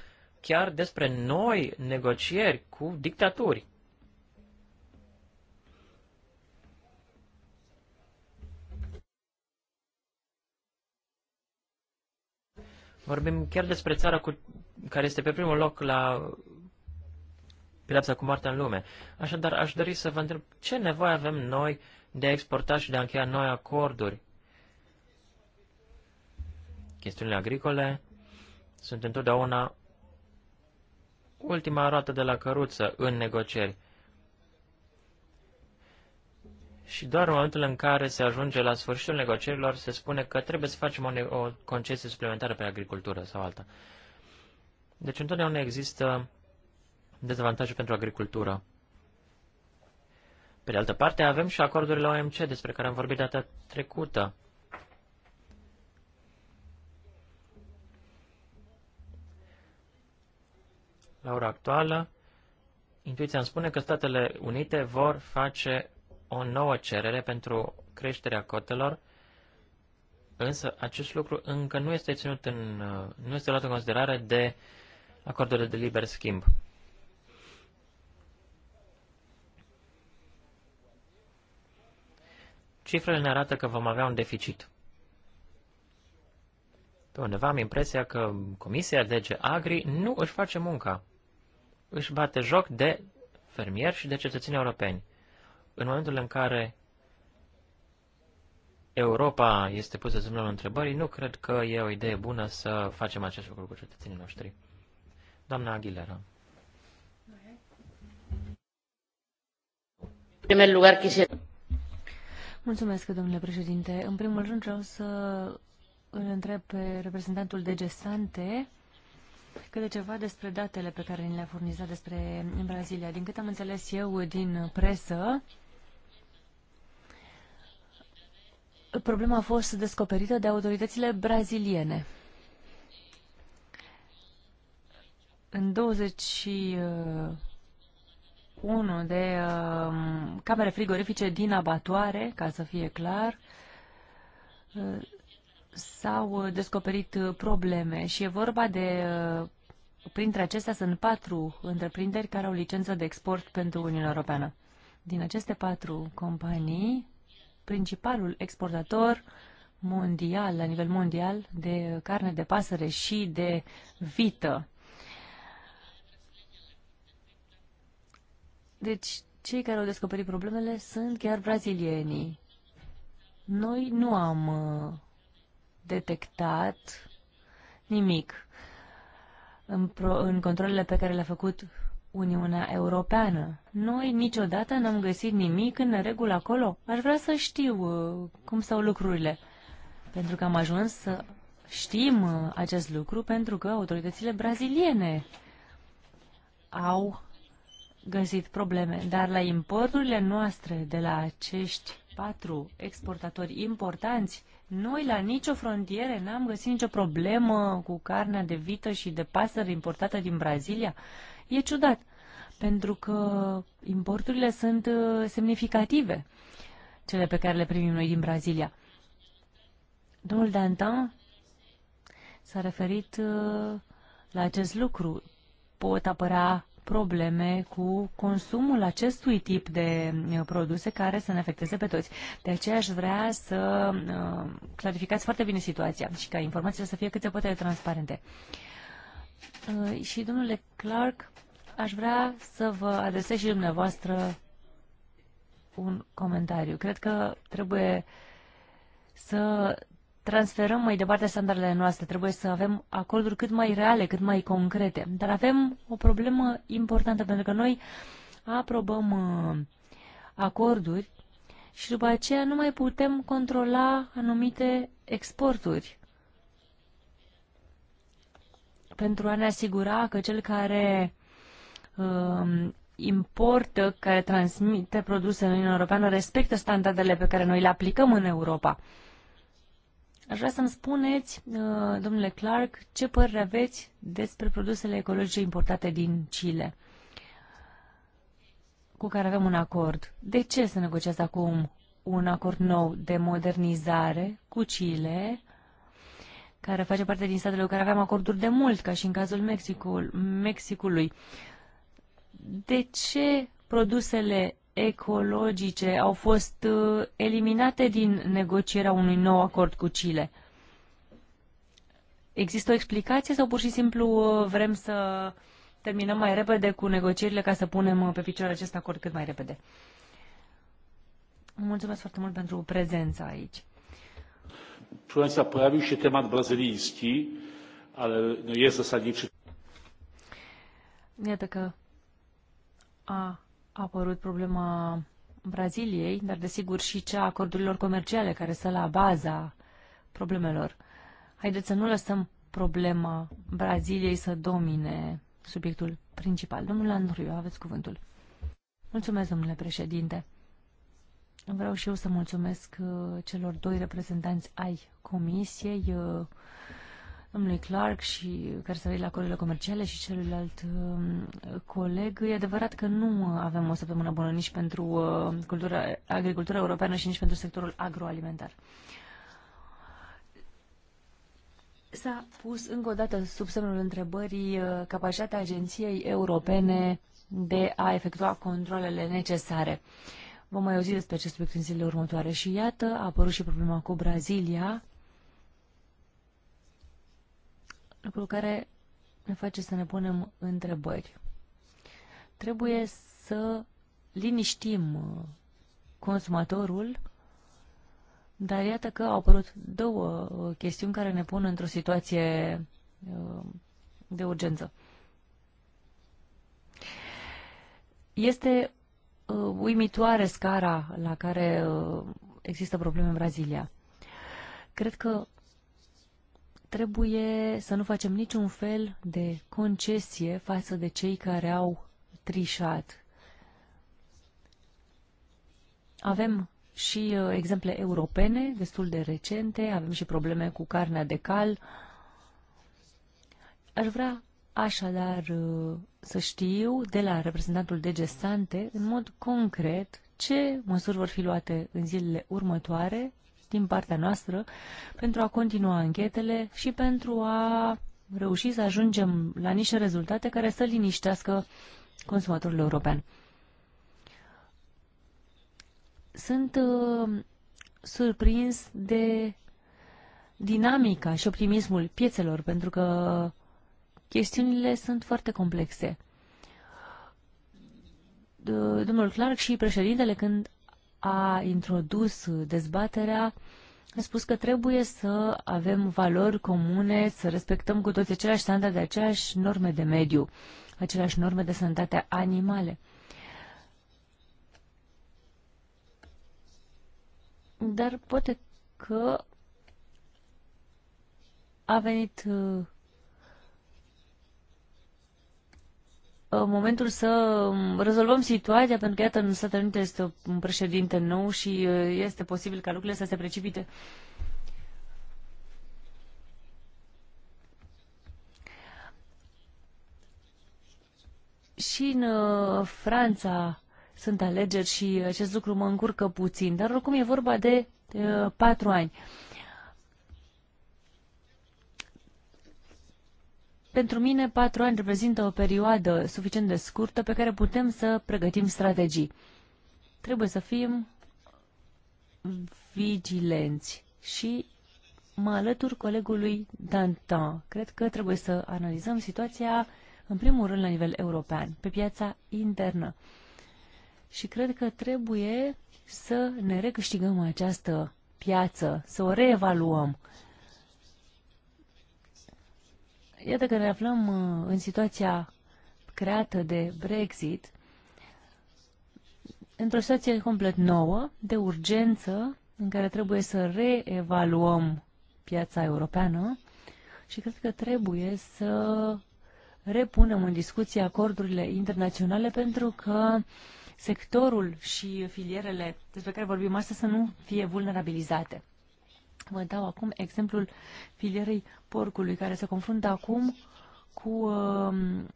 chiar despre noi negocieri cu dictaturi. Vorbim chiar despre țara cu, care este pe primul loc la pedepsa cu moartea în lume. Așadar, aș dori să vă întreb ce nevoie avem noi de a exporta și de a încheia noi acorduri chestiunile agricole sunt întotdeauna ultima roată de la căruță în negocieri. Și doar în momentul în care se ajunge la sfârșitul negocierilor, se spune că trebuie să facem o, o concesie suplimentară pe agricultură sau alta. Deci întotdeauna există dezavantaje pentru agricultură. Pe de altă parte, avem și acordurile OMC despre care am vorbit data trecută. La ora actuală, intuiția îmi spune că Statele Unite vor face o nouă cerere pentru creșterea cotelor, însă acest lucru încă nu este ținut în, nu este luat în considerare de acordurile de liber schimb. Cifrele ne arată că vom avea un deficit. Pe undeva am impresia că Comisia DG Agri nu își face munca își bate joc de fermieri și de cetățeni europeni. În momentul în care Europa este pusă semnul întrebării, nu cred că e o idee bună să facem acest lucru cu cetățenii noștri. Doamna Aguilera. Mulțumesc, domnule președinte. În primul rând vreau să îl întreb pe reprezentantul de gestante câte ceva despre datele pe care ni le-a furnizat despre Brazilia. Din cât am înțeles eu din presă, problema a fost descoperită de autoritățile braziliene. În 21 de um, camere frigorifice din abatoare, ca să fie clar, uh, s-au uh, descoperit uh, probleme și e vorba de Printre acestea sunt patru întreprinderi care au licență de export pentru Uniunea Europeană. Din aceste patru companii, principalul exportator mondial, la nivel mondial, de carne de pasăre și de vită. Deci, cei care au descoperit problemele sunt chiar brazilienii. Noi nu am uh, detectat nimic în, pro, în controlele pe care le-a făcut Uniunea Europeană. Noi niciodată n-am găsit nimic în regulă acolo. Aș vrea să știu uh, cum stau lucrurile. Pentru că am ajuns să știm uh, acest lucru pentru că autoritățile braziliene au găsit probleme. Dar la importurile noastre de la acești patru exportatori importanți noi la nicio frontiere n-am găsit nicio problemă cu carnea de vită și de pasăre importată din Brazilia. E ciudat, pentru că importurile sunt uh, semnificative, cele pe care le primim noi din Brazilia. Domnul Dantan s-a referit uh, la acest lucru. Pot apăra probleme cu consumul acestui tip de uh, produse care să ne afecteze pe toți. De aceea aș vrea să uh, clarificați foarte bine situația și ca informațiile să fie cât se poate de transparente. Uh, și domnule Clark, aș vrea să vă adresez și dumneavoastră un comentariu. Cred că trebuie să transferăm mai departe standardele noastre. Trebuie să avem acorduri cât mai reale, cât mai concrete. Dar avem o problemă importantă, pentru că noi aprobăm uh, acorduri și după aceea nu mai putem controla anumite exporturi pentru a ne asigura că cel care uh, importă, care transmite produsele în Uniunea Europeană, respectă standardele pe care noi le aplicăm în Europa. Uh, Aș vrea să-mi spuneți, uh, domnule Clark, ce părere aveți despre produsele ecologice importate din Chile, cu care avem un acord. De ce să negociați acum un acord nou de modernizare cu Chile, care face parte din statele cu care aveam acorduri de mult, ca și în cazul Mexicul, Mexicului. De ce produsele ecologice au fost uh, eliminate din negocierea unui nou acord cu Chile. Există o explicație sau pur și simplu uh, vrem să terminăm mai repede cu negocierile ca să punem uh, pe picioare acest acord cât mai repede? Mulțumesc foarte mult pentru prezența aici. Proszę Państwa, pojawił się temat brazylijski, ale jest zasadniczy. Iată că a a apărut problema Braziliei, dar desigur și cea a acordurilor comerciale care stă la baza problemelor. Haideți să nu lăsăm problema Braziliei să domine subiectul principal. Domnul Andriu, aveți cuvântul. Mulțumesc, domnule președinte. Vreau și eu să mulțumesc uh, celor doi reprezentanți ai comisiei uh, domnului Clark și care se la acordurile comerciale și celuilalt um, coleg. E adevărat că nu avem o săptămână bună nici pentru uh, cultura, agricultura europeană și nici pentru sectorul agroalimentar. S-a pus încă o dată sub semnul întrebării uh, capacitatea Agenției Europene de a efectua controlele necesare. Vom mai auzi despre acest subiect în zilele următoare și iată, a apărut și problema cu Brazilia, lucru care ne face să ne punem întrebări. Trebuie să liniștim uh, consumatorul, dar iată că au apărut două uh, chestiuni care ne pun într-o situație uh, de urgență. Este uimitoare scara la care există probleme în Brazilia. Cred că trebuie să nu facem niciun fel de concesie față de cei care au trișat. Avem și uh, exemple europene destul de recente, avem și probleme cu carnea de cal. Aș vrea așadar uh, să știu de la reprezentantul de gestante în mod concret ce măsuri vor fi luate în zilele următoare din partea noastră pentru a continua anchetele și pentru a reuși să ajungem la niște rezultate care să liniștească consumatorul european. Sunt uh, surprins de dinamica și optimismul piețelor, pentru că chestiunile sunt foarte complexe. Domnul Clark și președintele, când a introdus dezbaterea a spus că trebuie să avem valori comune, să respectăm cu toți aceleași standarde, aceleași norme de mediu, aceleași norme de sănătate animale. Dar poate că a venit uh, Uh, momentul să um, rezolvăm situația, pentru că, iată, în Statele Unite este un președinte nou și uh, este posibil ca lucrurile să se precipite. Și în uh, Franța sunt alegeri și acest lucru mă încurcă puțin, dar oricum e vorba de patru ani. Pentru mine, patru ani reprezintă o perioadă suficient de scurtă pe care putem să pregătim strategii. Trebuie să fim vigilenți și mă alătur colegului Dantin. Cred că trebuie să analizăm situația, în primul rând, la nivel european, pe piața internă. Și cred că trebuie să ne recâștigăm această piață, să o reevaluăm Iată că ne aflăm uh, în situația creată de Brexit, într-o situație complet nouă, de urgență, în care trebuie să reevaluăm piața europeană și cred că trebuie să repunem în discuție acordurile internaționale pentru că sectorul și filierele despre care vorbim astăzi să nu fie vulnerabilizate. Vă dau acum exemplul filierei porcului, care se confruntă acum cu uh,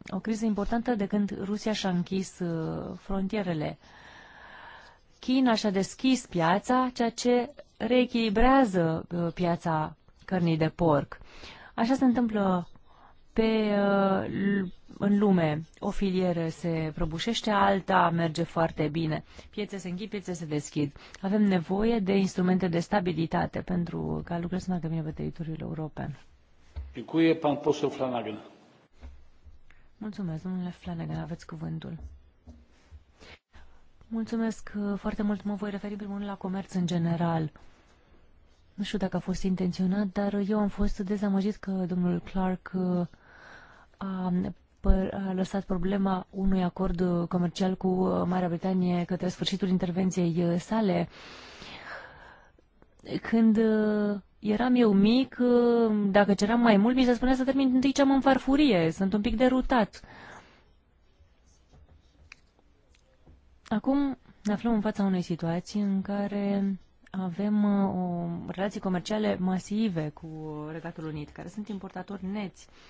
o criză importantă de când Rusia și-a închis uh, frontierele. China și-a deschis piața, ceea ce reechilibrează uh, piața cărnii de porc. Așa se întâmplă pe, uh, în lume. O filieră se prăbușește, alta merge foarte bine. Piețe se închid, piețe se deschid. Avem nevoie de instrumente de stabilitate pentru ca lucrurile să meargă bine pe teritoriul european. Dziękuję pan poseł Flanagan. Mulțumesc, domnule Flanagan, aveți cuvântul. Mulțumesc uh, foarte mult. Mă voi referi primul la comerț în general. Nu știu dacă a fost intenționat, dar eu am fost dezamăgit că domnul Clark uh, a lăsat problema unui acord comercial cu uh, Marea Britanie către sfârșitul intervenției uh, sale. Când uh, eram eu mic, dacă ceram mai mult, mi se spunea să termin întâi ce am în farfurie. Sunt un pic derutat. Acum ne aflăm în fața unei situații în care avem o, relații comerciale masive cu Regatul Unit, care sunt importatori neți. Uh,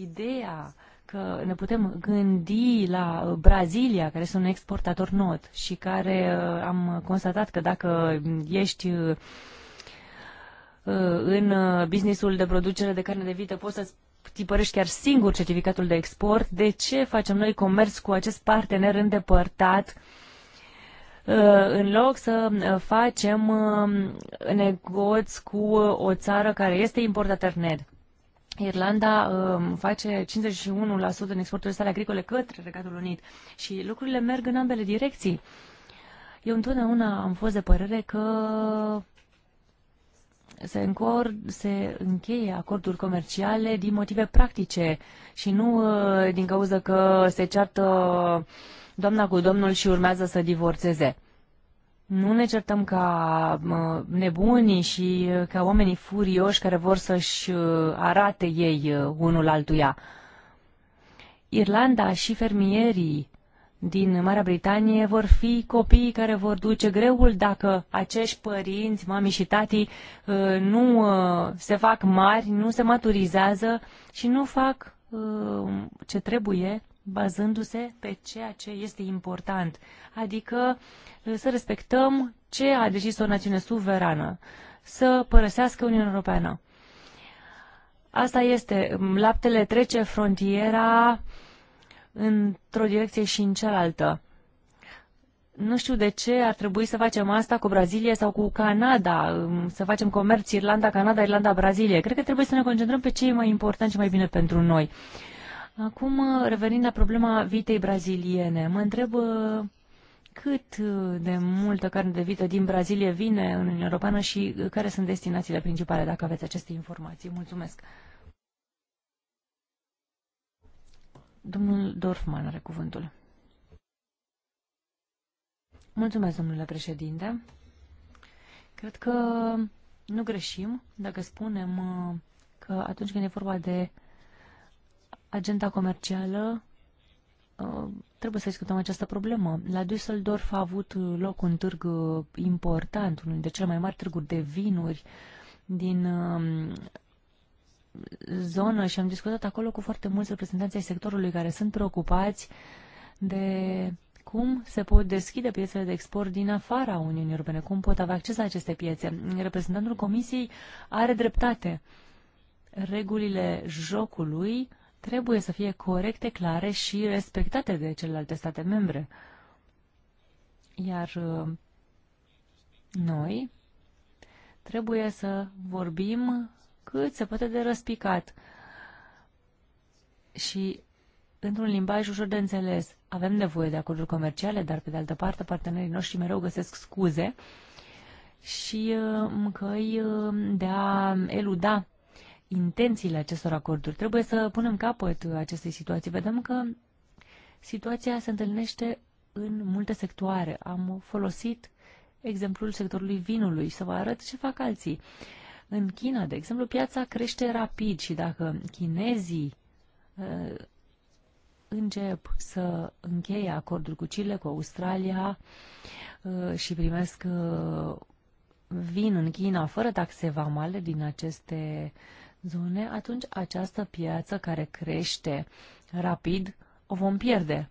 Ideea că ne putem gândi la uh, Brazilia, care sunt un exportator not și care uh, am constatat că dacă ești uh, în businessul de producere de carne de vită, poți să-ți tipărești chiar singur certificatul de export. De ce facem noi comerț cu acest partener îndepărtat în loc să facem negoți cu o țară care este importator net? Irlanda um, face 51% din exporturile sale agricole către Regatul Unit și lucrurile merg în ambele direcții. Eu întotdeauna am fost de părere că se, încor, se încheie acorduri comerciale din motive practice și nu uh, din cauza că se ceartă doamna cu domnul și urmează să divorțeze. Nu ne certăm ca nebunii și uh, ca oamenii furioși care vor să-și uh, arate ei uh, unul altuia. Irlanda și fermierii din Marea Britanie vor fi copiii care vor duce greul dacă acești părinți, mami și tati, nu se fac mari, nu se maturizează și nu fac ce trebuie bazându-se pe ceea ce este important, adică uh, să respectăm ce a decis o națiune suverană să părăsească Uniunea Europeană. Asta este, um, laptele trece frontiera într-o direcție și în cealaltă. Nu știu de ce ar trebui să facem asta cu Brazilia sau cu Canada, um, să facem comerț Irlanda-Canada, Irlanda-Brazilia. Cred că trebuie să ne concentrăm pe ce e mai important și mai bine pentru noi. Acum, revenind la problema vitei braziliene, mă întreb uh, cât uh, de multă carne de vită din Brazilie vine în Uniunea Europeană și uh, care sunt destinațiile principale, dacă aveți aceste informații. Mulțumesc! Domnul Dorfman are cuvântul. Mulțumesc, domnule președinte. Cred că nu greșim dacă spunem că atunci când e vorba de agenda comercială, uh, trebuie să discutăm această problemă. La Düsseldorf a avut loc un târg uh, important, unul dintre cele mai mari târguri de vinuri din um, zonă și am discutat acolo cu foarte mulți reprezentanți ai sectorului care sunt preocupați de cum se pot deschide piețele de export din afara Uniunii Europene, cum pot avea acces la aceste piețe. Reprezentantul Comisiei are dreptate. Regulile jocului trebuie să fie corecte, clare și respectate de celelalte state membre. Iar uh, noi trebuie să vorbim cât se poate de răspicat și într-un limbaj ușor de înțeles. Avem nevoie de acorduri comerciale, dar pe de altă parte partenerii noștri mereu găsesc scuze și uh, căi uh, de a eluda intențiile acestor acorduri. Trebuie să punem capăt acestei situații. Vedem că situația se întâlnește în multe sectoare. Am folosit exemplul sectorului vinului să vă arăt ce fac alții. În China, de exemplu, piața crește rapid și dacă chinezii uh, încep să încheie acorduri cu Chile, cu Australia uh, și primesc uh, vin în China fără taxe vamale din aceste uh, zone, atunci această piață care crește rapid o vom pierde.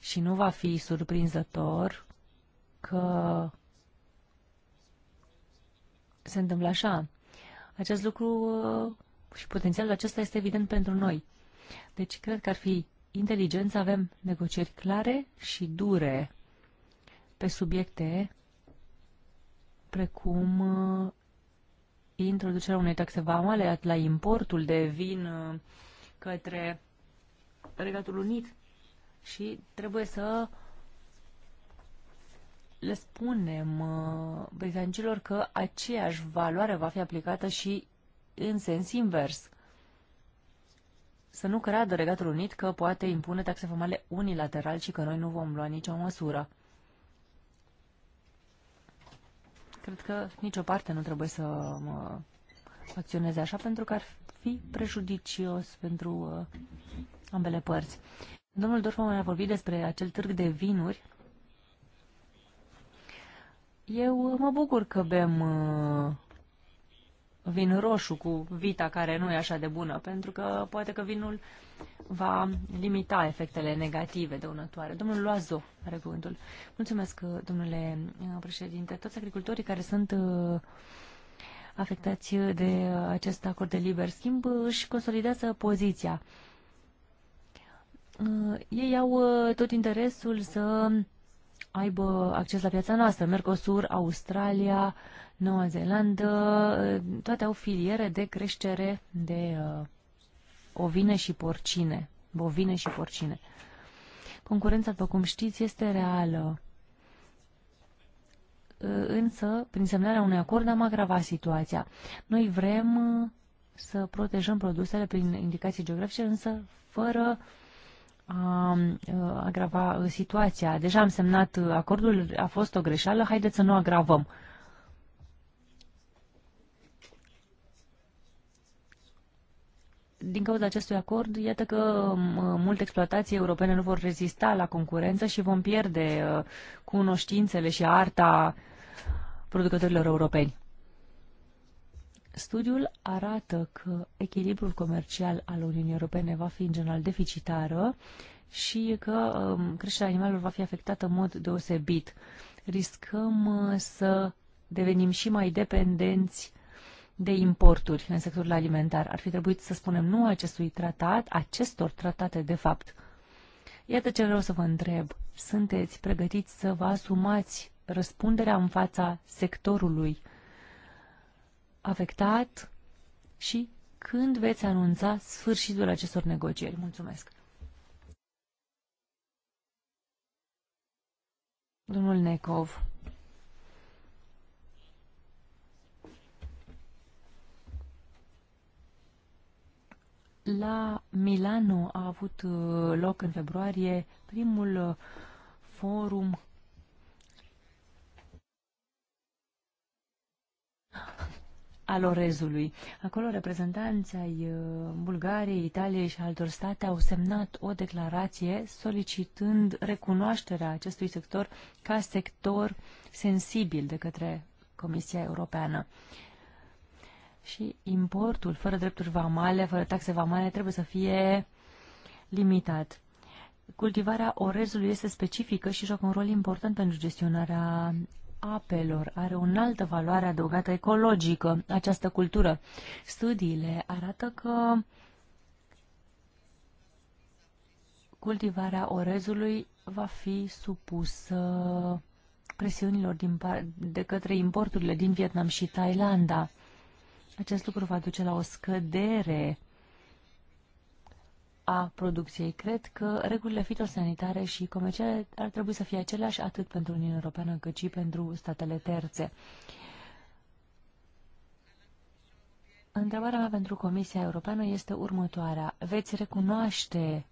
Și nu va fi surprinzător că se întâmplă așa. Acest lucru uh, și potențialul acesta este evident pentru noi. Deci cred că ar fi inteligent să avem negocieri clare și dure pe subiecte precum uh, introducerea unei taxe vamale la importul de vin uh, către Regatul Unit și trebuie să le spunem uh, britanicilor că aceeași valoare va fi aplicată și în sens invers. Să nu creadă Regatul Unit că poate impune taxe vamale unilateral și că noi nu vom lua nicio măsură. Cred că nicio parte nu trebuie să mă acționeze așa, pentru că ar fi prejudicios pentru uh, ambele părți. Domnul Dorfman a vorbit despre acel târg de vinuri. Eu mă bucur că bem uh, vin roșu cu vita care nu e așa de bună, pentru că poate că vinul va limita efectele negative dăunătoare. Domnul Loazo are cuvântul. Mulțumesc, domnule uh, președinte. Toți agricultorii care sunt uh, afectați de acest acord de liber schimb își consolidează poziția. Uh, ei au tot interesul să aibă acces la piața noastră. Mercosur, Australia, uh, Noua Zeelandă, eh, toate au filiere de creștere de uh, ovine și porcine, bovine și porcine. Concurența, după cum știți, este reală. Eh, însă, prin semnarea unui acord, am agravat situația. Noi vrem să protejăm produsele prin indicații geografice, însă fără a agrava situația. Deja am semnat acordul, a fost o greșeală, haideți să nu agravăm. din cauza acestui acord, iată că multe exploatații europene nu vor rezista la concurență și vom pierde uh, cunoștințele și arta producătorilor europeni. Studiul arată că echilibrul comercial al Uniunii Europene va fi în general deficitară și că um, creșterea animalelor va fi afectată în mod deosebit. Riscăm uh, să devenim și mai dependenți de importuri în sectorul alimentar. Ar fi trebuit să spunem nu acestui tratat, acestor tratate de fapt. Iată ce vreau să vă întreb. Sunteți pregătiți să vă asumați răspunderea în fața sectorului afectat și când veți anunța sfârșitul acestor negocieri? Mulțumesc! Domnul Necov. La Milano a avut uh, loc în februarie primul uh, forum al orezului. Acolo reprezentanții ai uh, Bulgariei, Italiei și altor state au semnat o declarație solicitând recunoașterea acestui sector ca sector sensibil de către Comisia Europeană și importul fără drepturi vamale, fără taxe vamale, trebuie să fie limitat. Cultivarea orezului este specifică și joacă un rol important pentru gestionarea apelor. Are o înaltă valoare adăugată ecologică această cultură. Studiile arată că cultivarea orezului va fi supusă presiunilor din par- de către importurile din Vietnam și Thailanda. Acest lucru va duce la o scădere a producției. Cred că regulile fitosanitare și comerciale ar trebui să fie aceleași atât pentru Uniunea Europeană cât și pentru statele terțe. Întrebarea mea pentru Comisia Europeană este următoarea. Veți recunoaște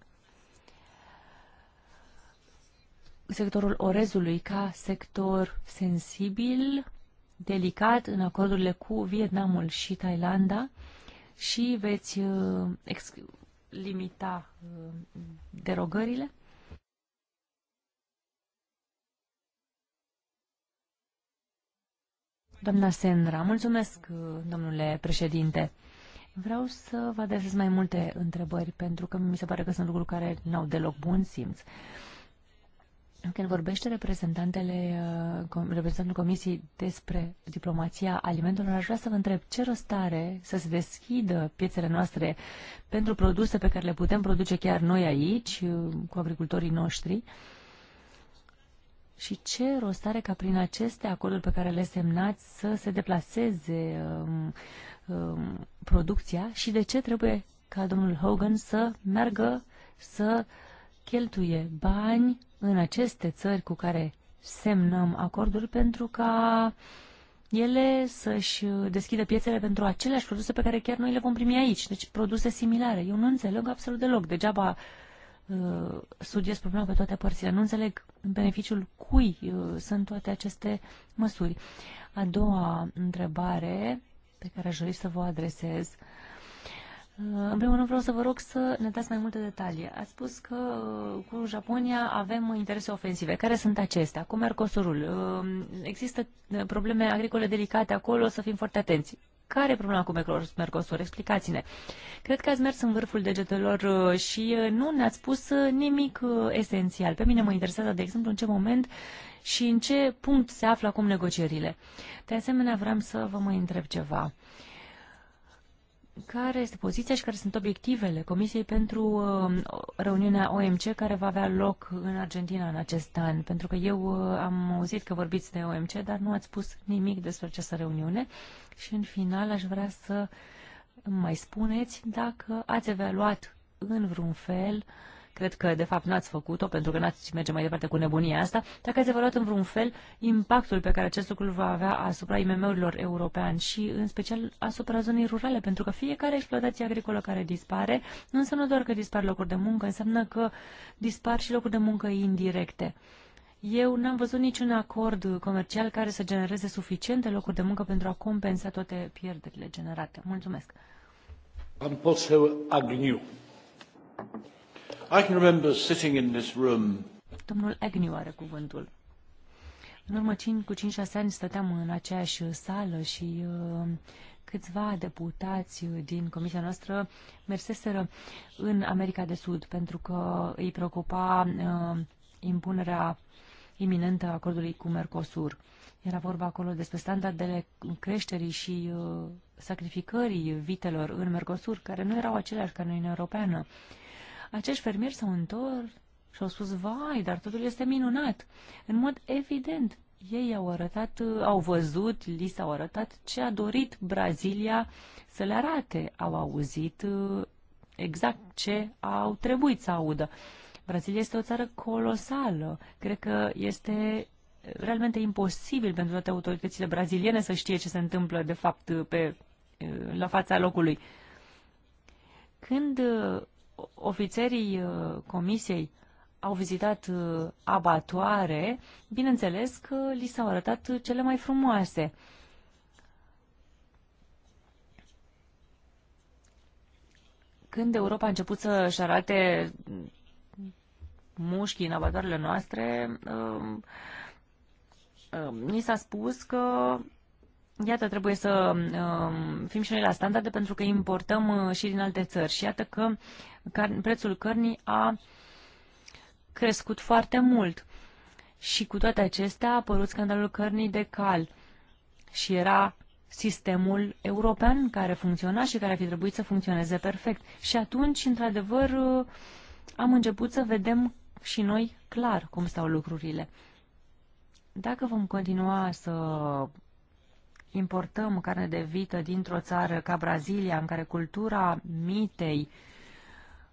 sectorul orezului ca sector sensibil delicat în acordurile cu Vietnamul și Thailanda și veți uh, limita uh, derogările? Doamna Senra, mulțumesc, uh, domnule președinte. Vreau să vă adresez mai multe întrebări, pentru că mi se pare că sunt lucruri care n-au deloc bun simț. Când vorbește reprezentantele, uh, reprezentantul Comisiei despre diplomația alimentelor, aș vrea să vă întreb ce rost are să se deschidă piețele noastre pentru produse pe care le putem produce chiar noi aici, uh, cu agricultorii noștri, și ce rost are ca prin aceste acorduri pe care le semnați să se deplaseze um, um, producția și de ce trebuie ca domnul Hogan să meargă să uh, cheltuie bani în aceste țări cu care semnăm acorduri pentru ca ele să-și deschidă piețele pentru aceleași produse pe care chiar noi le vom primi aici. Deci produse similare. Eu nu înțeleg absolut deloc. Degeaba uh, studiez problema pe toate părțile. Nu înțeleg în beneficiul cui uh, sunt toate aceste măsuri. A doua întrebare pe care aș dori să vă adresez uh, în primul rând vreau să vă rog să ne dați mai multe detalii. Ați spus că uh, cu Japonia avem interese ofensive. Care sunt acestea? Cu Mercosurul? Uh, există uh, probleme agricole delicate acolo, să fim foarte atenți. Care e problema cu Mercosur? Explicați-ne. Cred că ați mers în vârful degetelor și nu ne-ați spus nimic esențial. Pe mine mă interesează, de exemplu, în ce moment și în ce punct se află acum negocierile. De asemenea, vreau să vă mai întreb ceva. Uh, care este poziția și care sunt obiectivele Comisiei pentru um, reuniunea OMC care va avea loc în Argentina în acest an? Pentru că eu uh, am auzit că vorbiți de OMC, dar nu ați spus nimic despre această reuniune și în final aș vrea să mai spuneți dacă ați evaluat în vreun fel uh, Cred că, de fapt, n-ați făcut-o pentru că n-ați merge mai departe cu nebunia asta. Dacă ați evaluat în vreun fel impactul pe care acest lucru va avea asupra IMM-urilor europeani și, în special, asupra zonei rurale, pentru că fiecare exploatație agricolă care dispare nu înseamnă doar că dispar locuri de muncă, înseamnă că dispar și locuri de muncă indirecte. Eu n-am văzut niciun acord comercial care să genereze suficiente locuri de muncă pentru a compensa toate pierderile generate. Mulțumesc. Am poseł agniu. I can remember sitting in this room. Domnul Agnew are cuvântul. În urmă 5, cu 5-6 ani stăteam în aceeași sală și uh, câțiva deputați din comisia noastră merseseră în America de Sud pentru că îi preocupa uh, impunerea iminentă a acordului cu Mercosur. Era vorba acolo despre standardele creșterii și uh, sacrificării vitelor în Mercosur, care nu erau aceleași ca în Uniunea Europeană. Uh, acești fermieri s-au întors și au spus, vai, dar totul este minunat. În mod evident, ei au arătat, au văzut, li s-au arătat ce a dorit Brazilia să le arate. Au auzit uh, exact ce au trebuit să audă. Brazilia este o țară colosală. Cred că este realmente imposibil pentru toate autoritățile braziliene să știe ce se întâmplă, de fapt, pe, uh, la fața locului. Când uh, ofițerii uh, comisiei au vizitat uh, abatoare, bineînțeles că li s-au arătat uh, cele mai frumoase. Când Europa a început să-și arate mușchii în abatoarele noastre, ni s-a spus că Iată, trebuie să uh, fim și noi la standarde pentru că importăm uh, și din alte țări. Și iată că car- prețul cărnii a crescut foarte mult. Și cu toate acestea a apărut scandalul cărnii de cal. Și era sistemul european care funcționa și care ar fi trebuit să funcționeze perfect. Și atunci, într-adevăr, uh, am început să vedem și noi clar cum stau lucrurile. Dacă vom continua să importăm carne de vită dintr-o țară ca Brazilia, în care cultura mitei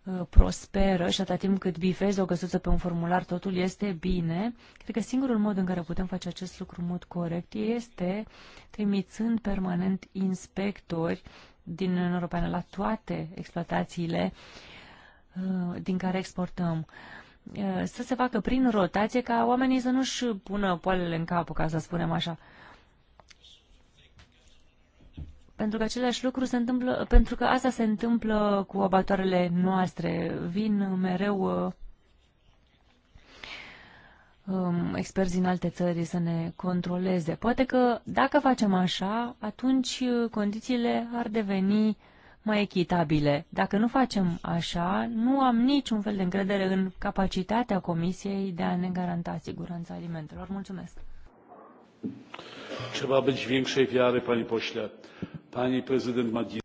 uh, prosperă și atâta timp cât bifezi o găsuță pe un formular, totul este bine. Cred că singurul mod în care putem face acest lucru în mod corect este trimițând permanent inspectori din Uniunea Europeană la toate exploatațiile uh, din care exportăm uh, să se facă prin rotație ca oamenii să nu-și pună poalele în cap, ca să spunem așa. Pentru că același lucru se întâmplă, pentru că asta se întâmplă cu abatoarele noastre. Vin mereu uh, um, experți din alte țări să ne controleze. Poate că dacă facem așa, atunci uh, condițiile ar deveni mai echitabile. Dacă nu facem așa, nu am niciun fel de încredere în capacitatea Comisiei de a ne garanta siguranța alimentelor. Mulțumesc! Trzeba być większej wiary, panie pośle. Pani prezident Madie.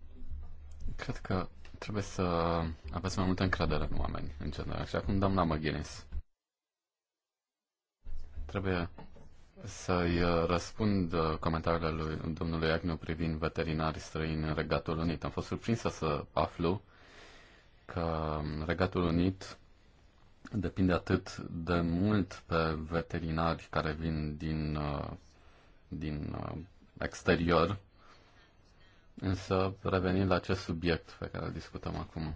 Cred că trebuie să aveți mai multă încredere în oameni, în general. Și acum, doamna McGuinness. Trebuie să-i uh, răspund uh, comentariile lui domnului Agnew privind veterinarii străini în Regatul Unit. Am fost surprinsă să aflu că Regatul Unit depinde atât de mult pe veterinari care vin din, uh, din exterior Însă, revenind la acest subiect pe care îl discutăm acum,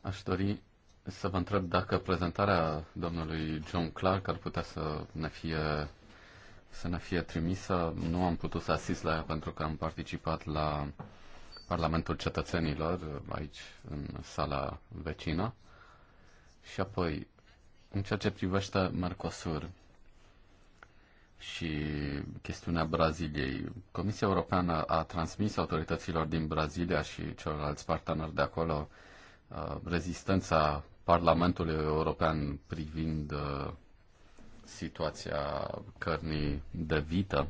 aș dori să vă întreb dacă prezentarea domnului John Clark ar putea să ne fie, să ne fie trimisă. Nu am putut să asist la ea pentru că am participat la Parlamentul Cetățenilor, aici, în sala vecină. Și apoi, în ceea ce privește Mercosur, și chestiunea Braziliei. Comisia Europeană a transmis autorităților din Brazilia și celorlalți parteneri de acolo uh, rezistența Parlamentului European privind uh, situația cărnii de vită,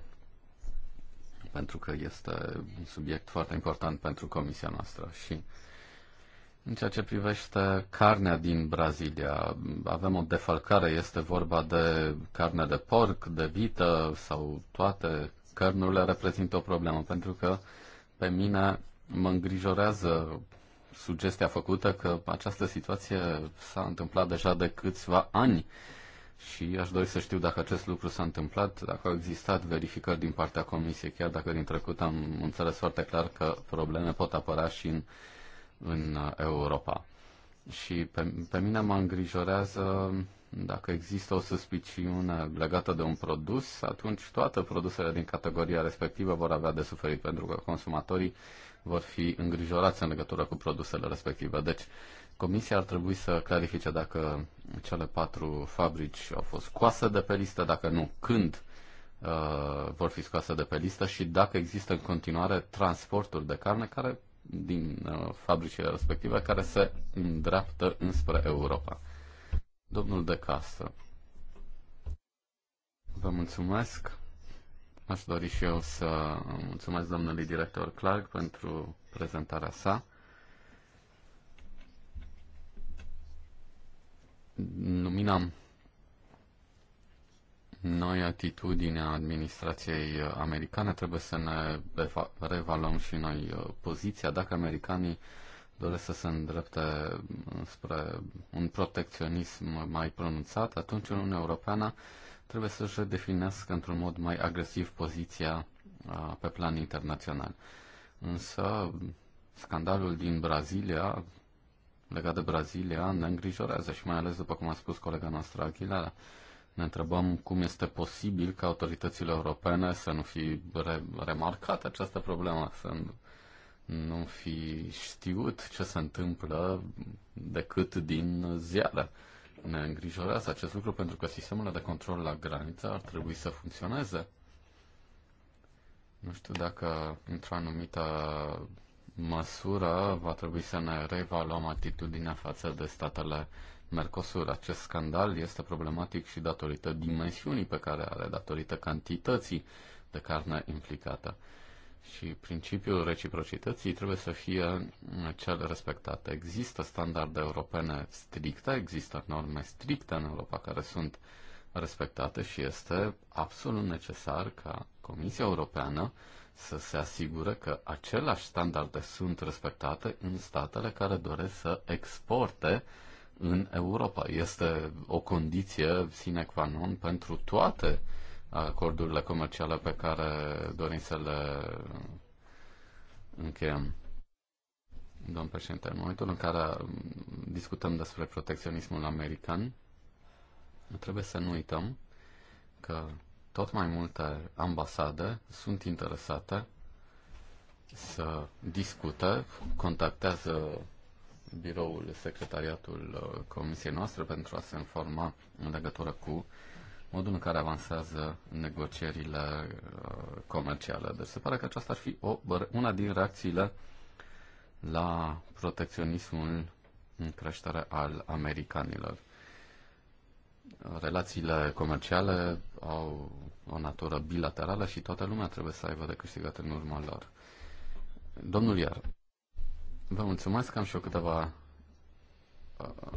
pentru că este un subiect foarte important pentru comisia noastră și în ceea ce privește carnea din Brazilia, avem o defalcare, este vorba de carne de porc, de vită sau toate cărnurile reprezintă o problemă, pentru că pe mine mă îngrijorează sugestia făcută că această situație s-a întâmplat deja de câțiva ani și aș dori să știu dacă acest lucru s-a întâmplat, dacă au existat verificări din partea Comisiei, chiar dacă din trecut am înțeles foarte clar că probleme pot apărea și în în Europa. Și pe, pe mine mă îngrijorează dacă există o suspiciune legată de un produs, atunci toate produsele din categoria respectivă vor avea de suferit, pentru că consumatorii vor fi îngrijorați în legătură cu produsele respective. Deci, Comisia ar trebui să clarifice dacă cele patru fabrici au fost scoase de pe listă, dacă nu, când uh, vor fi scoase de pe listă și dacă există în continuare transporturi de carne care din uh, fabricile respective care se îndreaptă înspre Europa. Domnul de casă, vă mulțumesc. Aș dori și eu să mulțumesc domnului director Clark pentru prezentarea sa. Luminam noi atitudinea administrației americane, trebuie să ne revaluăm și noi uh, poziția dacă americanii doresc să se îndrepte spre un protecționism mai pronunțat, atunci Uniunea Europeană trebuie să-și redefinească într-un mod mai agresiv poziția uh, pe plan internațional. Însă scandalul din Brazilia, legat de Brazilia, ne îngrijorează și mai ales, după cum a spus colega noastră Aguilera, ne întrebăm cum este posibil ca autoritățile europene să nu fi re- remarcat această problemă, să nu, fi știut ce se întâmplă decât din ziare. Ne îngrijorează acest lucru pentru că sistemele de control la graniță ar trebui să funcționeze. Nu știu dacă într-o anumită măsură va trebui să ne reevaluăm atitudinea față de statele Mercosur. Acest scandal este problematic și datorită dimensiunii pe care are, datorită cantității de carne implicată. Și principiul reciprocității trebuie să fie cel respectat. Există standarde europene stricte, există norme stricte în Europa care sunt respectate și este absolut necesar ca Comisia Europeană să se asigure că aceleași standarde sunt respectate în statele care doresc să exporte uh, în Europa. Este o condiție sine qua non pentru toate acordurile comerciale pe care dorim să le încheiem. Domn președinte, în momentul în care discutăm despre protecționismul american, trebuie să nu uităm că tot mai multe ambasade sunt interesate să discute, contactează biroul, secretariatul uh, comisiei noastre pentru a se informa în legătură cu modul în care avansează negocierile uh, comerciale. Deci se pare că aceasta ar fi o, una din reacțiile la protecționismul în creștere al americanilor. Relațiile comerciale au o natură bilaterală și toată lumea trebuie să aibă de câștigat în urma lor. Domnul Iar. Vă mulțumesc, am și eu câteva uh,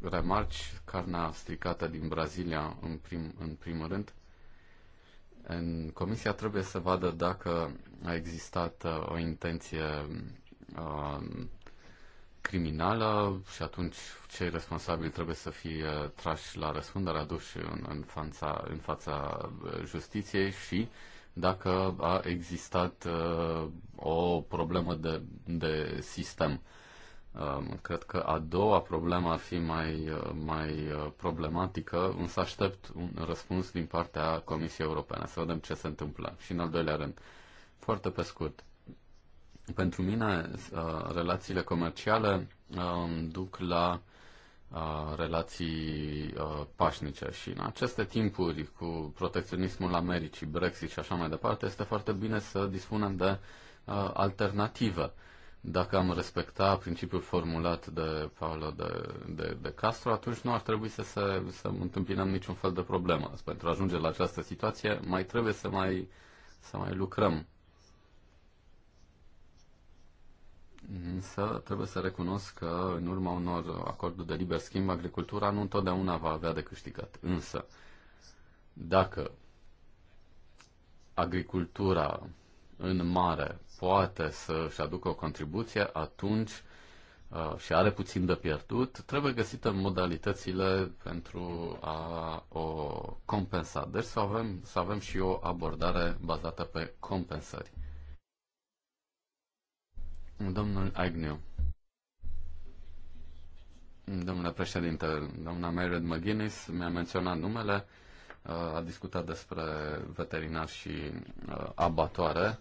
remarci. Carnea stricată din Brazilia, în, prim, în primul rând. În comisia trebuie să vadă dacă a existat uh, o intenție uh, criminală și atunci cei responsabili trebuie să fie uh, trași la răspundere, aduși în, în, fața, în fața uh, justiției și uh, dacă a existat uh, o problemă de, de sistem. Um, cred că a doua problemă ar fi mai, uh, mai uh, problematică, însă aștept un răspuns din partea Comisiei Europene, să vedem ce se întâmplă. Și în al doilea rând, foarte pe scurt, pentru mine relațiile comerciale um, duc la relații pașnice și în aceste timpuri cu protecționismul Americii, Brexit și așa mai departe, este foarte bine să dispunem de alternativă. Dacă am respecta principiul formulat de Paolo de, de, de Castro, atunci nu ar trebui să, se, să întâmpinăm niciun fel de problemă. Pentru a ajunge la această situație, mai trebuie să mai, să mai lucrăm Însă trebuie să recunosc că în urma unor acorduri de liber schimb, agricultura nu întotdeauna va avea de câștigat. Însă, dacă agricultura în mare poate să-și aducă o contribuție, atunci uh, și are puțin de pierdut, trebuie găsite modalitățile pentru a o compensa. Deci să avem, să avem și o abordare bazată pe compensări. Domnul Agnew. Domnule președinte, doamna Mary McGuinness mi-a menționat numele, uh, a discutat despre veterinar și uh, abatoare.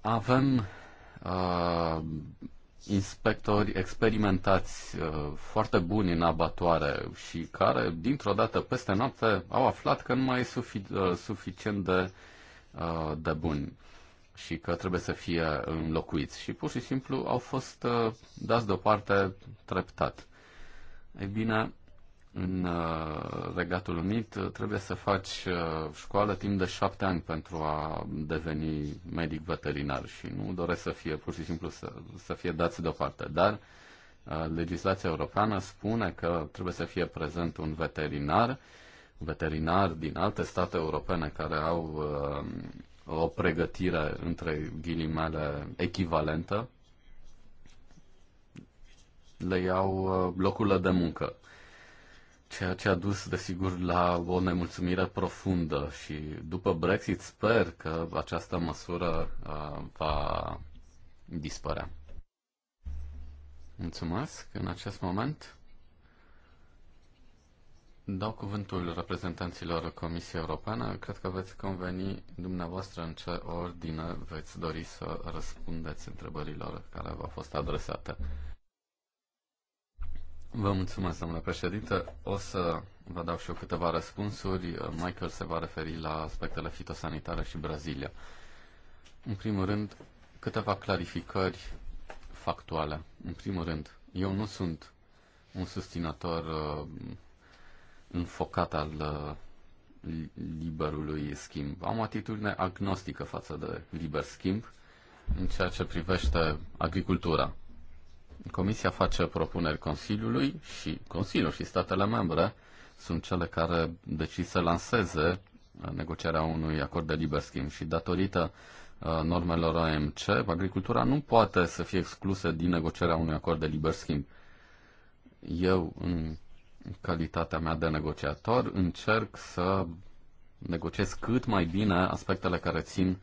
Avem uh, inspectori experimentați uh, foarte buni în abatoare și care, dintr-o dată, peste noapte, au aflat că nu mai e sufic- uh, suficient de, uh, de buni și că trebuie să fie înlocuiți și pur și simplu au fost uh, dați deoparte treptat. Ei bine, în uh, Regatul Unit uh, trebuie să faci școală timp de șapte ani pentru a deveni medic veterinar și nu doresc să fie pur și simplu să, să fie dați deoparte, dar legislația europeană spune că trebuie să fie prezent un veterinar veterinar din alte state europene care au o pregătire între ghilimele echivalentă, le iau uh, locurile de muncă. Ceea ce a dus, desigur, la o nemulțumire profundă și după Brexit sper că această măsură uh, va dispărea. Mulțumesc în acest moment. Dau cuvântul reprezentanților Comisiei Europene. Cred că veți conveni dumneavoastră în ce ordine veți dori să răspundeți întrebărilor care v-au fost adresate. Vă mulțumesc, domnule președinte. O să vă dau și eu câteva răspunsuri. Michael se va referi la aspectele fitosanitare și Brazilia. În primul rând, câteva clarificări factuale. În primul rând, eu nu sunt un susținător uh, înfocat al uh, liberului schimb. Am o atitudine agnostică față de liber schimb în ceea ce privește agricultura. Comisia face propuneri Consiliului și Consiliul și statele membre sunt cele care decid să lanseze uh, negocierea unui acord de liber schimb și datorită uh, normelor OMC, agricultura nu poate să fie exclusă din negocierea unui acord de liber schimb. Eu, în calitatea mea de negociator, încerc să negociez cât mai bine aspectele care țin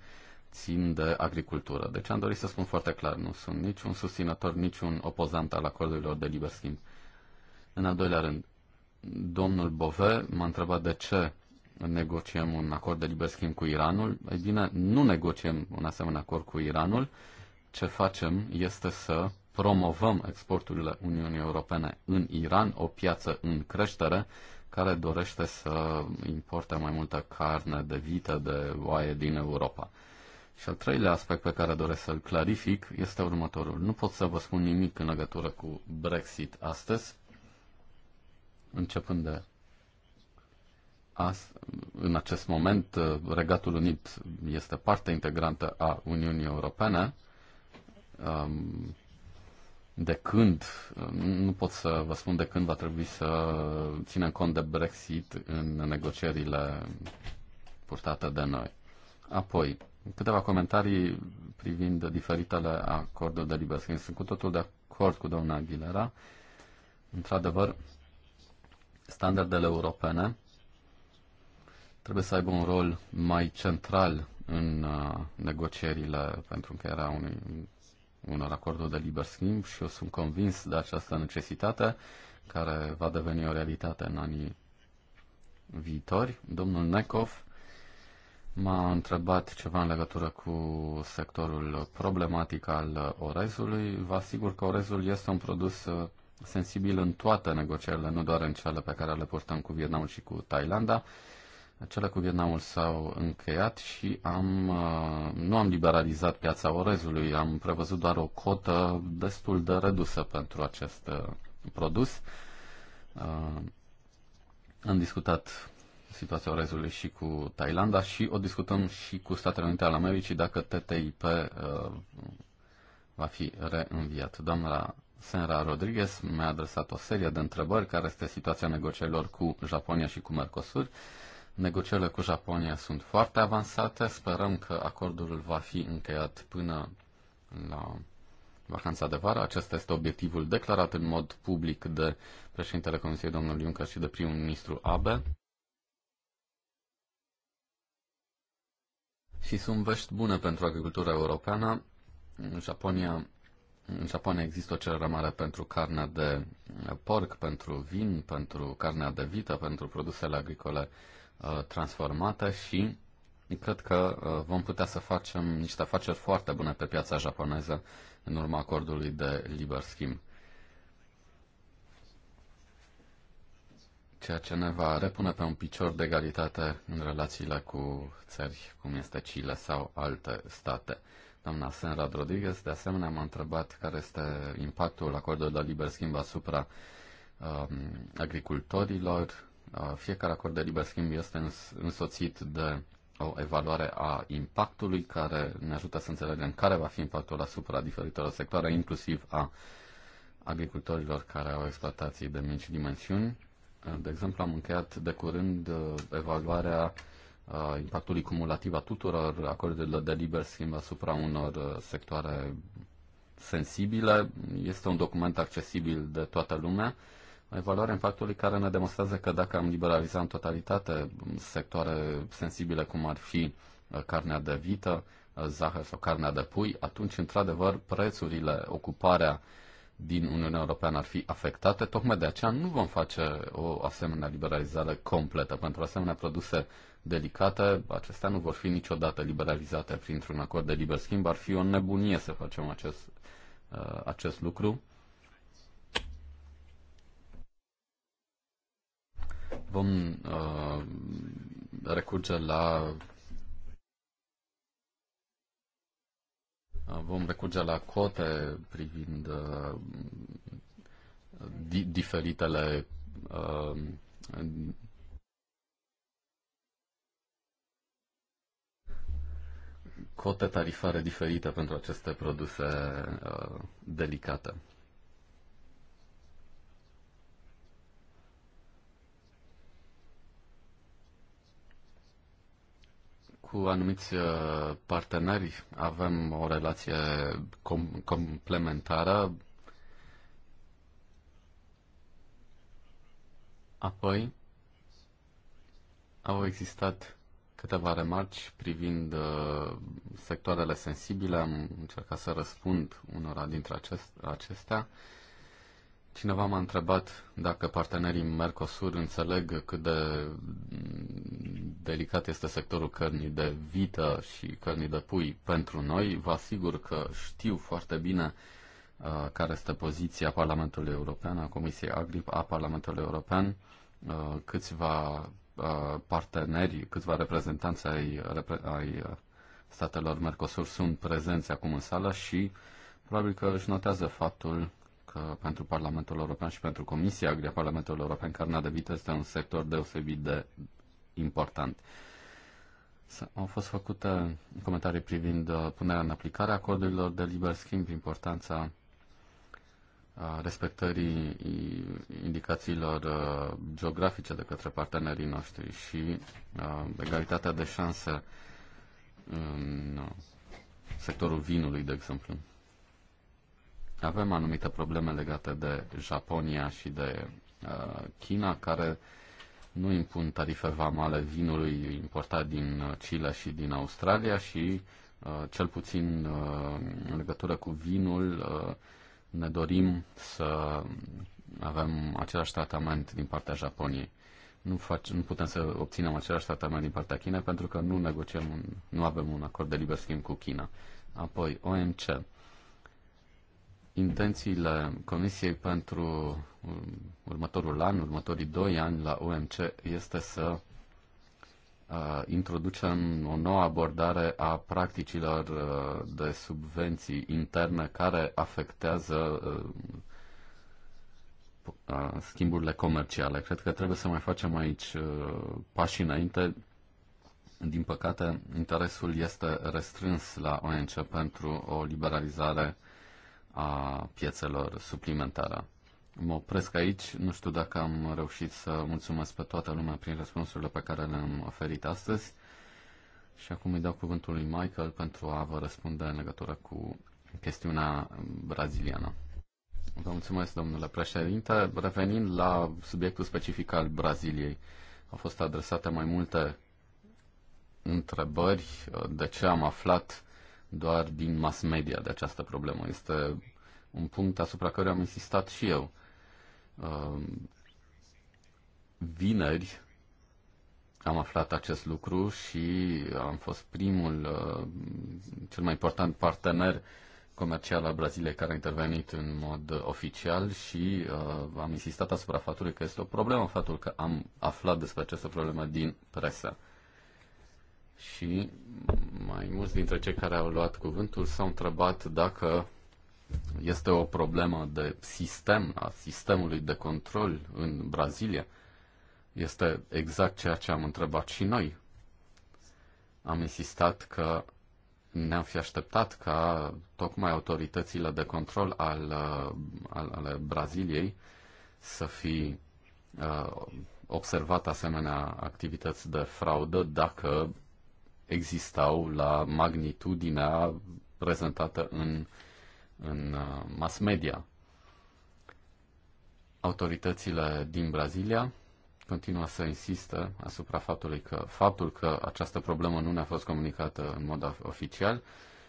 țin de agricultură. Deci am dorit să spun foarte clar, nu sunt niciun susținător, niciun opozant al acordurilor de liber schimb. În al doilea rând, domnul Bove m-a întrebat de ce negociem un acord de liber schimb cu Iranul. Ei bine, nu negociem un asemenea acord cu Iranul. Ce facem este să promovăm exporturile Uniunii Europene în Iran, o piață în creștere, care dorește să importe mai multă carne de vită, de oaie din Europa. Și al treilea aspect pe care doresc să-l clarific este următorul. Nu pot să vă spun nimic în legătură cu Brexit astăzi, începând de azi, în acest moment, Regatul Unit este parte integrantă a Uniunii Europene. Um, de când, nu pot să vă spun de când va trebui să ținem cont de Brexit în negocierile purtate de noi. Apoi, câteva comentarii privind diferitele acorduri de liber schimb. Sunt cu totul de acord cu doamna Aguilera. Într-adevăr, standardele europene trebuie să aibă un rol mai central în uh, negocierile pentru încheierea unui unor acorduri de liber schimb și eu sunt convins de această necesitate care va deveni o realitate în anii viitori. Domnul Nekov m-a întrebat ceva în legătură cu sectorul problematic al orezului. Vă asigur că orezul este un produs uh, sensibil în toate negocierile, nu doar în cele pe care le purtăm cu Vietnamul și cu Thailanda. Acele cu Vietnamul s-au încheiat și am, uh, nu am liberalizat piața orezului, am prevăzut doar o cotă destul de redusă pentru acest uh, produs. Uh, am discutat situația orezului și cu Thailanda și o discutăm și cu Statele Unite ale Americii dacă TTIP va fi reînviat. Doamna Senra Rodriguez mi-a adresat o serie de întrebări care este situația negocierilor cu Japonia și cu Mercosur. Negocierile cu Japonia sunt foarte avansate. Sperăm că acordul va fi încheiat până la vacanța de vară. Acesta este obiectivul declarat în mod public de președintele Comisiei, domnul Juncker, și de primul ministru Abe. Și sunt vești bune pentru agricultura europeană. În Japonia, în Japonia există o cerere mare pentru carne de porc, pentru vin, pentru carnea de vită, pentru produsele agricole uh, Uh, transformată și cred că uh, vom putea să facem niște afaceri foarte bune pe piața japoneză în urma acordului de liber schimb. Ceea ce ne va repune pe un picior de egalitate în relațiile cu țări cum este Chile sau alte state. Doamna Senra Rodriguez, de asemenea, m-a întrebat care este impactul acordului de liber schimb asupra um, agricultorilor, fiecare acord de liber schimb este însoțit de o evaluare a impactului care ne ajută să înțelegem care va fi impactul asupra diferitelor sectoare, inclusiv a agricultorilor care au exploatații de mici dimensiuni. De exemplu, am încheiat de curând uh, evaluarea uh, impactului cumulativ a tuturor acordurilor de liber schimb asupra unor uh, sectoare sensibile. Este un document accesibil de toată lumea o valoare în impactului care ne demonstrează că dacă am liberalizat în totalitate sectoare sensibile cum ar fi uh, carnea de vită, uh, zahăr sau carnea de pui, atunci, într-adevăr, prețurile, ocuparea din Uniunea Europeană ar fi afectate. Tocmai de aceea nu vom face o asemenea liberalizare completă. Pentru asemenea produse delicate, acestea nu vor fi niciodată liberalizate printr-un acord de liber schimb. Ar fi o nebunie să facem acest, uh, acest lucru. vom uh, recurge la uh, vom recurge la cote privind uh, di- diferitele uh, cote tarifare diferite pentru aceste produse uh, delicate. cu anumiți uh, parteneri avem o relație com- complementară. Apoi au existat câteva remarci privind uh, sectoarele sensibile. Am încercat să răspund unora dintre acest, acestea. Uh, Cineva m-a întrebat dacă partenerii Mercosur înțeleg cât de delicat este sectorul cărnii de vită și cărnii de pui pentru noi. Vă asigur că știu foarte bine uh, care este poziția Parlamentului European, a Comisiei Agri, a Parlamentului European. Uh, câțiva uh, parteneri, câțiva reprezentanți ai, repre, ai uh, statelor Mercosur sunt prezenți acum în sală și probabil că își notează faptul că pentru Parlamentul European și pentru Comisia Agria Parlamentul European carnea de vită este un sector deosebit de important. Au fost făcute comentarii privind uh, punerea în aplicare a acordurilor de liber schimb, importanța uh, respectării indicațiilor uh, geografice de către partenerii noștri și egalitatea de șanse în sectorul vinului, de exemplu avem anumite probleme legate de Japonia și de uh, China, care nu impun tarife vamale vinului importat din uh, Chile și din Australia și uh, cel puțin uh, în legătură cu vinul uh, ne dorim să avem același tratament din partea Japoniei. Nu, fac, nu putem să obținem același tratament din partea China pentru că nu negociem, nu avem un acord de liber schimb cu China. Apoi, OMC intențiile Comisiei pentru um, următorul an, următorii doi ani la OMC este să uh, introducem o nouă abordare a practicilor uh, de subvenții interne care afectează uh, uh, schimburile comerciale. Cred că trebuie să mai facem aici uh, pași înainte. Din păcate, interesul este restrâns la ONC pentru o liberalizare a piețelor suplimentare. Mă opresc aici, nu știu dacă am reușit să mulțumesc pe toată lumea prin răspunsurile pe care le-am oferit astăzi și acum îi dau cuvântul lui Michael pentru a vă răspunde în legătură cu chestiunea braziliană. Vă mulțumesc, domnule președinte. Revenind la subiectul specific al Braziliei, au fost adresate mai multe întrebări de ce am aflat doar din mass media de această problemă. Este un punct asupra care am insistat și eu. Um, vineri am aflat acest lucru și am fost primul, uh, cel mai important partener comercial al Braziliei care a intervenit în mod oficial și uh, am insistat asupra faptului că este o problemă faptul că am aflat despre această problemă din presă și mai mulți dintre cei care au luat cuvântul s-au întrebat dacă este o problemă de sistem, a sistemului de control în Brazilia. Este exact ceea ce am întrebat și noi. Am insistat că ne-am fi așteptat ca tocmai autoritățile de control al, al, ale Braziliei să fi uh, observat asemenea activități de fraudă dacă existau la magnitudinea prezentată în, în uh, mass media. Autoritățile din Brazilia continuă să insistă asupra faptului că faptul că această problemă nu ne-a fost comunicată în mod oficial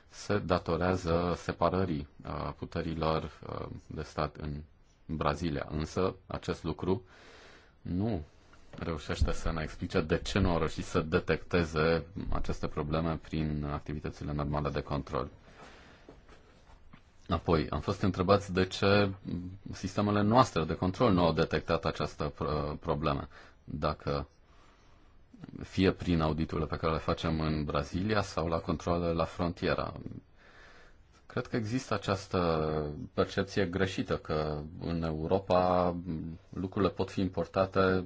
se datorează separării uh, puterilor uh, de stat în Brazilia. Însă acest lucru nu reușește să ne explice de ce nu au reușit să detecteze aceste probleme prin activitățile normale de control. Apoi, am fost întrebați de ce sistemele noastre de control nu au detectat această problemă. Dacă fie prin auditurile pe care le facem în Brazilia sau la controle la frontieră. Cred că există această percepție greșită că în Europa lucrurile pot fi importate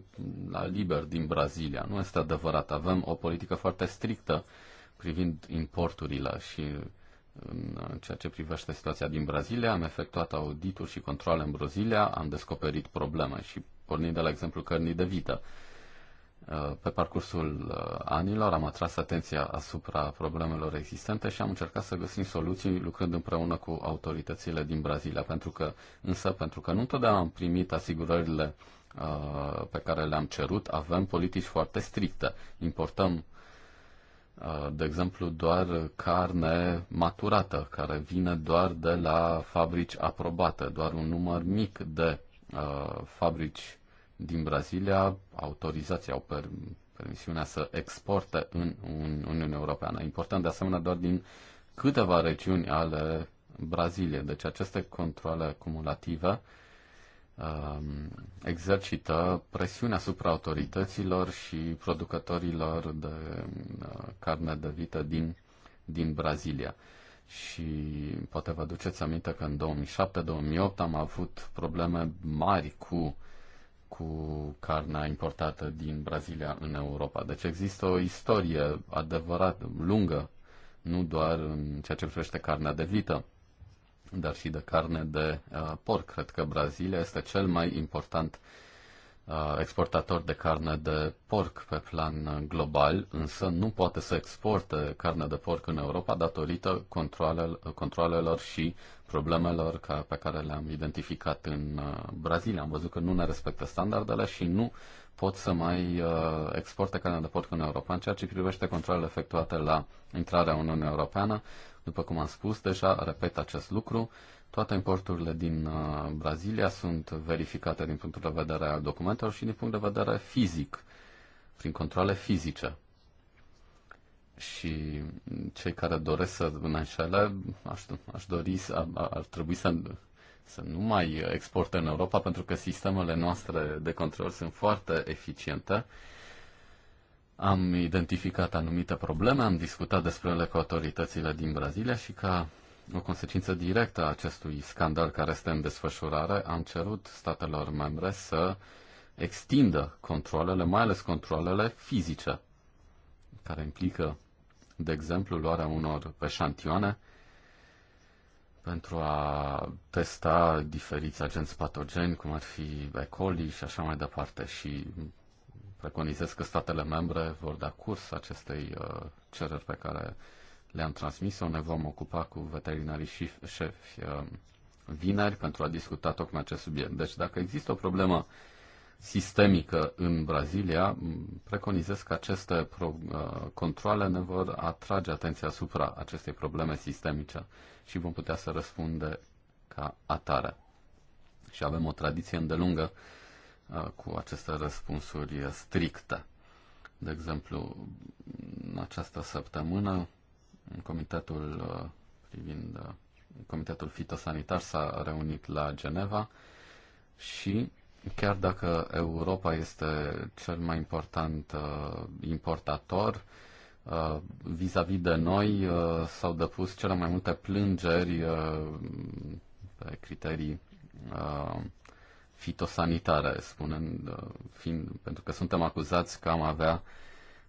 la liber din Brazilia. Nu este adevărat. Avem o politică foarte strictă privind importurile și în ceea ce privește situația din Brazilia, am efectuat audituri și controle în Brazilia, am descoperit probleme și pornind de la exemplu cărnii de vită. Uh, pe parcursul uh, anilor am atras atenția asupra problemelor existente și am încercat să găsim soluții lucrând împreună cu autoritățile din Brazilia, pentru că, însă, pentru că nu întotdeauna am primit asigurările uh, pe care le-am cerut, avem politici foarte stricte. Importăm, de exemplu, doar carne maturată, care vine doar de la fabrici aprobate, doar un număr mic de fabrici din Brazilia autorizația, au per, permisiunea să exporte în, Uniunea Europeană. Important de asemenea doar din câteva regiuni ale Braziliei. Deci aceste controle cumulative um, exercită presiune asupra autorităților și producătorilor de uh, carne de vită din, din Brazilia. Și poate vă aduceți aminte că în 2007-2008 am avut probleme mari cu cu carnea importată din Brazilia în Europa. Deci există o istorie adevărat lungă, nu doar în ceea ce privește carnea de vită, dar și de carne de uh, porc. Cred că Brazilia este cel mai important Uh, exportator de carne de porc pe plan uh, global, însă nu poate să exporte carne de porc în Europa datorită controlelor și problemelor ca, pe care le-am identificat în uh, Brazilia. Am văzut că nu ne respectă standardele și nu pot să mai exporte carne de porc în Europa. În ceea ce privește controlele efectuate la intrarea în Uniunea Europeană, după cum am spus deja, repet acest lucru, toate importurile din uh, Brazilia sunt verificate din punctul de vedere al documentelor și din punct de vedere fizic, prin controle fizice. Și cei care doresc să înșele, aș, aș dori, să, ar trebui să, să nu mai exporte în Europa, pentru că sistemele noastre de control sunt foarte eficiente. Am identificat anumite probleme, am discutat despre ele cu autoritățile din Brazilia și ca o consecință directă a acestui scandal care este în desfășurare, am cerut statelor membre să extindă controlele, mai ales controlele fizice, care implică, de exemplu, luarea unor eșantioane pentru a testa diferiți agenți patogeni, cum ar fi E. coli și așa mai departe. Și preconizez că statele membre vor da curs acestei uh, cereri pe care le-am transmis-o, ne vom ocupa cu veterinarii și șefi uh, vineri pentru a discuta tocmai acest subiect. Deci dacă există o problemă sistemică în Brazilia, preconizez că aceste pro, uh, controle ne vor atrage atenția asupra acestei probleme sistemice și vom putea să răspunde ca atare. Și avem o tradiție îndelungă uh, cu aceste răspunsuri stricte. De exemplu, în această săptămână Comitetul uh, privind uh, Comitetul Fitosanitar s-a reunit la Geneva și chiar dacă Europa este cel mai important uh, importator, vis-a-vis -vis de noi s-au depus cele mai multe plângeri pe criterii fitosanitare, spunând, fiind, pentru că suntem acuzați că am avea uh,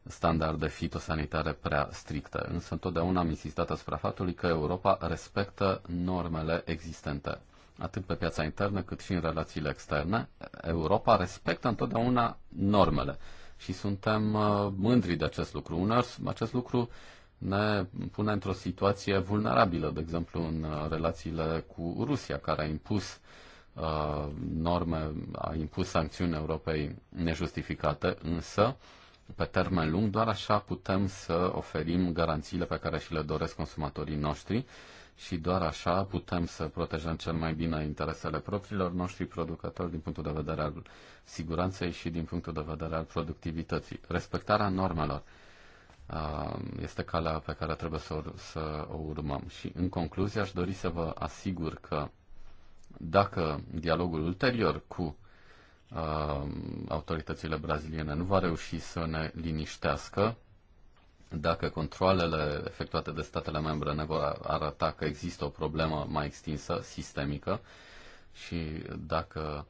standarde fitosanitare prea stricte, însă întotdeauna am insistat asupra faptului că Europa respectă normele existente. Atât pe piața internă cât și în relațiile externe, Europa respectă întotdeauna normele și suntem uh, mândri de acest lucru. Uneori acest lucru ne pune într-o situație vulnerabilă, de exemplu în uh, relațiile cu Rusia, care a impus uh, norme, a impus sancțiuni Europei nejustificate, însă uh, pe termen lung, doar așa putem să oferim garanțiile pe care și le doresc consumatorii noștri și doar așa putem să protejăm cel mai bine interesele propriilor noștri producători din punctul de vedere al siguranței și din punctul de vedere al productivității. Respectarea normelor uh, este calea pe care trebuie să o, să o urmăm. Și în concluzie aș dori să vă asigur că dacă dialogul ulterior cu Um, autoritățile braziliene nu va reuși să ne liniștească, dacă controlele efectuate de statele membre ne vor arăta că există o problemă mai extinsă, sistemică, și dacă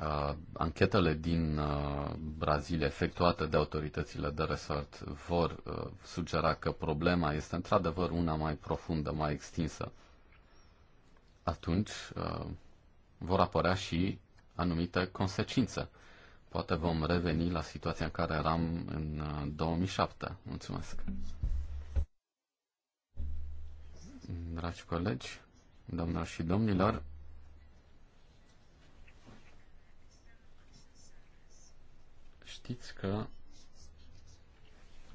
uh, anchetele din uh, Brazilia efectuate de autoritățile de resort vor uh, sugera că problema este într-adevăr una mai profundă, mai extinsă, atunci uh, vor apărea și anumite consecințe. Poate vom reveni la situația în care eram în 2007. Uh, Mulțumesc. Dragi colegi, domnilor și domnilor, știți că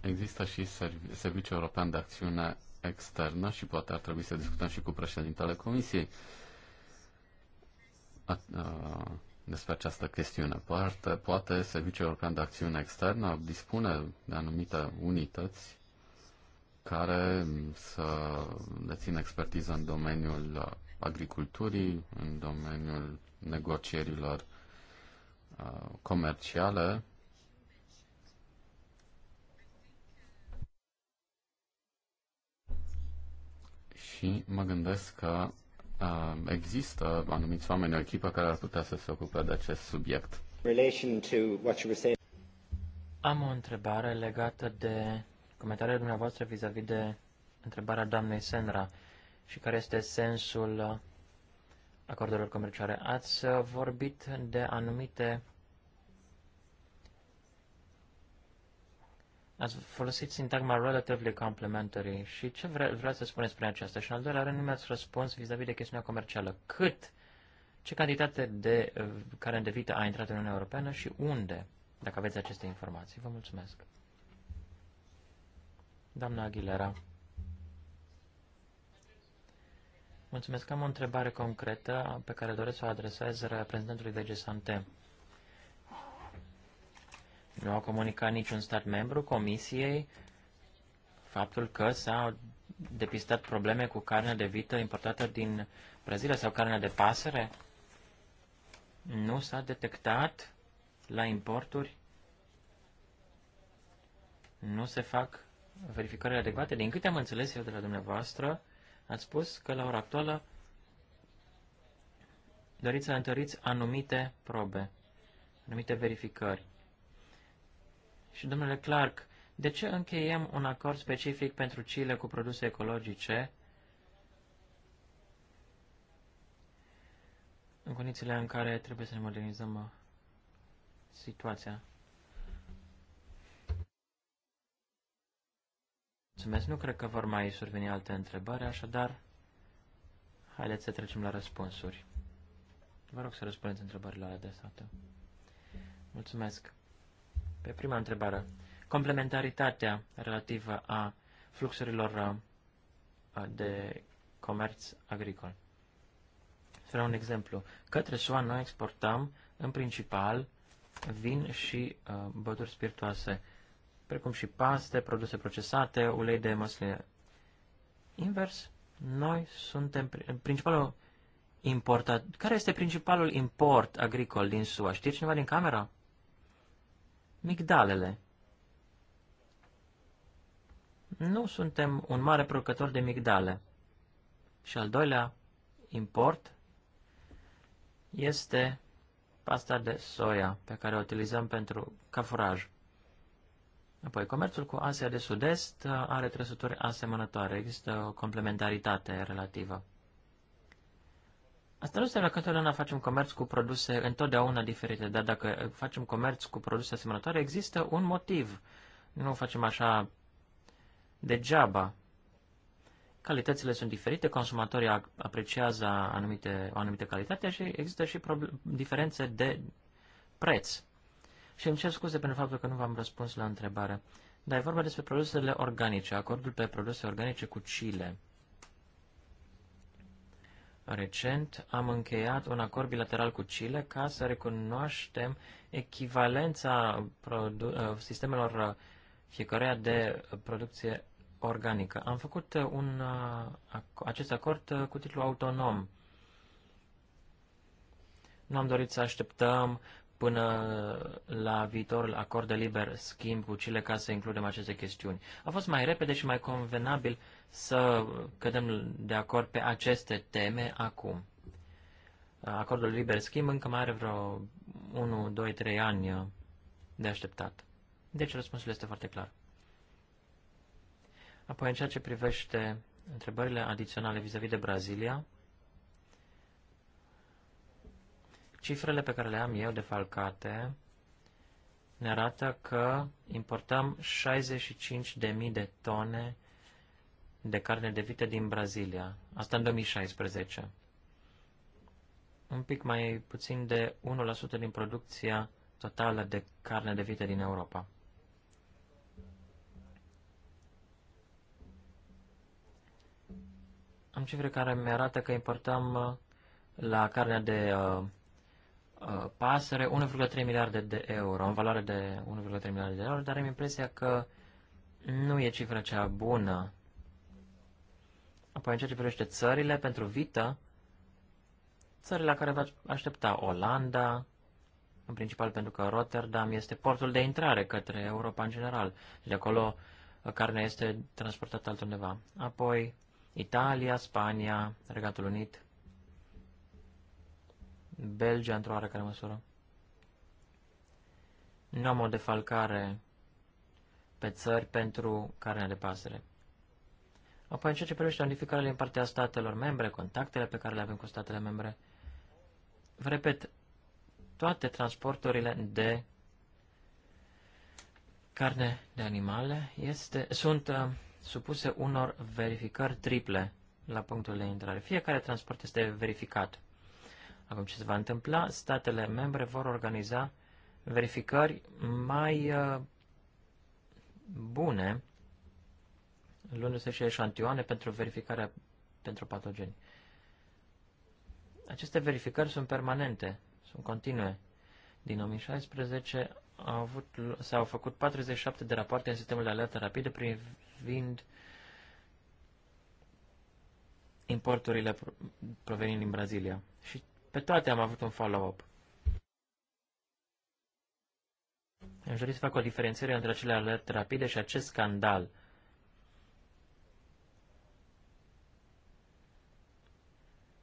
există și Serviciul European de Acțiune Externă și poate ar trebui să discutăm și cu președintele Comisiei uh, despre această chestiune. Poate, poate Serviciul European de Acțiune Externă dispune de anumite unități care să dețin expertiză în domeniul agriculturii, în domeniul negocierilor uh, comerciale. Și mă gândesc că Um, există anumiți oameni în echipă care ar putea să se ocupe de acest subiect. Am o întrebare legată de comentariile dumneavoastră vis-a-vis -vis de întrebarea doamnei Senra și care este sensul acordurilor comerciale. Ați vorbit de anumite Ați folosit sintagma relatively complementary și ce vre vreau să spuneți prin aceasta? Și în al doilea rând nu mi-ați răspuns vis-a-vis -vis de chestiunea comercială. Cât, ce cantitate de care de vită a intrat în Uniunea Europeană și unde, dacă aveți aceste informații? Vă mulțumesc. Doamna Aguilera. Mulțumesc. Am o întrebare concretă pe care doresc să o adresez reprezentantului de Santem. Nu a comunicat niciun stat membru Comisiei faptul că s-au depistat probleme cu carne de vită importată din Brazilia sau carne de pasăre? Nu s-a detectat la importuri? Nu se fac verificări adecvate? Din câte am înțeles eu de la dumneavoastră, ați spus că la ora actuală doriți să întăriți anumite probe, anumite verificări. Și, domnule Clark, de ce încheiem un acord specific pentru Chile cu produse ecologice în condițiile în care trebuie să ne modernizăm uh, situația? Mulțumesc, nu cred că vor mai surveni alte întrebări, așadar, haideți să trecem la răspunsuri. Vă rog să răspundeți întrebările adresate. Mulțumesc. Pe prima întrebare, complementaritatea relativă a fluxurilor uh, uh, de comerț agricol. Spre un exemplu, către SUA noi exportăm în principal vin și uh, băuturi spiritoase, precum și paste, produse procesate, ulei de măsline. Invers, noi suntem principalul importat. Care este principalul import agricol din SUA? Știe cineva din camera? Migdalele. Nu suntem un mare producător de migdale. Și al doilea import este pasta de soia pe care o utilizăm pentru cafuraj. Apoi, comerțul cu Asia de Sud-Est uh, are trăsături asemănătoare. Există o complementaritate relativă. Asta nu înseamnă că întotdeauna facem comerț cu produse întotdeauna diferite, dar dacă facem comerț cu produse asemănătoare, există un motiv. Nu facem așa degeaba. Calitățile sunt diferite, consumatorii apreciază anumite, o anumită calitate și există și diferențe de preț. Și îmi cer scuze pentru faptul că nu v-am răspuns la întrebare. Dar e vorba despre produsele organice, acordul pe produse organice cu Chile. Recent am încheiat un acord bilateral cu Chile ca să recunoaștem echivalența uh, sistemelor fiecăreia de producție organică. Am făcut uh, un, uh, acest acord cu titlu autonom. Nu am dorit să așteptăm până la viitorul acord de liber schimb cu Chile ca să includem aceste chestiuni. A fost mai repede și mai convenabil să cădem de acord pe aceste teme acum. Acordul liber schimb încă mai are vreo 1, 2, 3 ani de așteptat. Deci răspunsul este foarte clar. Apoi, în ceea ce privește întrebările adiționale vis-a-vis -vis de Brazilia, Cifrele pe care le am eu defalcate ne arată că importăm 65.000 de tone de carne de vită din Brazilia. Asta în 2016. Un pic mai puțin de 1% din producția totală de carne de vită din Europa. Am cifre care mi arată că importăm uh, la carnea de uh, Uh, pasăre 1,3 miliarde de euro, în valoare de 1,3 miliarde de euro, dar am impresia că nu e cifra cea bună. Apoi, în ceea ce privește țările, pentru vită, țările la care va aștepta Olanda, în principal pentru că Rotterdam este portul de intrare către Europa în general. Deci, de acolo uh, carnea este transportată altundeva. Apoi Italia, Spania, Regatul Unit, Belgia într-o oarecare măsură. Nu am o defalcare pe țări pentru carnea de pasăre. Apoi, în ceea ce privește notificările din partea statelor membre, contactele pe care le avem cu statele membre, vă repet, toate transporturile de carne de animale este, sunt uh, supuse unor verificări triple la punctul de intrare. Fiecare transport este verificat. Acum ce se va întâmpla? Statele membre vor organiza verificări mai uh, bune, luându-se și eșantioane pentru verificarea pentru patogeni. Aceste verificări sunt permanente, sunt continue. Din 2016 au avut, s-au făcut 47 de rapoarte în sistemul de alertă rapidă privind importurile provenind din Brazilia. Pe toate am avut un follow-up. Aș dori să fac o diferențiere între acele alerte rapide și acest scandal.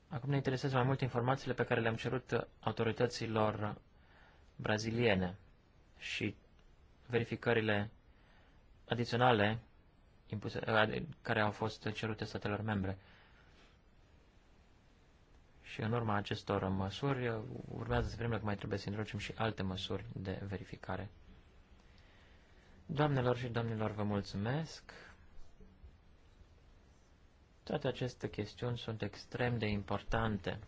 Acum ne interesează mai mult informațiile pe care le-am cerut autorităților braziliene și verificările adiționale impuse, care au fost cerute statelor membre. Și în urma acestor măsuri urmează să vedem că mai trebuie să introducem și alte măsuri de verificare. Doamnelor și domnilor, vă mulțumesc. Toate aceste chestiuni sunt extrem de importante.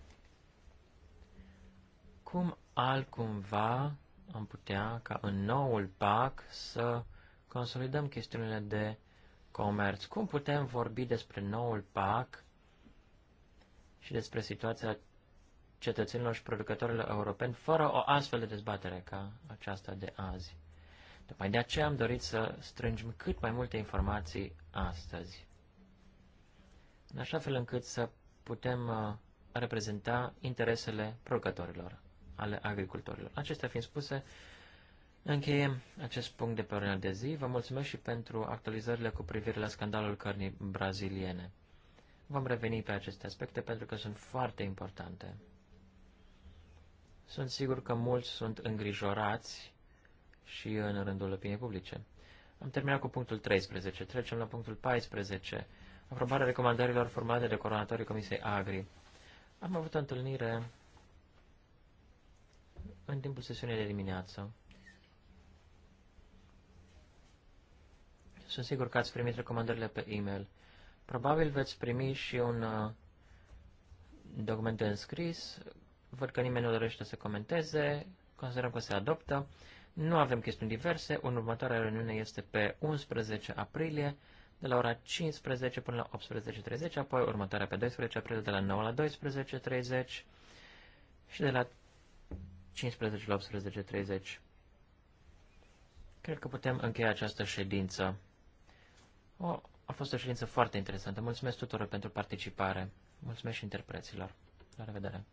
Cum altcumva am putea ca în noul PAC să consolidăm chestiunile de comerț? Cum putem vorbi despre noul PAC și despre situația cetățenilor și producătorilor europeni, fără o astfel de dezbatere ca aceasta de azi. Tocmai de aceea am dorit să strângem cât mai multe informații astăzi, în așa fel încât să putem uh, reprezenta interesele producătorilor, ale agricultorilor. Acestea fiind spuse, încheiem acest punct de pe ordinea de zi. Vă mulțumesc și pentru actualizările cu privire la scandalul cărnii braziliene. Vom reveni pe aceste aspecte pentru că sunt foarte importante. Sunt sigur că mulți sunt îngrijorați și în rândul opiniei publice. Am terminat cu punctul 13. Trecem la punctul 14. Aprobarea recomandărilor formate de coronatorii Comisiei Agri. Am avut o întâlnire în timpul sesiunii de dimineață. Sunt sigur că ați primit recomandările pe e-mail. Probabil veți primi și un uh, document înscris. Văd că nimeni nu dorește să comenteze. Considerăm că se adoptă. Nu avem chestiuni diverse. În următoarea reuniune este pe 11 aprilie de la ora 15 până la 18.30, apoi următoarea pe 12 aprilie de la 9 la 12.30 și de la 15 la 18.30. Cred că putem încheia această ședință. O a fost o ședință foarte interesantă. Mulțumesc tuturor pentru participare. Mulțumesc și interpreților. La revedere!